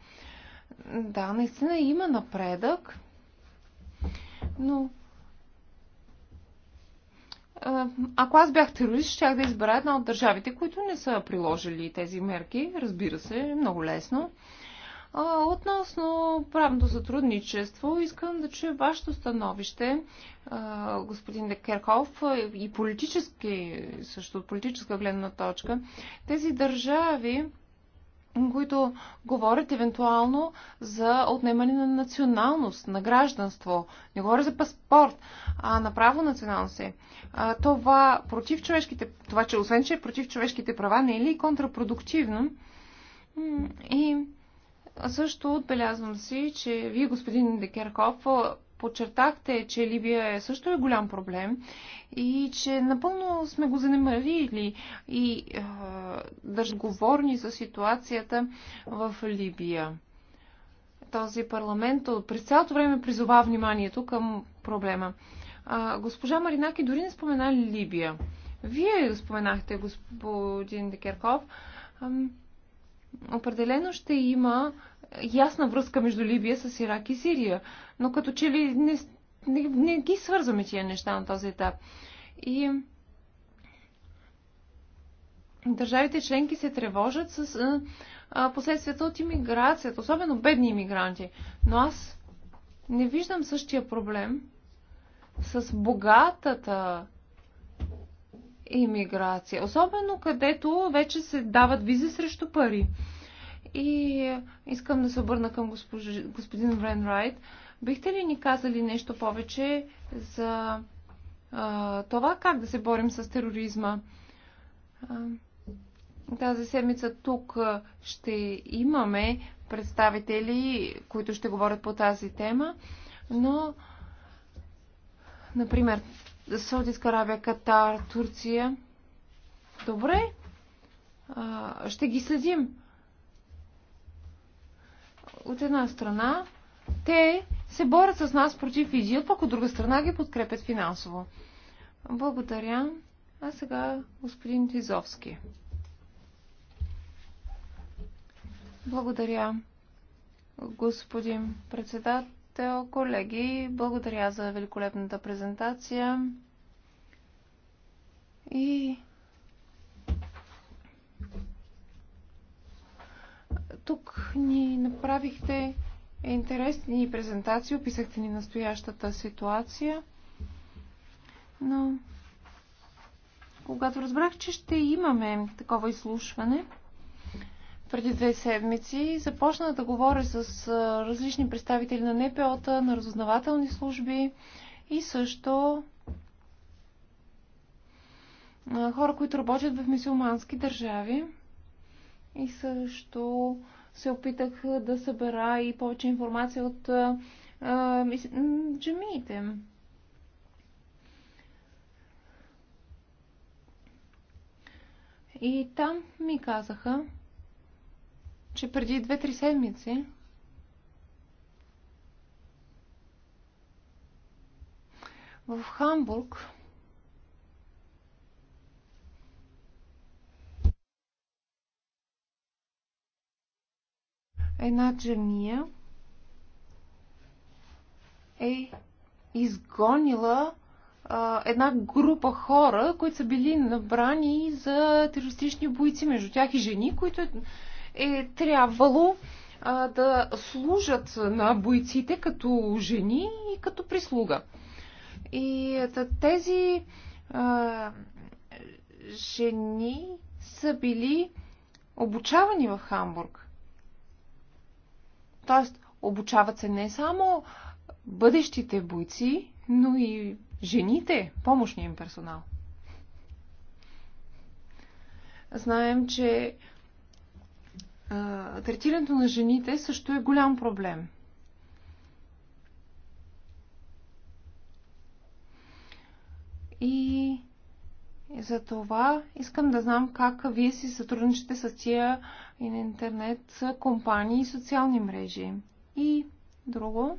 Да, наистина има напредък, но ако аз бях терорист, щях да избера една от държавите, които не са приложили тези мерки. Разбира се, много лесно. Относно правното сътрудничество, искам да чуя вашето становище, господин Декерхов, и политически, също от политическа гледна точка. Тези държави които говорят евентуално за отнемане на националност, на гражданство. Не говоря за паспорт, а направо националност е. А, това против човешките, това че освен, че е против човешките права, не е ли контрапродуктивно? И също отбелязвам си, че вие, господин Декерков, подчертахте, че Либия е също е голям проблем и че напълно сме го занемарили и е, държговорни за ситуацията в Либия. Този парламент през цялото време призова вниманието към проблема. А, госпожа Маринаки дори не спомена Либия. Вие споменахте, господин Декерков. Определено ще има ясна връзка между Либия с Ирак и Сирия, но като че ли не, не, не ги свързваме тия неща на този етап. И държавите членки се тревожат с а, а, последствията от иммиграцията, особено бедни иммигранти. Но аз не виждам същия проблем с богатата иммиграция, особено където вече се дават визи срещу пари. И искам да се обърна към госпожи, господин Райт, Бихте ли ни казали нещо повече за а, това как да се борим с тероризма? А, тази седмица тук ще имаме представители, които ще говорят по тази тема, но, например, Саудитска Аравия, Катар, Турция. Добре, а, ще ги следим от една страна те се борят с нас против ИДИЛ, пък от друга страна ги подкрепят финансово. Благодаря. А сега господин Тизовски. Благодаря, господин председател, колеги. Благодаря за великолепната презентация. И Тук ни направихте интересни презентации, описахте ни настоящата ситуация, но когато разбрах, че ще имаме такова изслушване, преди две седмици започнах да говоря с различни представители на НПО-та, на разузнавателни служби и също хора, които работят в мисулмански държави и също се опитах да събера и повече информация от джамиите. И там ми казаха, че преди 2-3 седмици в Хамбург една значи, джамия е изгонила а, една група хора, които са били набрани за терористични бойци, между тях и жени, които е, е трябвало а, да служат на бойците като жени и като прислуга. И тези а, жени са били обучавани в Хамбург. Тоест, обучават се не само бъдещите бойци, но и жените, помощния им персонал. Знаем, че а, третирането на жените също е голям проблем. И за това искам да знам как вие си сътрудничите с тия и на интернет са компании и социални мрежи. И друго.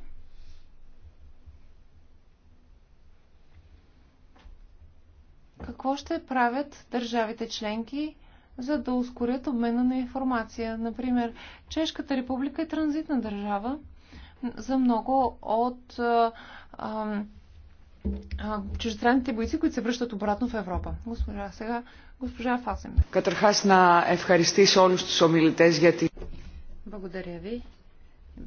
Какво ще правят държавите членки, за да ускорят обмена на информация? Например, Чешката република е транзитна държава за много от а, а, чуждестранните бойци, които се връщат обратно в Европа. Госпожа, сега Госпожа Фасен. Καταρχάς на ευχαριστήσω όλους τους ομιλητές για Благодаря ви.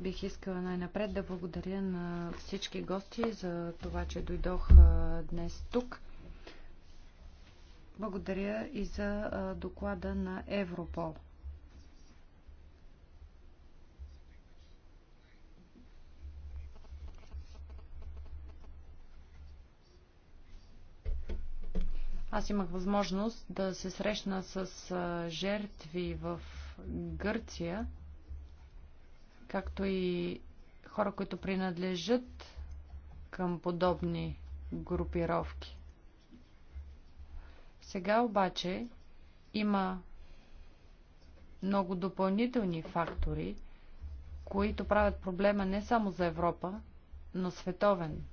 Бих искала най-напред да благодаря на всички гости за това, че дойдох днес тук. Благодаря и за доклада на Европол. Аз имах възможност да се срещна с жертви в Гърция, както и хора, които принадлежат към подобни групировки. Сега обаче има много допълнителни фактори, които правят проблема не само за Европа, но световен.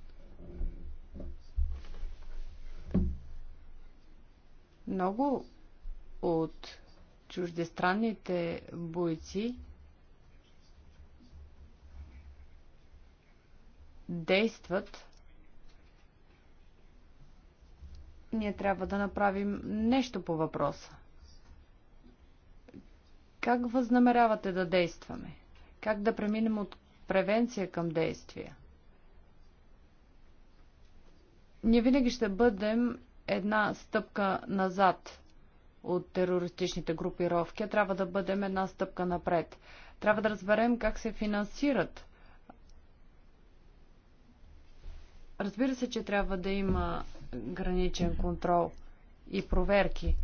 Много от чуждестранните бойци действат. Ние трябва да направим нещо по въпроса. Как възнамерявате да действаме? Как да преминем от превенция към действия? Ние винаги ще бъдем една стъпка назад от терористичните групировки, трябва да бъдем една стъпка напред. Трябва да разберем как се финансират. Разбира се, че трябва да има граничен контрол и проверки,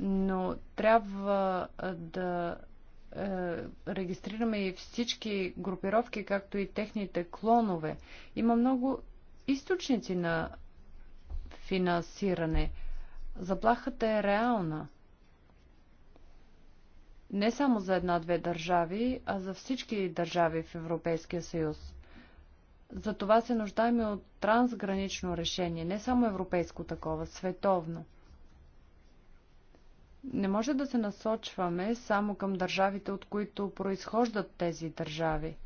но трябва да е, регистрираме и всички групировки, както и техните клонове. Има много източници на финансиране. Заплахата е реална. Не само за една-две държави, а за всички държави в Европейския съюз. За това се нуждаем и от трансгранично решение, не само европейско такова, световно. Не може да се насочваме само към държавите, от които произхождат тези държави.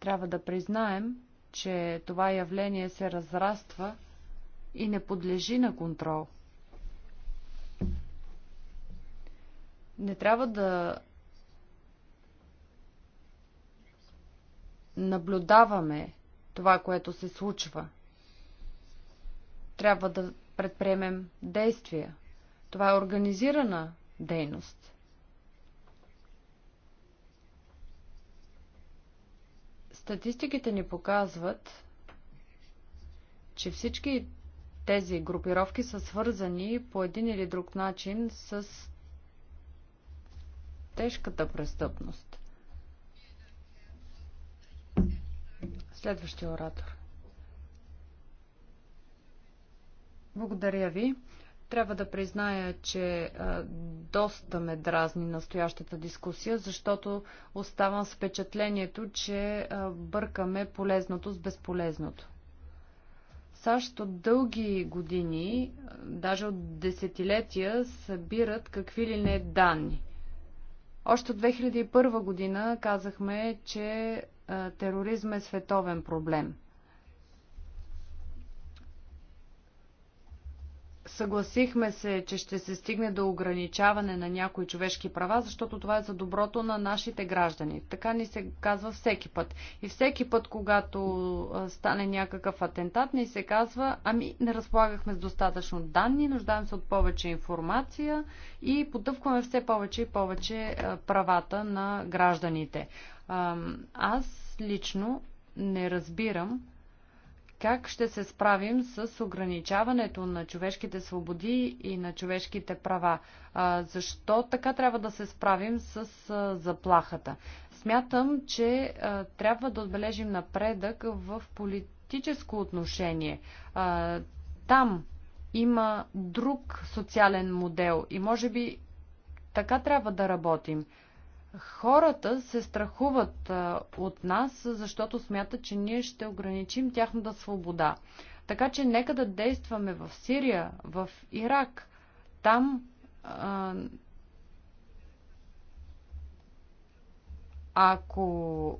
Трябва да признаем, че това явление се разраства и не подлежи на контрол. Не трябва да наблюдаваме това, което се случва. Трябва да предприемем действия. Това е организирана дейност. Статистиките ни показват, че всички тези групировки са свързани по един или друг начин с тежката престъпност. Следващия оратор. Благодаря ви. Трябва да призная, че доста ме дразни настоящата дискусия, защото оставам с впечатлението, че бъркаме полезното с безполезното. САЩ от дълги години, даже от десетилетия, събират какви ли не данни. Още от 2001 година казахме, че тероризма е световен проблем – Съгласихме се, че ще се стигне до ограничаване на някои човешки права, защото това е за доброто на нашите граждани. Така ни се казва всеки път. И всеки път, когато стане някакъв атентат, ни се казва, ами не разполагахме с достатъчно данни, нуждаем се от повече информация и потъпкваме все повече и повече правата на гражданите. Аз лично не разбирам как ще се справим с ограничаването на човешките свободи и на човешките права? Защо така трябва да се справим с заплахата? Смятам, че трябва да отбележим напредък в политическо отношение. Там има друг социален модел и може би така трябва да работим. Хората се страхуват от нас, защото смятат, че ние ще ограничим тяхната свобода. Така че нека да действаме в Сирия, в Ирак. Там а, ако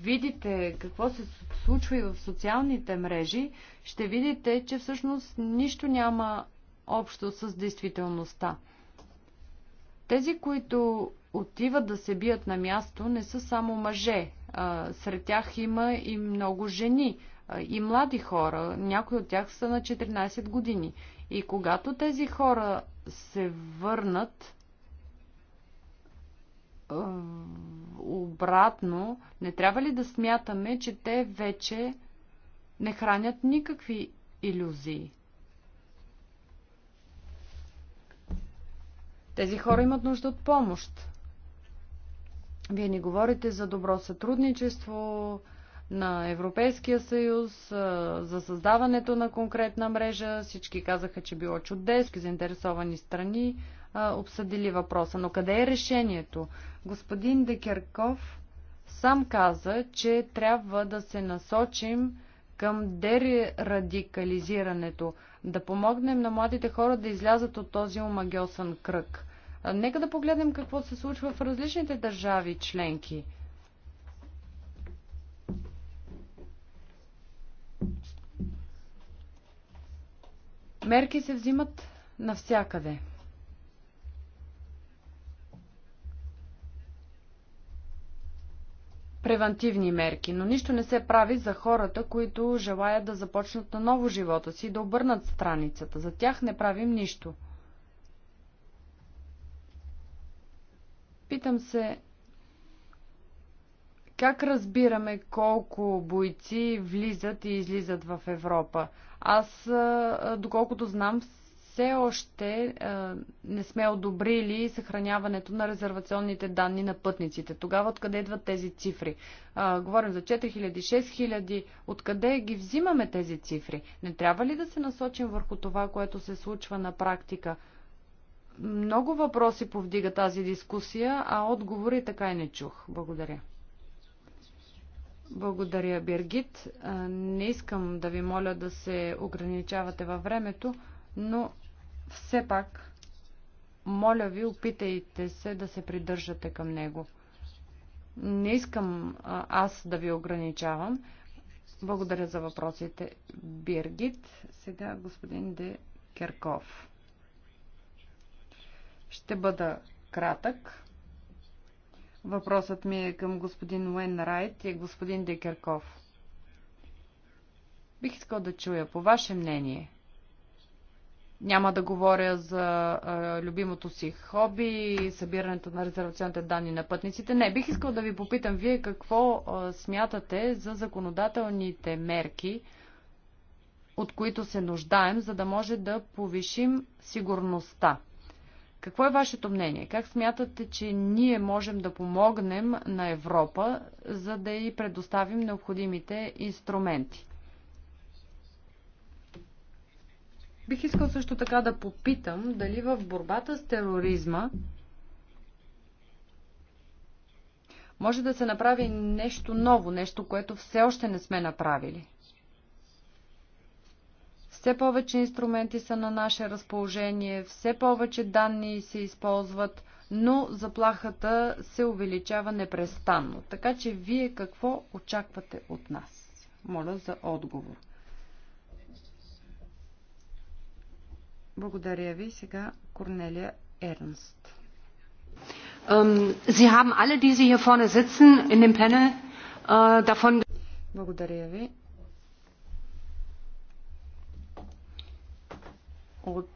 видите какво се случва и в социалните мрежи, ще видите, че всъщност нищо няма общо с действителността. Тези, които отиват да се бият на място, не са само мъже. Сред тях има и много жени и млади хора. Някои от тях са на 14 години. И когато тези хора се върнат обратно, не трябва ли да смятаме, че те вече не хранят никакви иллюзии? Тези хора имат нужда от помощ. Вие ни говорите за добро сътрудничество на Европейския съюз, за създаването на конкретна мрежа. Всички казаха, че било чудесно, заинтересовани страни обсъдили въпроса. Но къде е решението? Господин Декерков сам каза, че трябва да се насочим към дерадикализирането, да помогнем на младите хора да излязат от този омагиосен кръг. Нека да погледнем какво се случва в различните държави членки. Мерки се взимат навсякъде. превантивни мерки, но нищо не се прави за хората, които желаят да започнат на ново живота си и да обърнат страницата. За тях не правим нищо. Питам се, как разбираме колко бойци влизат и излизат в Европа? Аз, доколкото знам, все още а, не сме одобрили съхраняването на резервационните данни на пътниците. Тогава откъде идват тези цифри? А, говорим за 4000, 6000. Откъде ги взимаме тези цифри? Не трябва ли да се насочим върху това, което се случва на практика? Много въпроси повдига тази дискусия, а отговори така и не чух. Благодаря. Благодаря, Бергит. Не искам да ви моля да се ограничавате във времето, но все пак, моля ви, опитайте се да се придържате към него. Не искам аз да ви ограничавам. Благодаря за въпросите, Биргит. Сега господин Де Керков. Ще бъда кратък. Въпросът ми е към господин Уен Райт и господин Декерков. Бих искал да чуя по ваше мнение – няма да говоря за а, любимото си хоби, събирането на резервационните данни на пътниците. Не, бих искал да ви попитам вие какво а, смятате за законодателните мерки, от които се нуждаем, за да може да повишим сигурността. Какво е вашето мнение? Как смятате, че ние можем да помогнем на Европа, за да й предоставим необходимите инструменти? Бих искал също така да попитам дали в борбата с тероризма може да се направи нещо ново, нещо, което все още не сме направили. Все повече инструменти са на наше разположение, все повече данни се използват, но заплахата се увеличава непрестанно. Така че вие какво очаквате от нас? Моля за отговор. Благодаря ви. Сега Корнелия Ернст. Ähm, Sie haben alle, die Sie hier vorne sitzen, in dem Panel äh, davon. Благодаря ви. От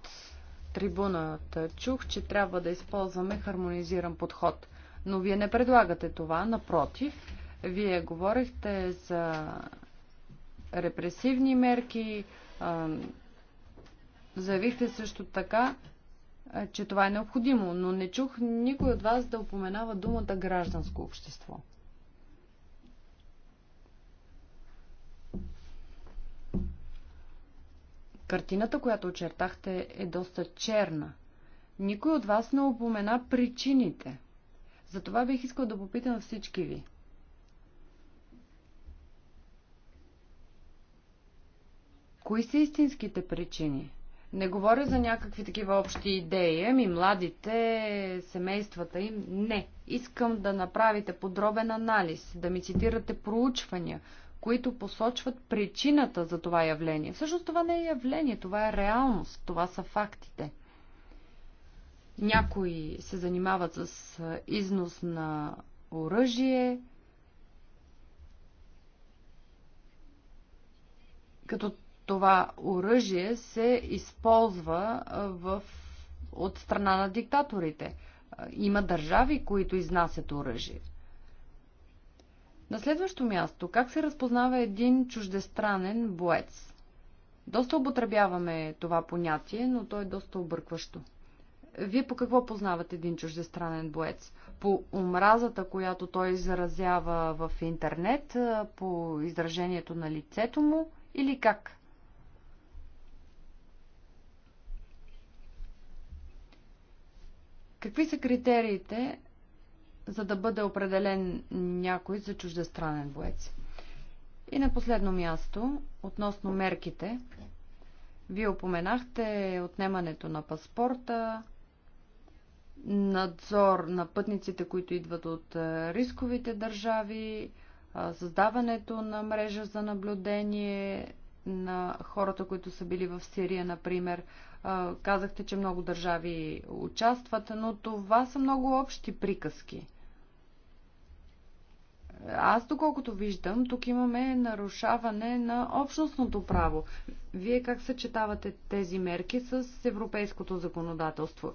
трибуната чух, че трябва да използваме хармонизиран подход. Но вие не предлагате това, напротив. Вие говорихте за репресивни мерки, Заявихте също така, че това е необходимо, но не чух никой от вас да упоменава думата гражданско общество. Картината, която очертахте, е доста черна. Никой от вас не упомена причините. Затова бих искал да попитам всички ви. Кои са истинските причини? Не говоря за някакви такива общи идеи, ами младите, семействата им. Не. Искам да направите подробен анализ, да ми цитирате проучвания, които посочват причината за това явление. Всъщност това не е явление, това е реалност, това са фактите. Някои се занимават с износ на оръжие, като това оръжие се използва в, от страна на диктаторите. Има държави, които изнасят оръжие. На следващо място, как се разпознава един чуждестранен боец? Доста употребяваме това понятие, но то е доста объркващо. Вие по какво познавате един чуждестранен боец? По омразата, която той изразява в интернет, по изражението на лицето му или как? Какви са критериите, за да бъде определен някой за чуждестранен боец? И на последно място, относно мерките, вие опоменахте отнемането на паспорта, надзор на пътниците, които идват от рисковите държави, създаването на мрежа за наблюдение на хората, които са били в Сирия, например. Казахте, че много държави участват, но това са много общи приказки. Аз, доколкото виждам, тук имаме нарушаване на общностното право. Вие как съчетавате тези мерки с европейското законодателство?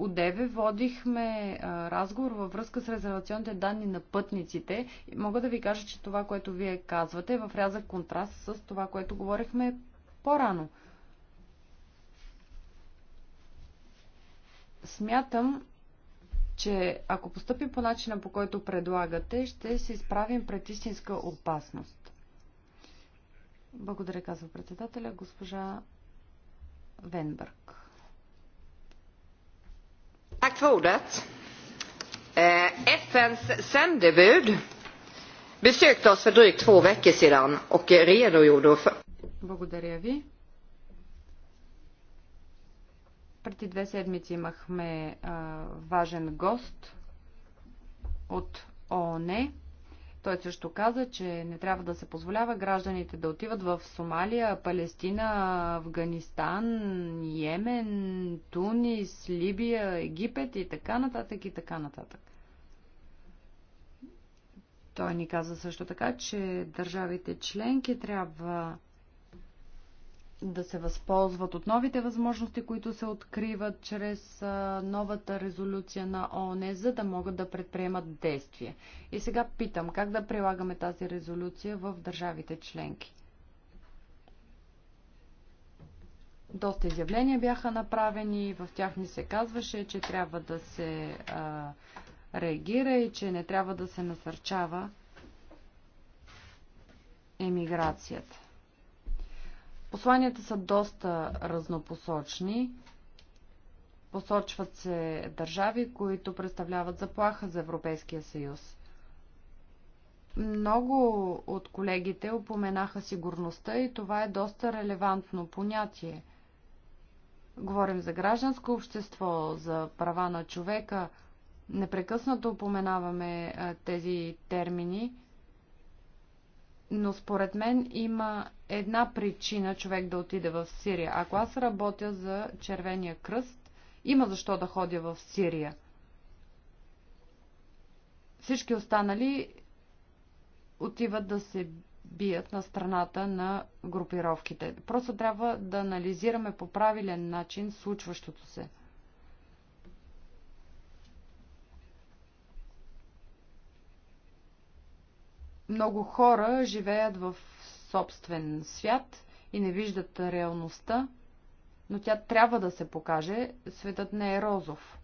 Одеве водихме разговор във връзка с резервационните данни на пътниците. Мога да ви кажа, че това, което вие казвате, е в рязък контраст с това, което говорихме по-рано. Смятам, че ако поступим по начина по който предлагате, ще се изправим пред истинска опасност. Благодаря, казва председателя, госпожа Венбърг. Tack för ordet. Eh, FNs sändebud besökte oss för drygt två veckor sedan och redogjorde för... Благодаря ви. Преди две седмици имахме а, важен гост от ООН. Той също каза, че не трябва да се позволява гражданите да отиват в Сомалия, Палестина, Афганистан, Йемен, Тунис, Либия, Египет и така нататък и така нататък. Той ни каза също така, че държавите членки трябва да се възползват от новите възможности, които се откриват чрез новата резолюция на ООН, за да могат да предприемат действия. И сега питам, как да прилагаме тази резолюция в държавите членки? Доста изявления бяха направени, в тях ни се казваше, че трябва да се а, реагира и че не трябва да се насърчава емиграцията. Посланията са доста разнопосочни. Посочват се държави, които представляват заплаха за Европейския съюз. Много от колегите упоменаха сигурността и това е доста релевантно понятие. Говорим за гражданско общество, за права на човека. Непрекъснато упоменаваме тези термини – но според мен има една причина човек да отиде в Сирия. Ако аз работя за Червения кръст, има защо да ходя в Сирия. Всички останали отиват да се бият на страната на групировките. Просто трябва да анализираме по правилен начин случващото се – Много хора живеят в собствен свят и не виждат реалността, но тя трябва да се покаже. Светът не е розов.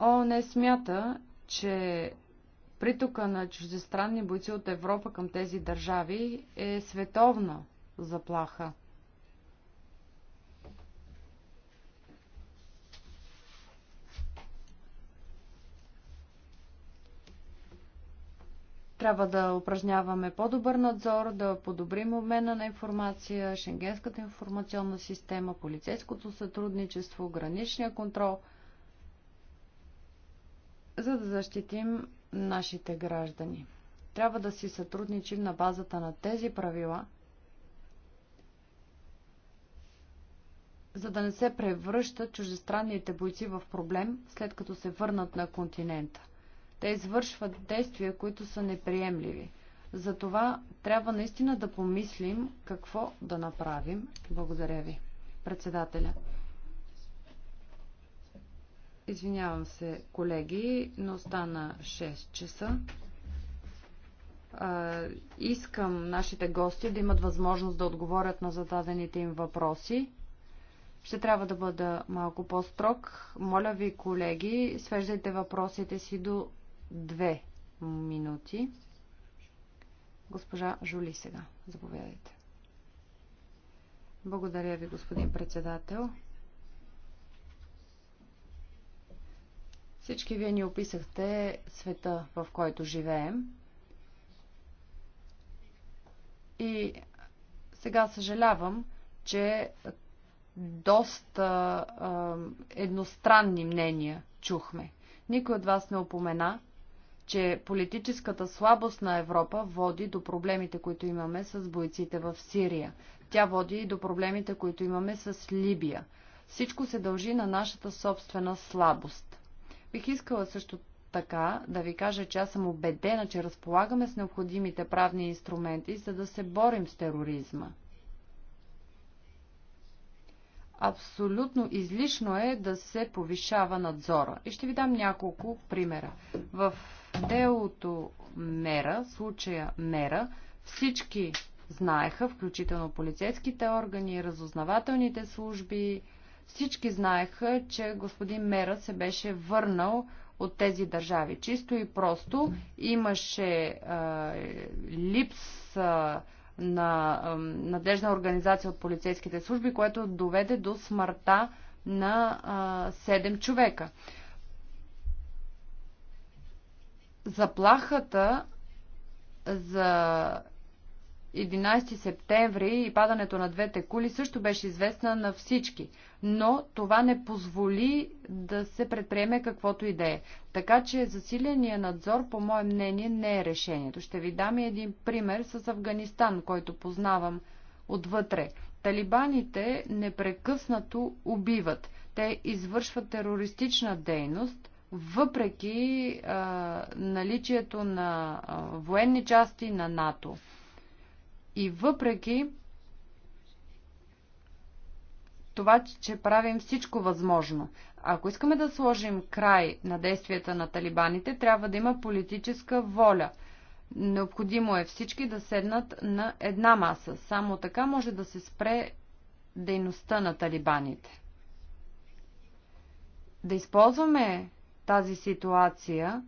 О, не смята, че притока на чуждестранни бойци от Европа към тези държави е световна заплаха. Трябва да упражняваме по-добър надзор, да подобрим обмена на информация, шенгенската информационна система, полицейското сътрудничество, граничния контрол, за да защитим нашите граждани. Трябва да си сътрудничим на базата на тези правила, за да не се превръщат чуждестранните бойци в проблем, след като се върнат на континента. Те извършват действия, които са неприемливи. Затова трябва наистина да помислим какво да направим. Благодаря ви, председателя. Извинявам се, колеги, но стана 6 часа. искам нашите гости да имат възможност да отговорят на зададените им въпроси. Ще трябва да бъда малко по-строг. Моля ви, колеги, свеждайте въпросите си до две минути. Госпожа Жули сега. Заповядайте. Благодаря ви, господин председател. Всички вие ни описахте света, в който живеем. И сега съжалявам, че доста е, едностранни мнения чухме. Никой от вас не опомена, че политическата слабост на Европа води до проблемите, които имаме с бойците в Сирия. Тя води и до проблемите, които имаме с Либия. Всичко се дължи на нашата собствена слабост. Бих искала също така да ви кажа, че аз съм убедена, че разполагаме с необходимите правни инструменти, за да се борим с тероризма абсолютно излишно е да се повишава надзора. И ще ви дам няколко примера. В делото Мера, случая Мера, всички знаеха, включително полицейските органи, разузнавателните служби, всички знаеха, че господин Мера се беше върнал от тези държави. Чисто и просто имаше е, липс. Е, на надежна организация от полицейските служби, което доведе до смъртта на 7 човека. Заплахата за 11 септември и падането на двете кули също беше известна на всички, но това не позволи да се предприеме каквото и да е. Така че засиления надзор, по мое мнение, не е решението. Ще ви дам и един пример с Афганистан, който познавам отвътре. Талибаните непрекъснато убиват. Те извършват терористична дейност, въпреки а, наличието на а, военни части на НАТО. И въпреки това, че правим всичко възможно. Ако искаме да сложим край на действията на талибаните, трябва да има политическа воля. Необходимо е всички да седнат на една маса. Само така може да се спре дейността на талибаните. Да използваме тази ситуация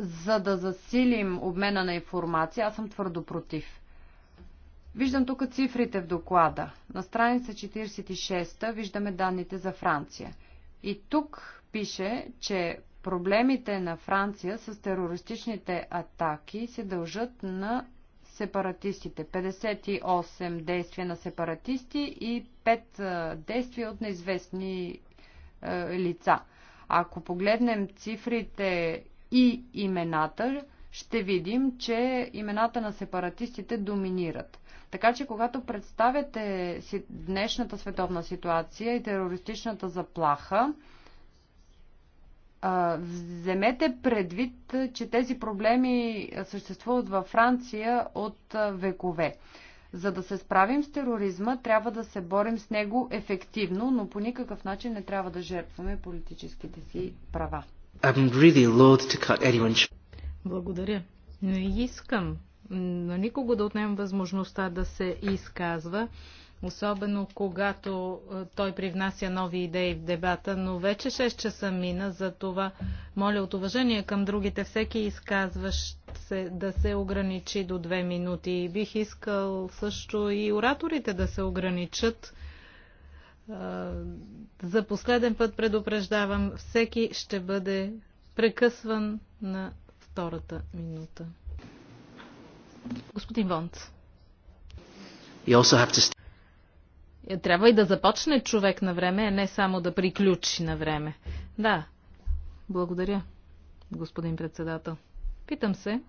за да засилим обмена на информация, аз съм твърдо против. Виждам тук цифрите в доклада. На страница 46 виждаме данните за Франция. И тук пише, че проблемите на Франция с терористичните атаки се дължат на сепаратистите. 58 действия на сепаратисти и 5 действия от неизвестни лица. Ако погледнем цифрите и имената, ще видим, че имената на сепаратистите доминират. Така че, когато представяте днешната световна ситуация и терористичната заплаха, вземете предвид, че тези проблеми съществуват във Франция от векове. За да се справим с тероризма, трябва да се борим с него ефективно, но по никакъв начин не трябва да жертваме политическите си права. I'm really loath to cut anyone. Благодаря. Не искам на никого да отнем възможността да се изказва, особено когато е, той привнася нови идеи в дебата, но вече 6 часа мина, за това моля от уважение към другите всеки изказващ се, да се ограничи до 2 минути. Бих искал също и ораторите да се ограничат за последен път предупреждавам, всеки ще бъде прекъсван на втората минута. Господин Вонц. Е, трябва и да започне човек на време, а не само да приключи на време. Да, благодаря, господин председател. Питам се.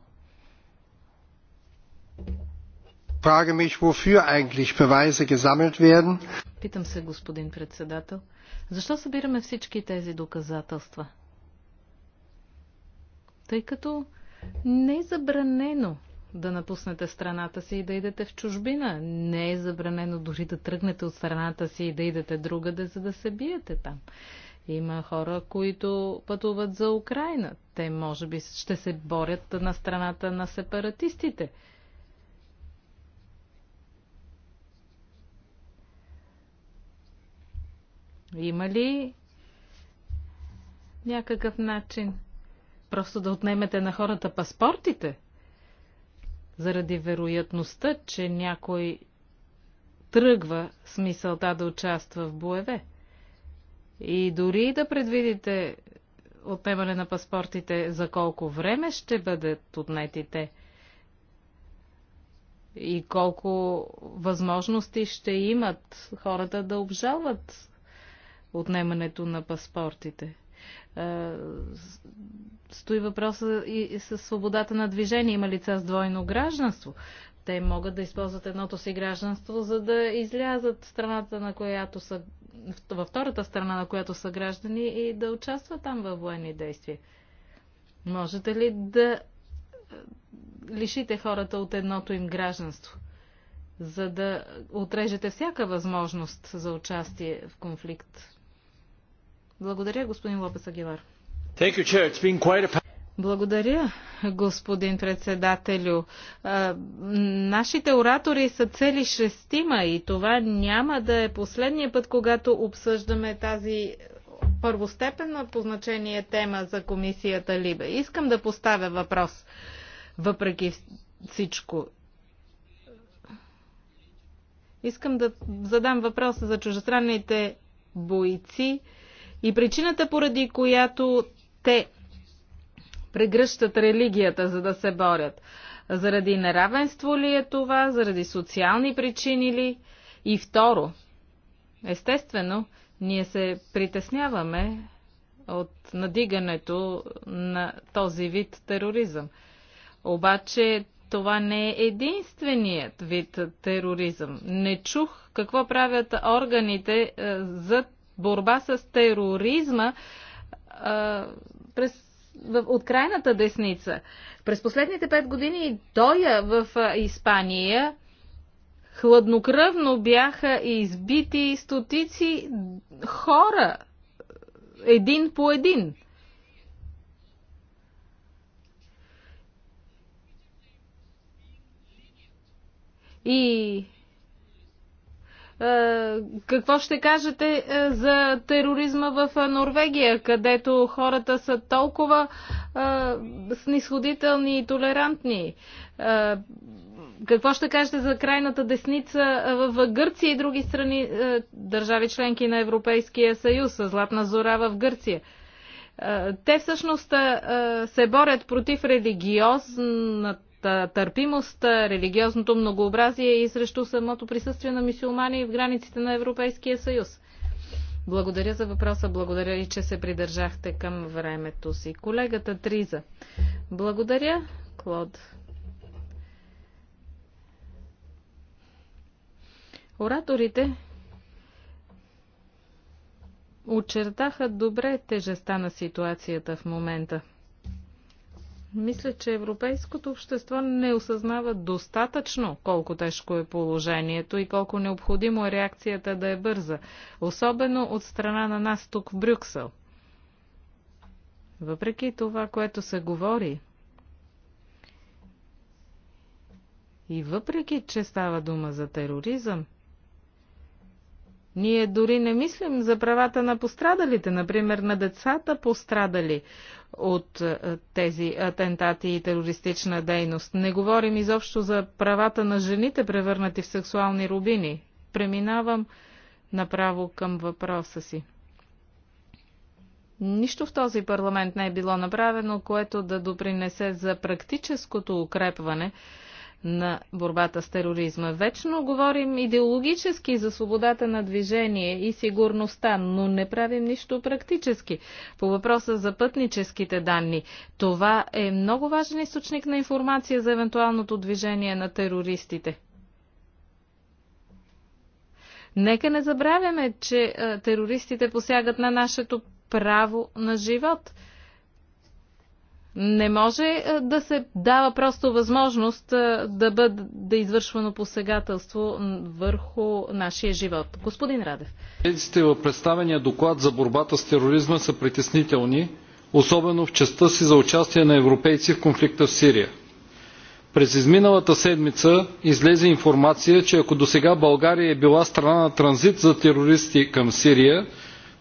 Frage mich, wofür eigentlich Beweise gesammelt werden. Питам се, господин председател, защо събираме всички тези доказателства? Тъй като не е забранено да напуснете страната си и да идете в чужбина. Не е забранено дори да тръгнете от страната си и да идете другаде, за да се биете там. Има хора, които пътуват за Украина. Те, може би, ще се борят на страната на сепаратистите. Има ли някакъв начин просто да отнемете на хората паспортите? Заради вероятността, че някой тръгва с мисълта да участва в боеве. И дори да предвидите отнемане на паспортите, за колко време ще бъдат те и колко възможности ще имат хората да обжалват отнемането на паспортите. Стои въпроса и с свободата на движение. Има лица с двойно гражданство. Те могат да използват едното си гражданство, за да излязат страната, на която са, във втората страна, на която са граждани и да участват там във военни действия. Можете ли да лишите хората от едното им гражданство, за да отрежете всяка възможност за участие в конфликт благодаря, господин Лопес Агилар. Благодаря, господин председателю. нашите оратори са цели шестима и това няма да е последния път, когато обсъждаме тази първостепенна по значение тема за комисията Либе. Искам да поставя въпрос, въпреки всичко. Искам да задам въпрос за чужестранните бойци и причината, поради която те прегръщат религията, за да се борят, заради неравенство ли е това, заради социални причини ли? И второ, естествено, ние се притесняваме от надигането на този вид тероризъм. Обаче това не е единственият вид тероризъм. Не чух какво правят органите е, за борба с тероризма а, през от крайната десница. През последните пет години тоя в Испания хладнокръвно бяха избити стотици хора, един по един. И е, какво ще кажете е, за тероризма в е, Норвегия, където хората са толкова снисходителни и толерантни? Какво ще кажете за крайната десница в Гърция и други страни, държави членки на Европейския съюз, Златна зора в Гърция? Те всъщност се борят против религиозната търпимост, религиозното многообразие и срещу самото присъствие на мисиомани в границите на Европейския съюз? Благодаря за въпроса, благодаря и че се придържахте към времето си. Колегата Триза. Благодаря, Клод. Ораторите очертаха добре тежеста на ситуацията в момента. Мисля, че европейското общество не осъзнава достатъчно колко тежко е положението и колко необходимо е реакцията да е бърза, особено от страна на нас тук в Брюксел. Въпреки това, което се говори, и въпреки, че става дума за тероризъм, ние дори не мислим за правата на пострадалите, например на децата пострадали от е, тези атентати и терористична дейност. Не говорим изобщо за правата на жените, превърнати в сексуални рубини. Преминавам направо към въпроса си. Нищо в този парламент не е било направено, което да допринесе за практическото укрепване на борбата с тероризма. Вечно говорим идеологически за свободата на движение и сигурността, но не правим нищо практически. По въпроса за пътническите данни, това е много важен източник на информация за евентуалното движение на терористите. Нека не забравяме, че терористите посягат на нашето право на живот – не може е, да се дава просто възможност е, да бъде да е извършвано посегателство върху нашия живот. Господин Радев. Следиците в представения доклад за борбата с тероризма са притеснителни, особено в частта си за участие на европейци в конфликта в Сирия. През изминалата седмица излезе информация, че ако до сега България е била страна на транзит за терористи към Сирия –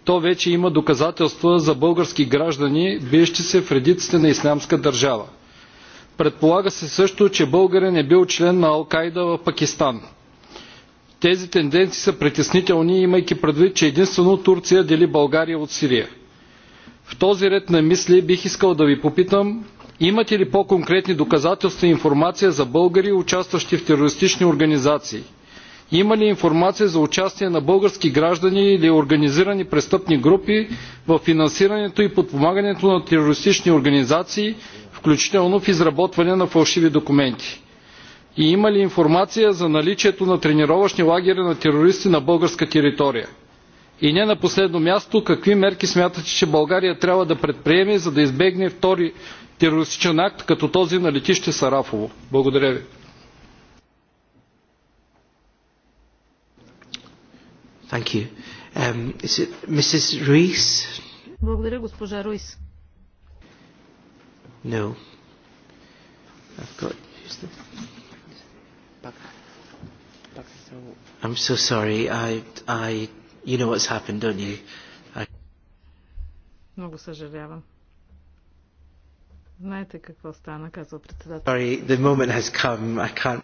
то вече има доказателства за български граждани, биещи се в редиците на Ислямска държава. Предполага се също, че българин е бил член на Алкайда в Пакистан. Тези тенденции са притеснителни, имайки предвид, че единствено Турция дели България от Сирия. В този ред на мисли бих искал да ви попитам, имате ли по-конкретни доказателства и информация за българи, участващи в терористични организации – има ли информация за участие на български граждани или организирани престъпни групи в финансирането и подпомагането на терористични организации, включително в изработване на фалшиви документи? И има ли информация за наличието на тренировъчни лагери на терористи на българска територия? И не на последно място, какви мерки смятате, че България трябва да предприеме, за да избегне втори терористичен акт, като този на летище Сарафово? Благодаря ви. Thank you. Um, is it Mrs. Ruiz? Благодаря, госпожа Руис. No. I've got... I'm so sorry. I, I, you know what's happened, don't you? I... Много съжалявам. Знаете какво стана, казва председател. Sorry, the moment has come. I can't...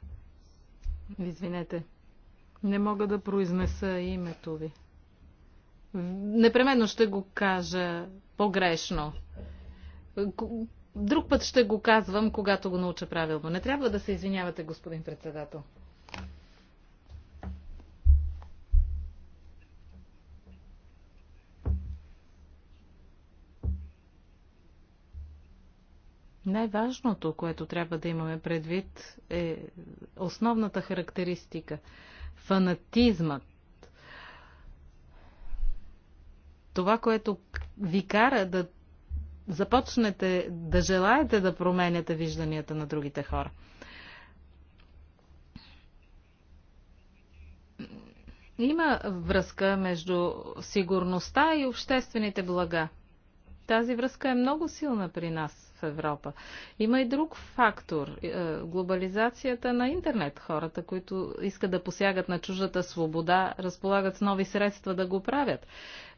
Извинете. Не мога да произнеса името ви. Непременно ще го кажа погрешно. Друг път ще го казвам, когато го науча правилно. Не трябва да се извинявате, господин председател. Най-важното, което трябва да имаме предвид, е основната характеристика – фанатизмът, това, което ви кара да започнете да желаете да променяте вижданията на другите хора. Има връзка между сигурността и обществените блага. Тази връзка е много силна при нас в Европа. Има и друг фактор е, глобализацията на интернет. Хората, които искат да посягат на чуждата свобода, разполагат с нови средства да го правят.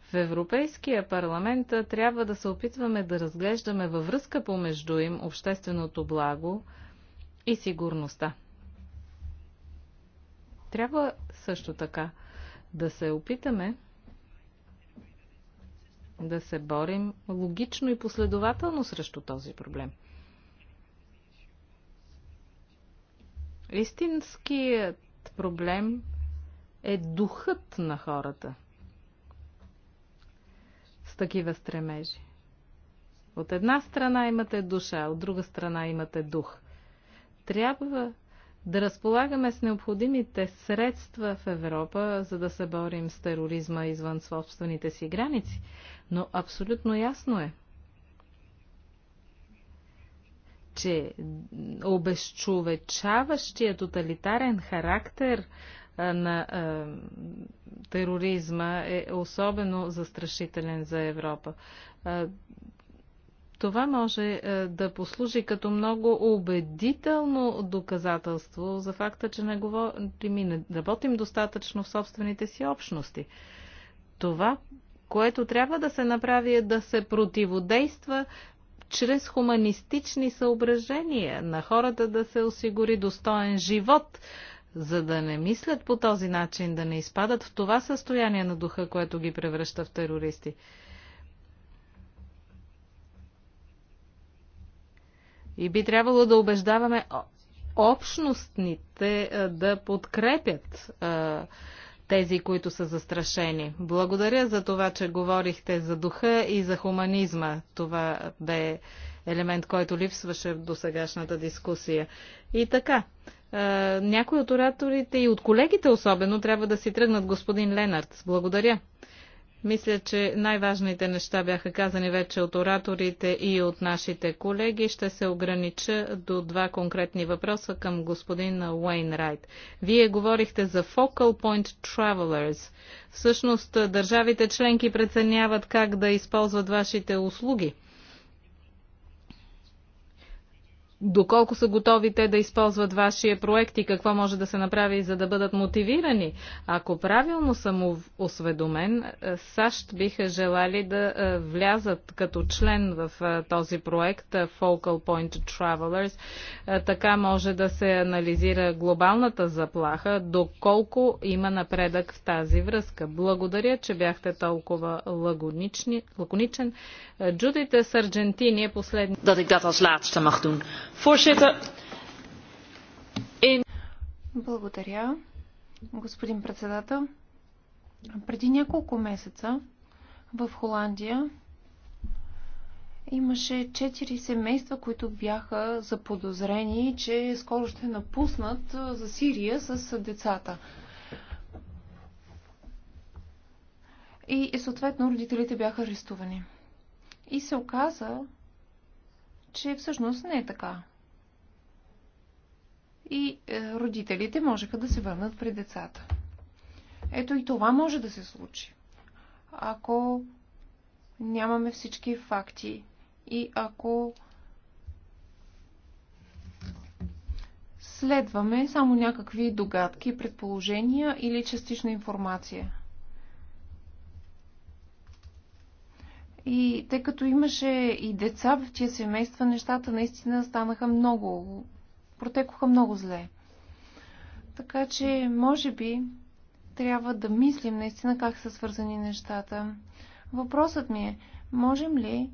В Европейския парламент е, трябва да се опитваме да разглеждаме във връзка помежду им общественото благо и сигурността. Трябва също така да се опитаме да се борим логично и последователно срещу този проблем. Истинският проблем е духът на хората с такива стремежи. От една страна имате душа, от друга страна имате дух. Трябва да разполагаме с необходимите средства в Европа, за да се борим с тероризма извън собствените си граници но абсолютно ясно е, че обезчовечаващия тоталитарен характер на е, тероризма е особено застрашителен за Европа. Е, това може е, да послужи като много убедително доказателство за факта, че не, говорим, не работим достатъчно в собствените си общности. Това което трябва да се направи е да се противодейства чрез хуманистични съображения на хората да се осигури достоен живот, за да не мислят по този начин, да не изпадат в това състояние на духа, което ги превръща в терористи. И би трябвало да убеждаваме общностните да подкрепят тези, които са застрашени. Благодаря за това, че говорихте за духа и за хуманизма. Това бе елемент, който липсваше в досегашната дискусия. И така, някои от ораторите и от колегите особено трябва да си тръгнат господин Ленард. Благодаря. Мисля, че най-важните неща бяха казани вече от ораторите и от нашите колеги. Ще се огранича до два конкретни въпроса към господин Уейн Райт. Вие говорихте за Focal Point Travelers. Всъщност, държавите членки преценяват как да използват вашите услуги – доколко са готови те да използват вашия проект и какво може да се направи, за да бъдат мотивирани. Ако правилно съм осведомен, е, САЩ биха желали да е, влязат като член в е, този проект Focal Point Travelers. Така може да се анализира глобалната заплаха, доколко има напредък в тази връзка. Благодаря, че бяхте толкова лаконичен. Джудите с Аржентини е последни. Dat ik dat als laatste mag doen. Благодаря, господин председател. Преди няколко месеца в Холандия имаше четири семейства, които бяха заподозрени, че скоро ще напуснат за Сирия с децата. И, и съответно родителите бяха арестувани. И се оказа, че всъщност не е така и е, родителите можеха да се върнат при децата. Ето и това може да се случи, ако нямаме всички факти и ако следваме само някакви догадки, предположения или частична информация. И тъй като имаше и деца в тия семейства, нещата наистина станаха много протекоха много зле. Така че, може би, трябва да мислим наистина как са свързани нещата. Въпросът ми е, можем ли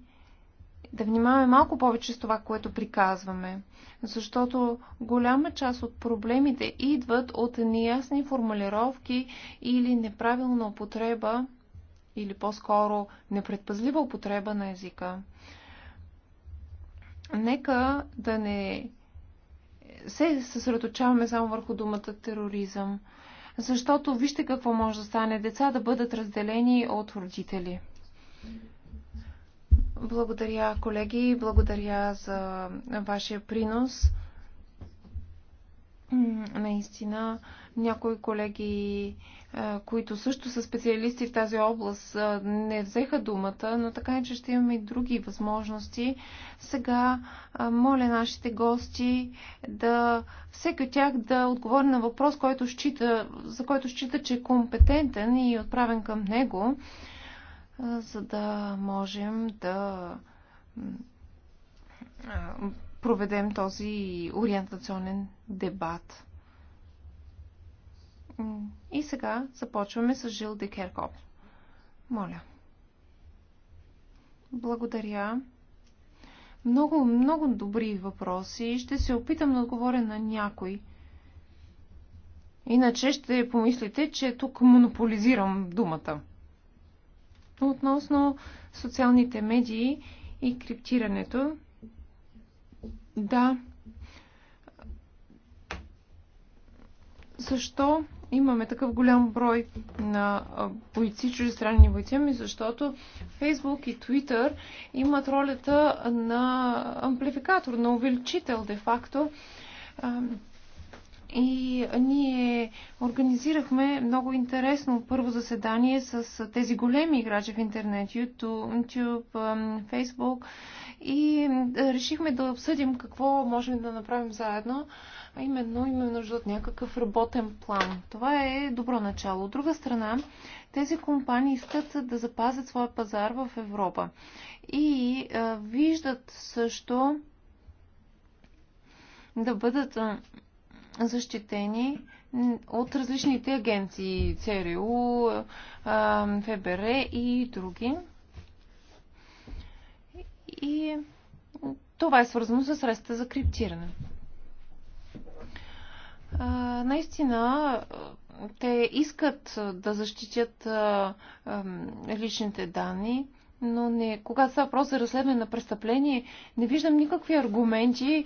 да внимаваме малко повече с това, което приказваме? Защото голяма част от проблемите идват от неясни формулировки или неправилна употреба, или по-скоро непредпазлива употреба на езика. Нека да не се съсредоточаваме само върху думата тероризъм. Защото вижте какво може да стане деца да бъдат разделени от родители. Благодаря, колеги. Благодаря за вашия принос. Наистина. Някои колеги, които също са специалисти в тази област, не взеха думата, но така е, че ще имаме и други възможности. Сега моля нашите гости да всеки от тях да отговори на въпрос, който счита, за който счита, че е компетентен и отправен към него, за да можем да проведем този ориентационен дебат. И сега започваме с Жил Декерков. Моля. Благодаря. Много, много добри въпроси. Ще се опитам да отговоря на някой. Иначе ще помислите, че тук монополизирам думата. Относно социалните медии и криптирането, да. Защо имаме такъв голям брой на бойци, чуждестранни бойци, ами защото Фейсбук и Твитър имат ролята на амплификатор, на увеличител де-факто. И ние организирахме много интересно първо заседание с тези големи играчи в интернет, YouTube, YouTube Facebook и решихме да обсъдим какво можем да направим заедно а именно имаме нужда от някакъв работен план. Това е добро начало. От друга страна, тези компании искат да запазят своя пазар в Европа и а, виждат също да бъдат защитени от различните агенции, ЦРУ, ФБР и други. И това е свързано с средствата за криптиране наистина те искат да защитят личните данни, но не, когато става въпрос за разследване на престъпление, не виждам никакви аргументи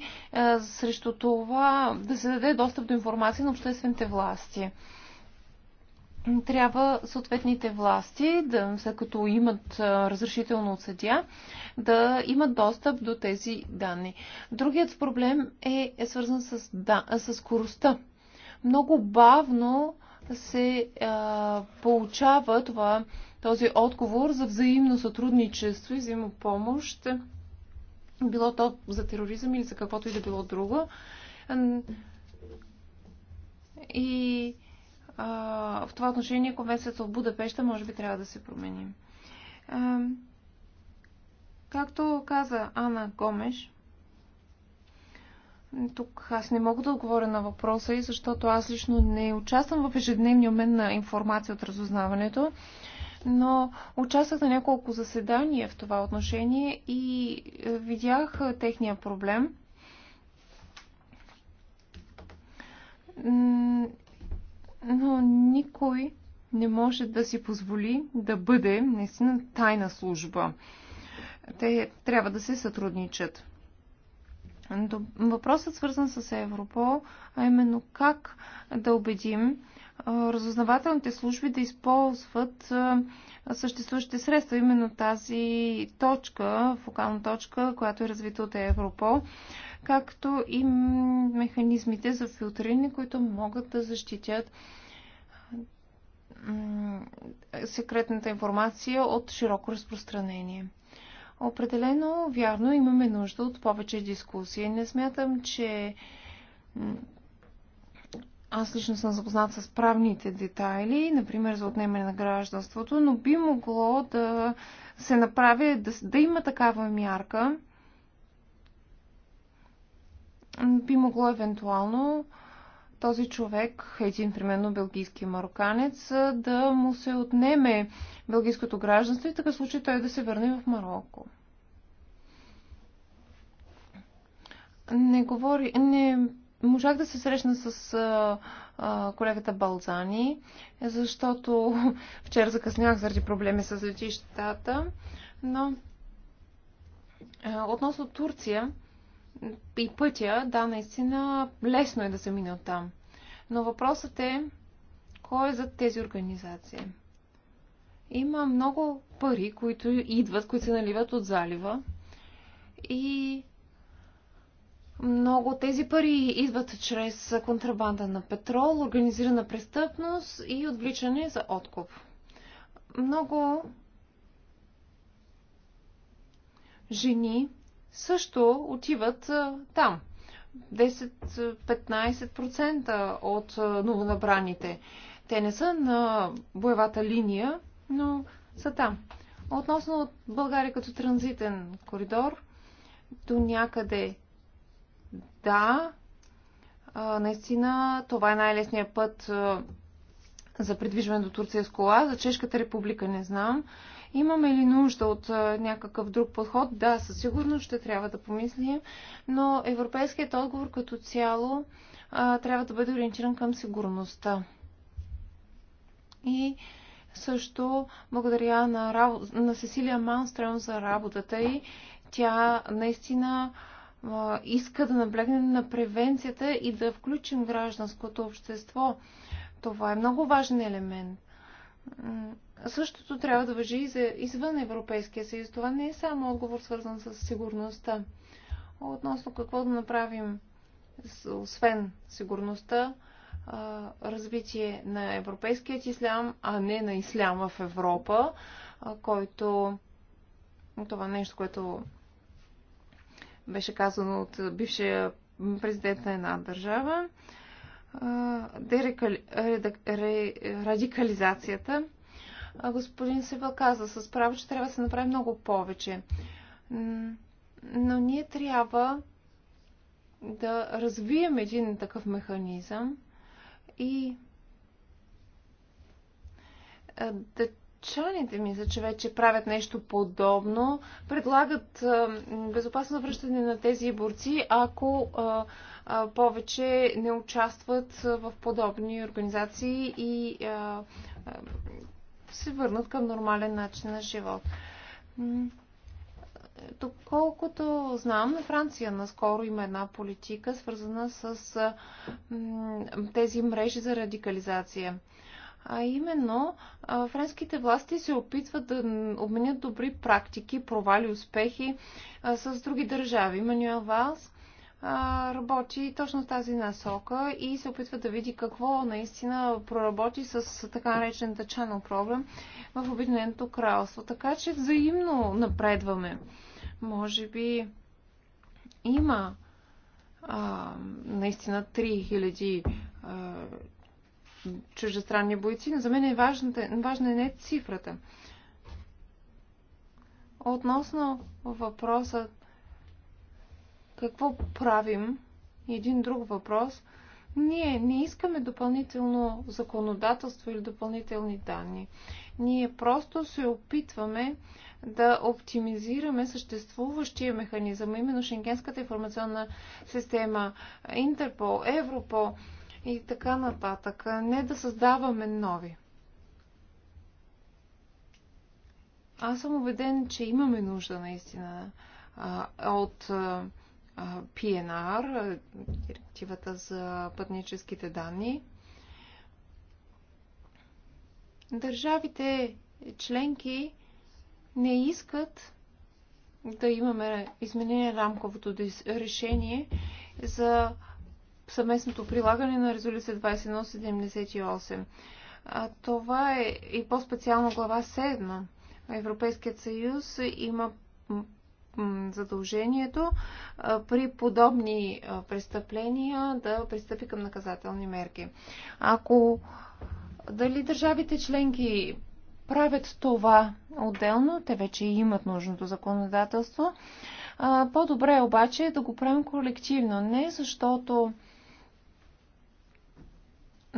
срещу това да се даде достъп до информация на обществените власти трябва съответните власти, да, след като имат разрешително от съдя, да имат достъп до тези данни. Другият проблем е, е свързан с, да, с скоростта. Много бавно се а, получава това, този отговор за взаимно сътрудничество и взаимопомощ, било то за тероризъм или за каквото и да било друго. И в това отношение конвенцията от Будапеща може би трябва да се промени. Както каза Ана Гомеш, тук аз не мога да отговоря на въпроса и защото аз лично не участвам в ежедневния обмен на информация от разузнаването, но участвах на няколко заседания в това отношение и е, видях е, техния проблем но никой не може да си позволи да бъде наистина тайна служба. Те трябва да се сътрудничат. Въпросът свързан с Европол, а именно как да убедим разузнавателните служби да използват съществуващите средства. Именно тази точка, фокална точка, която е развита от Европол, както и механизмите за филтриране, които могат да защитят секретната информация от широко разпространение. Определено, вярно, имаме нужда от повече дискусии. Не смятам, че аз лично съм запознат с правните детайли, например за отнемане на гражданството, но би могло да се направи, да, да има такава мярка, би могло евентуално този човек, един примерно белгийски мароканец, да му се отнеме белгийското гражданство и така случай той да се върне в Марокко. Не говори, не можах да се срещна с а, а, колегата Балзани, защото [laughs] вчера закъснях заради проблеми с летищата, но а, относно Турция, и пътя, да, наистина лесно е да се мине от там. Но въпросът е, кой е за тези организации? Има много пари, които идват, които се наливат от залива. И много тези пари идват чрез контрабанда на петрол, организирана престъпност и отвличане за откуп. Много жени също отиват там. 10-15% от новонабраните. Те не са на боевата линия, но са там. Относно от България като транзитен коридор, до някъде да, наистина това е най-лесният път за придвижване до Турция с кола. За Чешката република не знам. Имаме ли нужда от някакъв друг подход? Да, със сигурност ще трябва да помислим, но европейският отговор като цяло а, трябва да бъде ориентиран към сигурността. И също благодаря на, рабо... на Сесилия Манстрем за работата и тя наистина а, иска да наблегне на превенцията и да включим гражданското общество. Това е много важен елемент. Същото трябва да въжи и за извън Европейския съюз. Това не е само отговор свързан с сигурността. Относно какво да направим, освен сигурността, развитие на европейският ислям, а не на исляма в Европа, който това нещо, което беше казано от бившия президент на една държава, радикализацията господин Сивел каза с право, че трябва да се направи много повече. Но ние трябва да развием един такъв механизъм и ми за че вече правят нещо подобно. Предлагат безопасно връщане на тези борци, ако повече не участват в подобни организации и се върнат към нормален начин на живот. Доколкото знам, Франция наскоро има една политика, свързана с тези мрежи за радикализация. А именно, френските власти се опитват да обменят добри практики, провали, успехи с други държави. Манюел Валс работи точно в тази насока и се опитва да види какво наистина проработи с така наречената Channel Problem в Обединеното кралство. Така че взаимно напредваме. Може би има а, наистина 3000 а, чуждестранни бойци, но за мен е важна, важна е не цифрата. Относно въпросът какво правим, един друг въпрос, ние не искаме допълнително законодателство или допълнителни данни. Ние просто се опитваме да оптимизираме съществуващия механизъм, именно Шенгенската информационна система, Интерпол, Европол и така нататък. Не да създаваме нови. Аз съм убеден, че имаме нужда наистина от PNR, директивата за пътническите данни. Държавите членки не искат да имаме изменение на рамковото решение за съвместното прилагане на резолюция 2178. А това е и по-специално глава 7. Европейският съюз има задължението при подобни престъпления да пристъпи към наказателни мерки. Ако дали държавите членки правят това отделно, те вече имат нужното законодателство, по-добре е обаче да го правим колективно. Не защото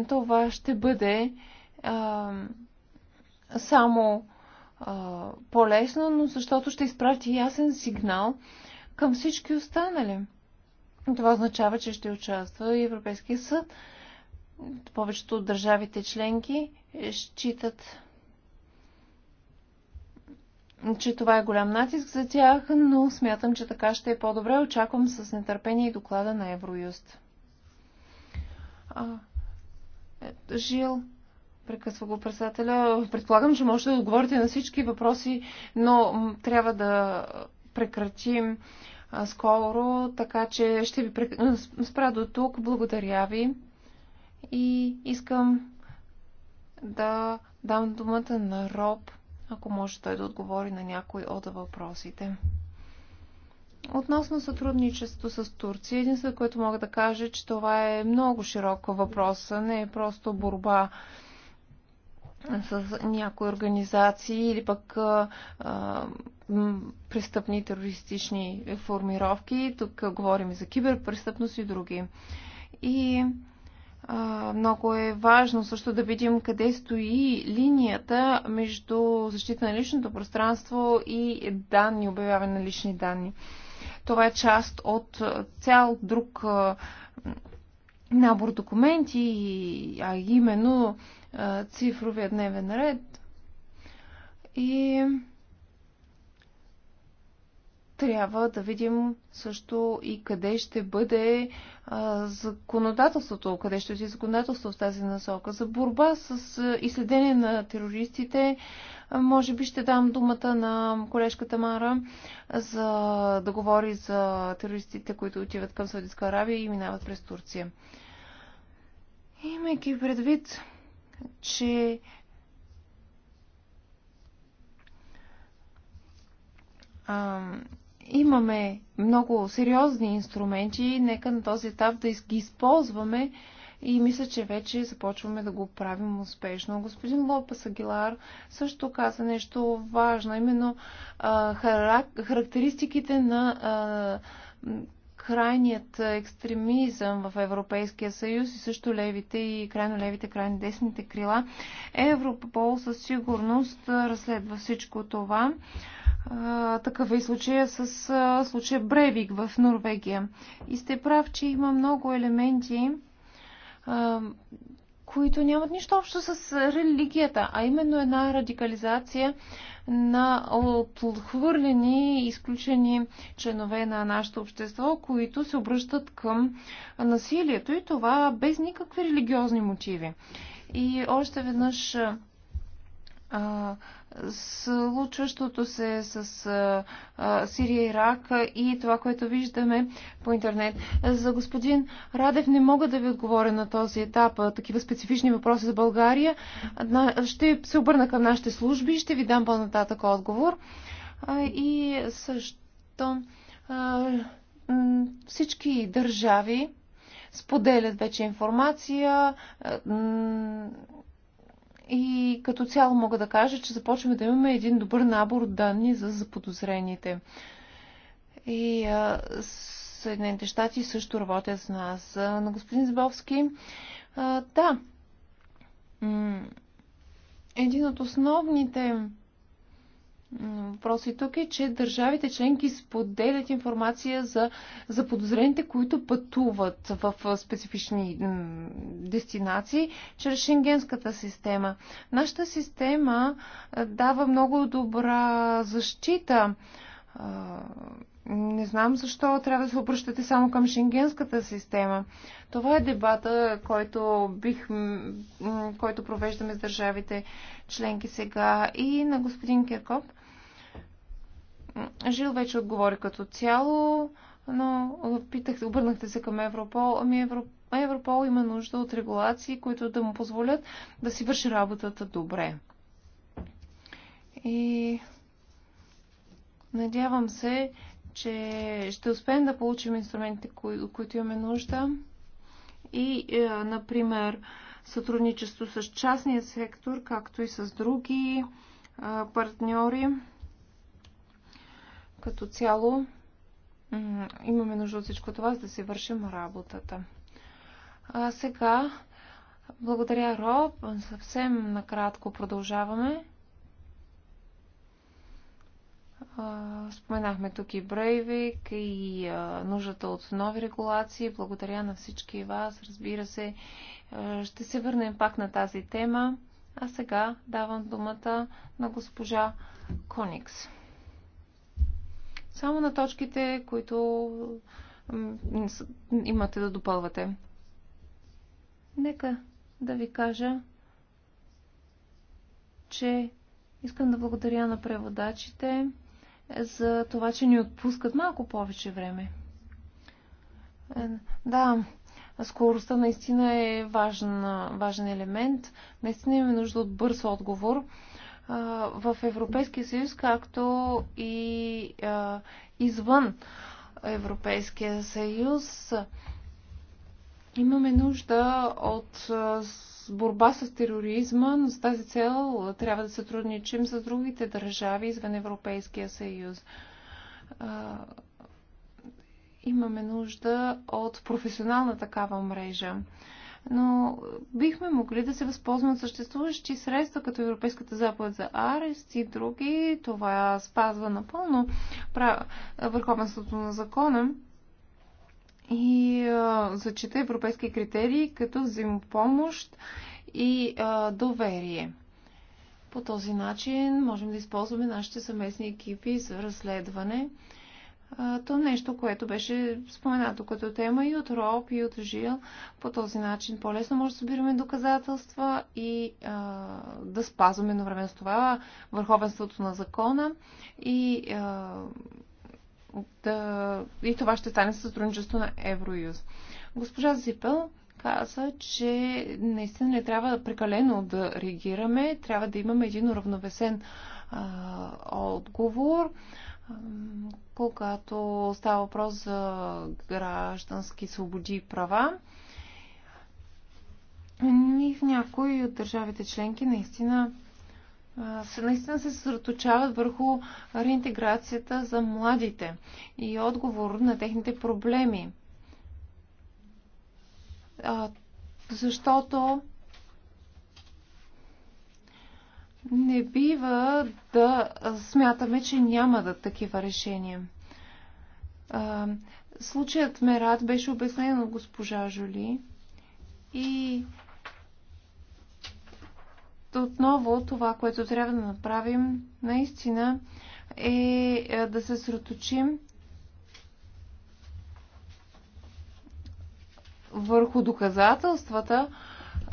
това ще бъде а, само по-лесно, но защото ще изпрати ясен сигнал към всички останали. Това означава, че ще участва и Европейския съд. Повечето от държавите членки считат, че това е голям натиск за тях, но смятам, че така ще е по-добре. Очаквам с нетърпение и доклада на Евроюст. Е, Жил Прекъсва го председателя. Предполагам, че можете да отговорите на всички въпроси, но трябва да прекратим скоро, така че ще ви спра до тук. Благодаря ви и искам да дам думата на Роб, ако може той да отговори на някой от въпросите. Относно сътрудничество с Турция, единственото, което мога да кажа, е, че това е много широк въпрос, не е просто борба с някои организации или пък а, престъпни терористични формировки. Тук говорим и за киберпрестъпност и други. И а, много е важно също да видим къде стои линията между защита на личното пространство и данни, обявяване на лични данни. Това е част от цял друг набор документи, а именно цифровия дневен ред и трябва да видим също и къде ще бъде законодателството, къде ще бъде законодателство в тази насока. За борба с изследение на терористите, може би ще дам думата на колежката Мара за да говори за терористите, които отиват към Саудитска Аравия и минават през Турция. Имайки предвид че а, имаме много сериозни инструменти, нека на този етап да ги използваме и мисля, че вече започваме да го правим успешно. Господин Лопес Агилар също каза нещо важно, именно а, характеристиките на а, крайният екстремизъм в Европейския съюз и също левите и крайно левите, крайно десните крила. Европол със сигурност разследва всичко това. Такъв е и случая с случая Бревик в Норвегия. И сте прав, че има много елементи, които нямат нищо общо с религията, а именно една радикализация на отхвърлени изключени членове на нашето общество, които се обръщат към насилието и това без никакви религиозни мотиви. И още веднъж а, случващото се с а, Сирия, Ирак и това, което виждаме по интернет. За господин Радев не мога да ви отговоря на този етап. Такива специфични въпроси за България. Ще се обърна към нашите служби и ще ви дам по-нататък отговор. И също всички държави споделят вече информация и като цяло мога да кажа, че започваме да имаме един добър набор от данни за заподозрените. И а, Съединените щати също работят с нас. А, на господин Зибовски. а, да, един от основните и тук е, че държавите членки споделят информация за, за подозрените, които пътуват в специфични дестинации чрез шенгенската система. Нашата система дава много добра защита. Не знам защо трябва да се обръщате само към шенгенската система. Това е дебата, който, бих, който провеждаме с държавите членки сега. И на господин Киркоп Жил вече отговори като цяло, но питахте, обърнахте се към Европол. Ами Европол, Европол има нужда от регулации, които да му позволят да си върши работата добре. И надявам се, че ще успеем да получим инструментите, кои, от които имаме нужда. И, е, например, сътрудничество с частния сектор, както и с други е, партньори. Като цяло имаме нужда от всичко това, за да си вършим работата. А сега, благодаря Роб, съвсем накратко продължаваме. Споменахме тук и Брейвик и нуждата от нови регулации. Благодаря на всички вас. Разбира се, ще се върнем пак на тази тема. А сега давам думата на госпожа Коникс. Само на точките, които имате да допълвате. Нека да ви кажа, че искам да благодаря на преводачите за това, че ни отпускат малко повече време. Е, да, скоростта наистина е важен, важен елемент. Наистина имаме нужда от бърз отговор в Европейския съюз, както и извън Европейския съюз. Имаме нужда от борба с тероризма, но с тази цел трябва да сътрудничим с другите държави извън Европейския съюз. Имаме нужда от професионална такава мрежа но бихме могли да се възползваме от съществуващи средства, като Европейската заповед за арест и други. Това спазва напълно върховенството на закона и а, зачита европейски критерии като взаимопомощ и а, доверие. По този начин можем да използваме нашите съместни екипи за разследване то нещо, което беше споменато като тема и от Роб, и от Жил. По този начин по-лесно може да събираме доказателства и а, да спазваме едновременно с това върховенството на закона и, а, да, и това ще стане със сътрудничество на Евроюз. Госпожа Зипел каза, че наистина не трябва прекалено да реагираме, трябва да имаме един уравновесен а, отговор. А, когато става въпрос за граждански свободи и права. И в някои от държавите членки наистина се, наистина се съсредоточават върху реинтеграцията за младите и отговор на техните проблеми. А, защото не бива да смятаме, че няма да такива решения. А, случаят Мерат беше обяснен от госпожа Жули и отново това, което трябва да направим наистина е, е да се сроточим върху доказателствата,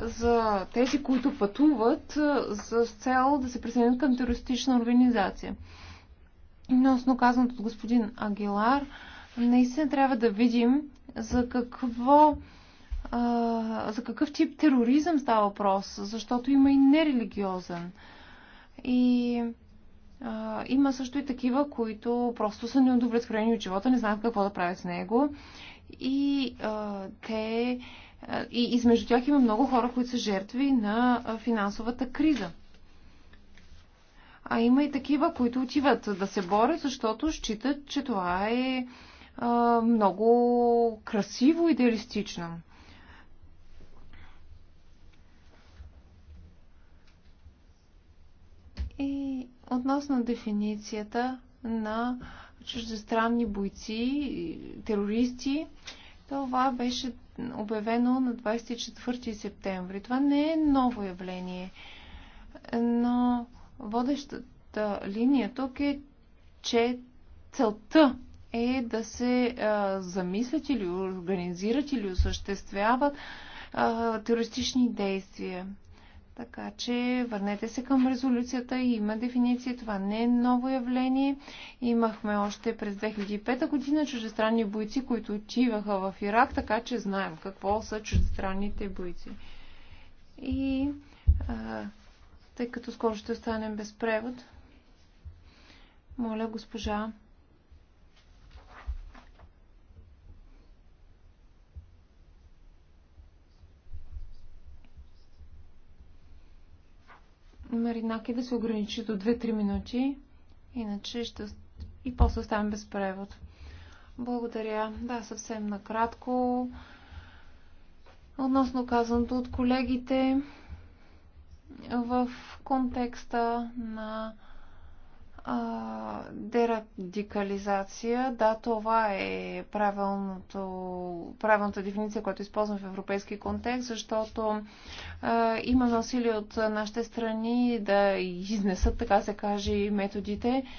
за тези, които пътуват с цел да се присъединят към терористична организация. Относно казаното от господин Агилар, наистина трябва да видим за какво а, за какъв тип тероризъм става въпрос, защото има и нерелигиозен. И а, има също и такива, които просто са неудовлетворени от живота, не знаят какво да правят с него. И а, те а, и измежду тях има много хора, които са жертви на финансовата криза. А има и такива, които отиват да се борят, защото считат, че това е много красиво, идеалистично. И относно дефиницията на чуждестранни бойци, терористи, това беше обявено на 24 септември. Това не е ново явление, но водещата линия тук е, че целта е да се а, замислят или организират или осъществяват а, терористични действия. Така че върнете се към резолюцията. Има дефиниция. Това не е ново явление. Имахме още през 2005 година чуждестранни бойци, които отиваха в Ирак, така че знаем какво са чуждестранните бойци. И а, тъй като скоро ще останем без превод, моля госпожа и да се ограничи до 2-3 минути, иначе ще и после оставим без превод. Благодаря. Да, съвсем накратко. Относно казаното от колегите в контекста на а, дерадикализация, да, това е правилното, правилната дефиниция, която използвам в европейски контекст, защото а, имаме насилие от нашите страни да изнесат, така се каже, методите. А,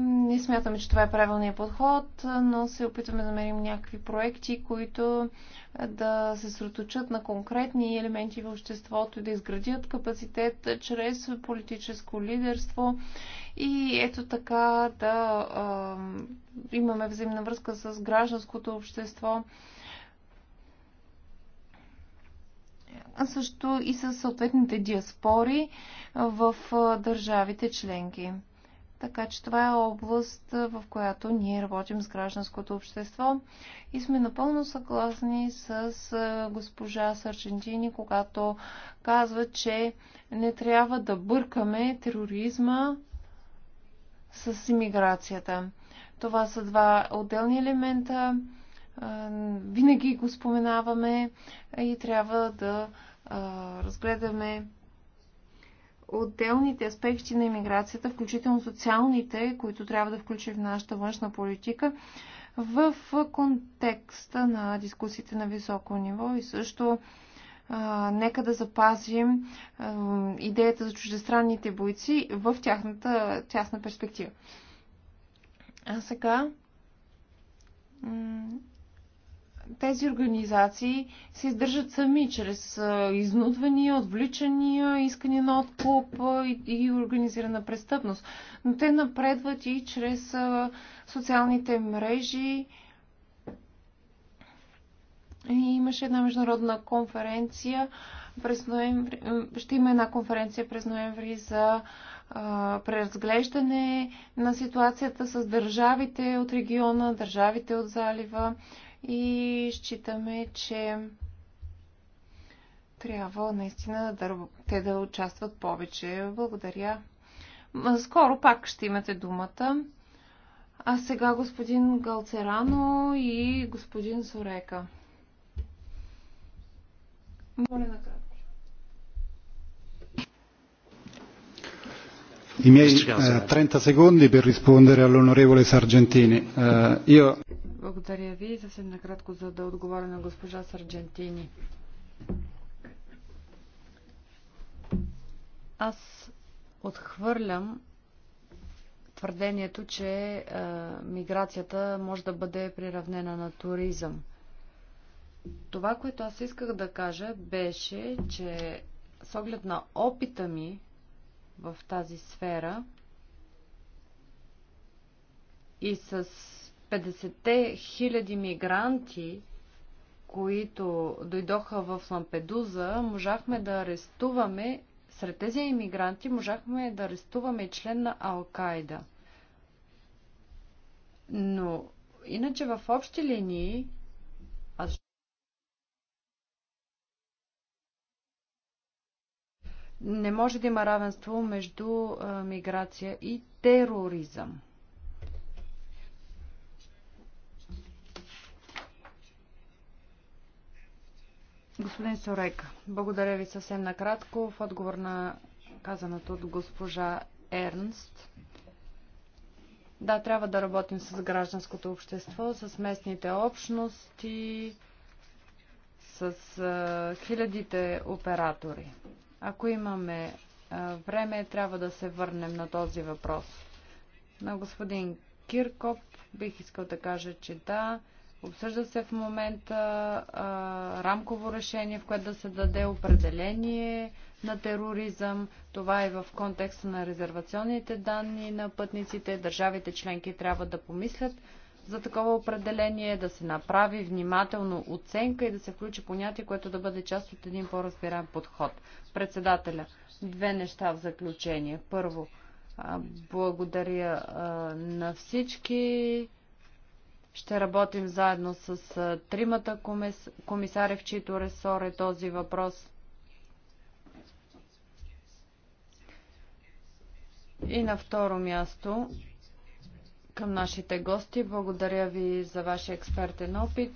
не смятаме, че това е правилният подход, но се опитваме да намерим някакви проекти, които да се сроточат на конкретни елементи в обществото и да изградят капацитет чрез политическо лидерство и ето така да а, имаме взаимна връзка с гражданското общество. а също и с съответните диаспори в държавите членки. Така че това е област, в която ние работим с гражданското общество и сме напълно съгласни с госпожа Сарчентини, когато казва, че не трябва да бъркаме тероризма с иммиграцията. Това са два отделни елемента. Винаги го споменаваме и трябва да разгледаме отделните аспекти на иммиграцията, включително социалните, които трябва да включи в нашата външна политика, в контекста на дискусиите на високо ниво и също а, нека да запазим а, идеята за чуждестранните бойци в тяхната тясна перспектива. А сега тези организации се издържат сами, чрез изнудвания, отвличания, искания на откуп и организирана престъпност. Но те напредват и чрез социалните мрежи. И имаше една международна конференция през ноември. Ще има една конференция през ноември за преразглеждане на ситуацията с държавите от региона, държавите от залива, и считаме, че трябва наистина да, те да участват повече. Благодаря. Скоро пак ще имате думата. А сега господин Галцерано и господин Сорека. Моля на I miei eh, 30 secondi per rispondere all'onorevole Sargentini. Eh, io... Благодаря ви. Съвсем накратко, за да отговоря на госпожа Сарджентини. Аз отхвърлям твърдението, че миграцията може да бъде приравнена на туризъм. Това, което аз исках да кажа, беше, че с оглед на опита ми в тази сфера и с 50-те хиляди мигранти, които дойдоха в Лампедуза, можахме да арестуваме, сред тези иммигранти можахме да арестуваме и член на Алкайда. Но иначе в общи линии, аз не може да има равенство между миграция и тероризъм. Господин Сорек, благодаря ви съвсем накратко в отговор на казаното от госпожа Ернст. Да, трябва да работим с гражданското общество, с местните общности, с а, хилядите оператори. Ако имаме а, време, трябва да се върнем на този въпрос. На господин Киркоп бих искал да кажа, че да, Обсъжда се в момента а, рамково решение, в което да се даде определение на тероризъм. Това е в контекста на резервационните данни на пътниците. Държавите членки трябва да помислят за такова определение, да се направи внимателно оценка и да се включи понятие, което да бъде част от един по-разбираем подход. Председателя, две неща в заключение. Първо, благодаря на всички ще работим заедно с тримата комис... комисари, в чието ресор е този въпрос. И на второ място към нашите гости. Благодаря ви за вашия експертен опит.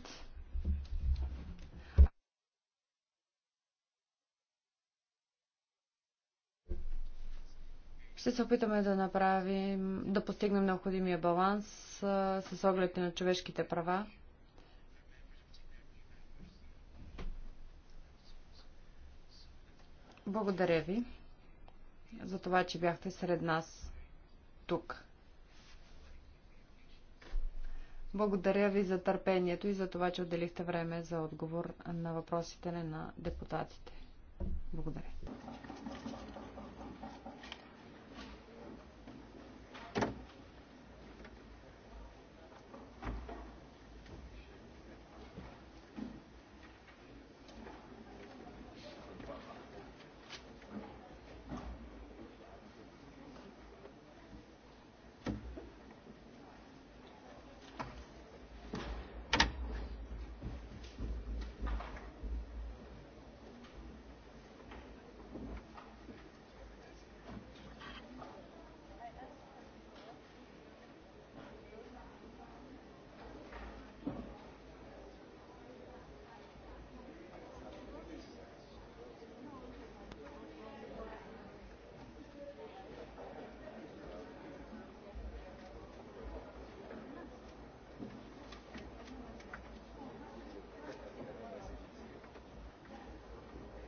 Ще се опитаме да направим, да постигнем необходимия баланс а, с оглед на човешките права. Благодаря ви за това, че бяхте сред нас тук. Благодаря ви за търпението и за това, че отделихте време за отговор на въпросите на депутатите. Благодаря.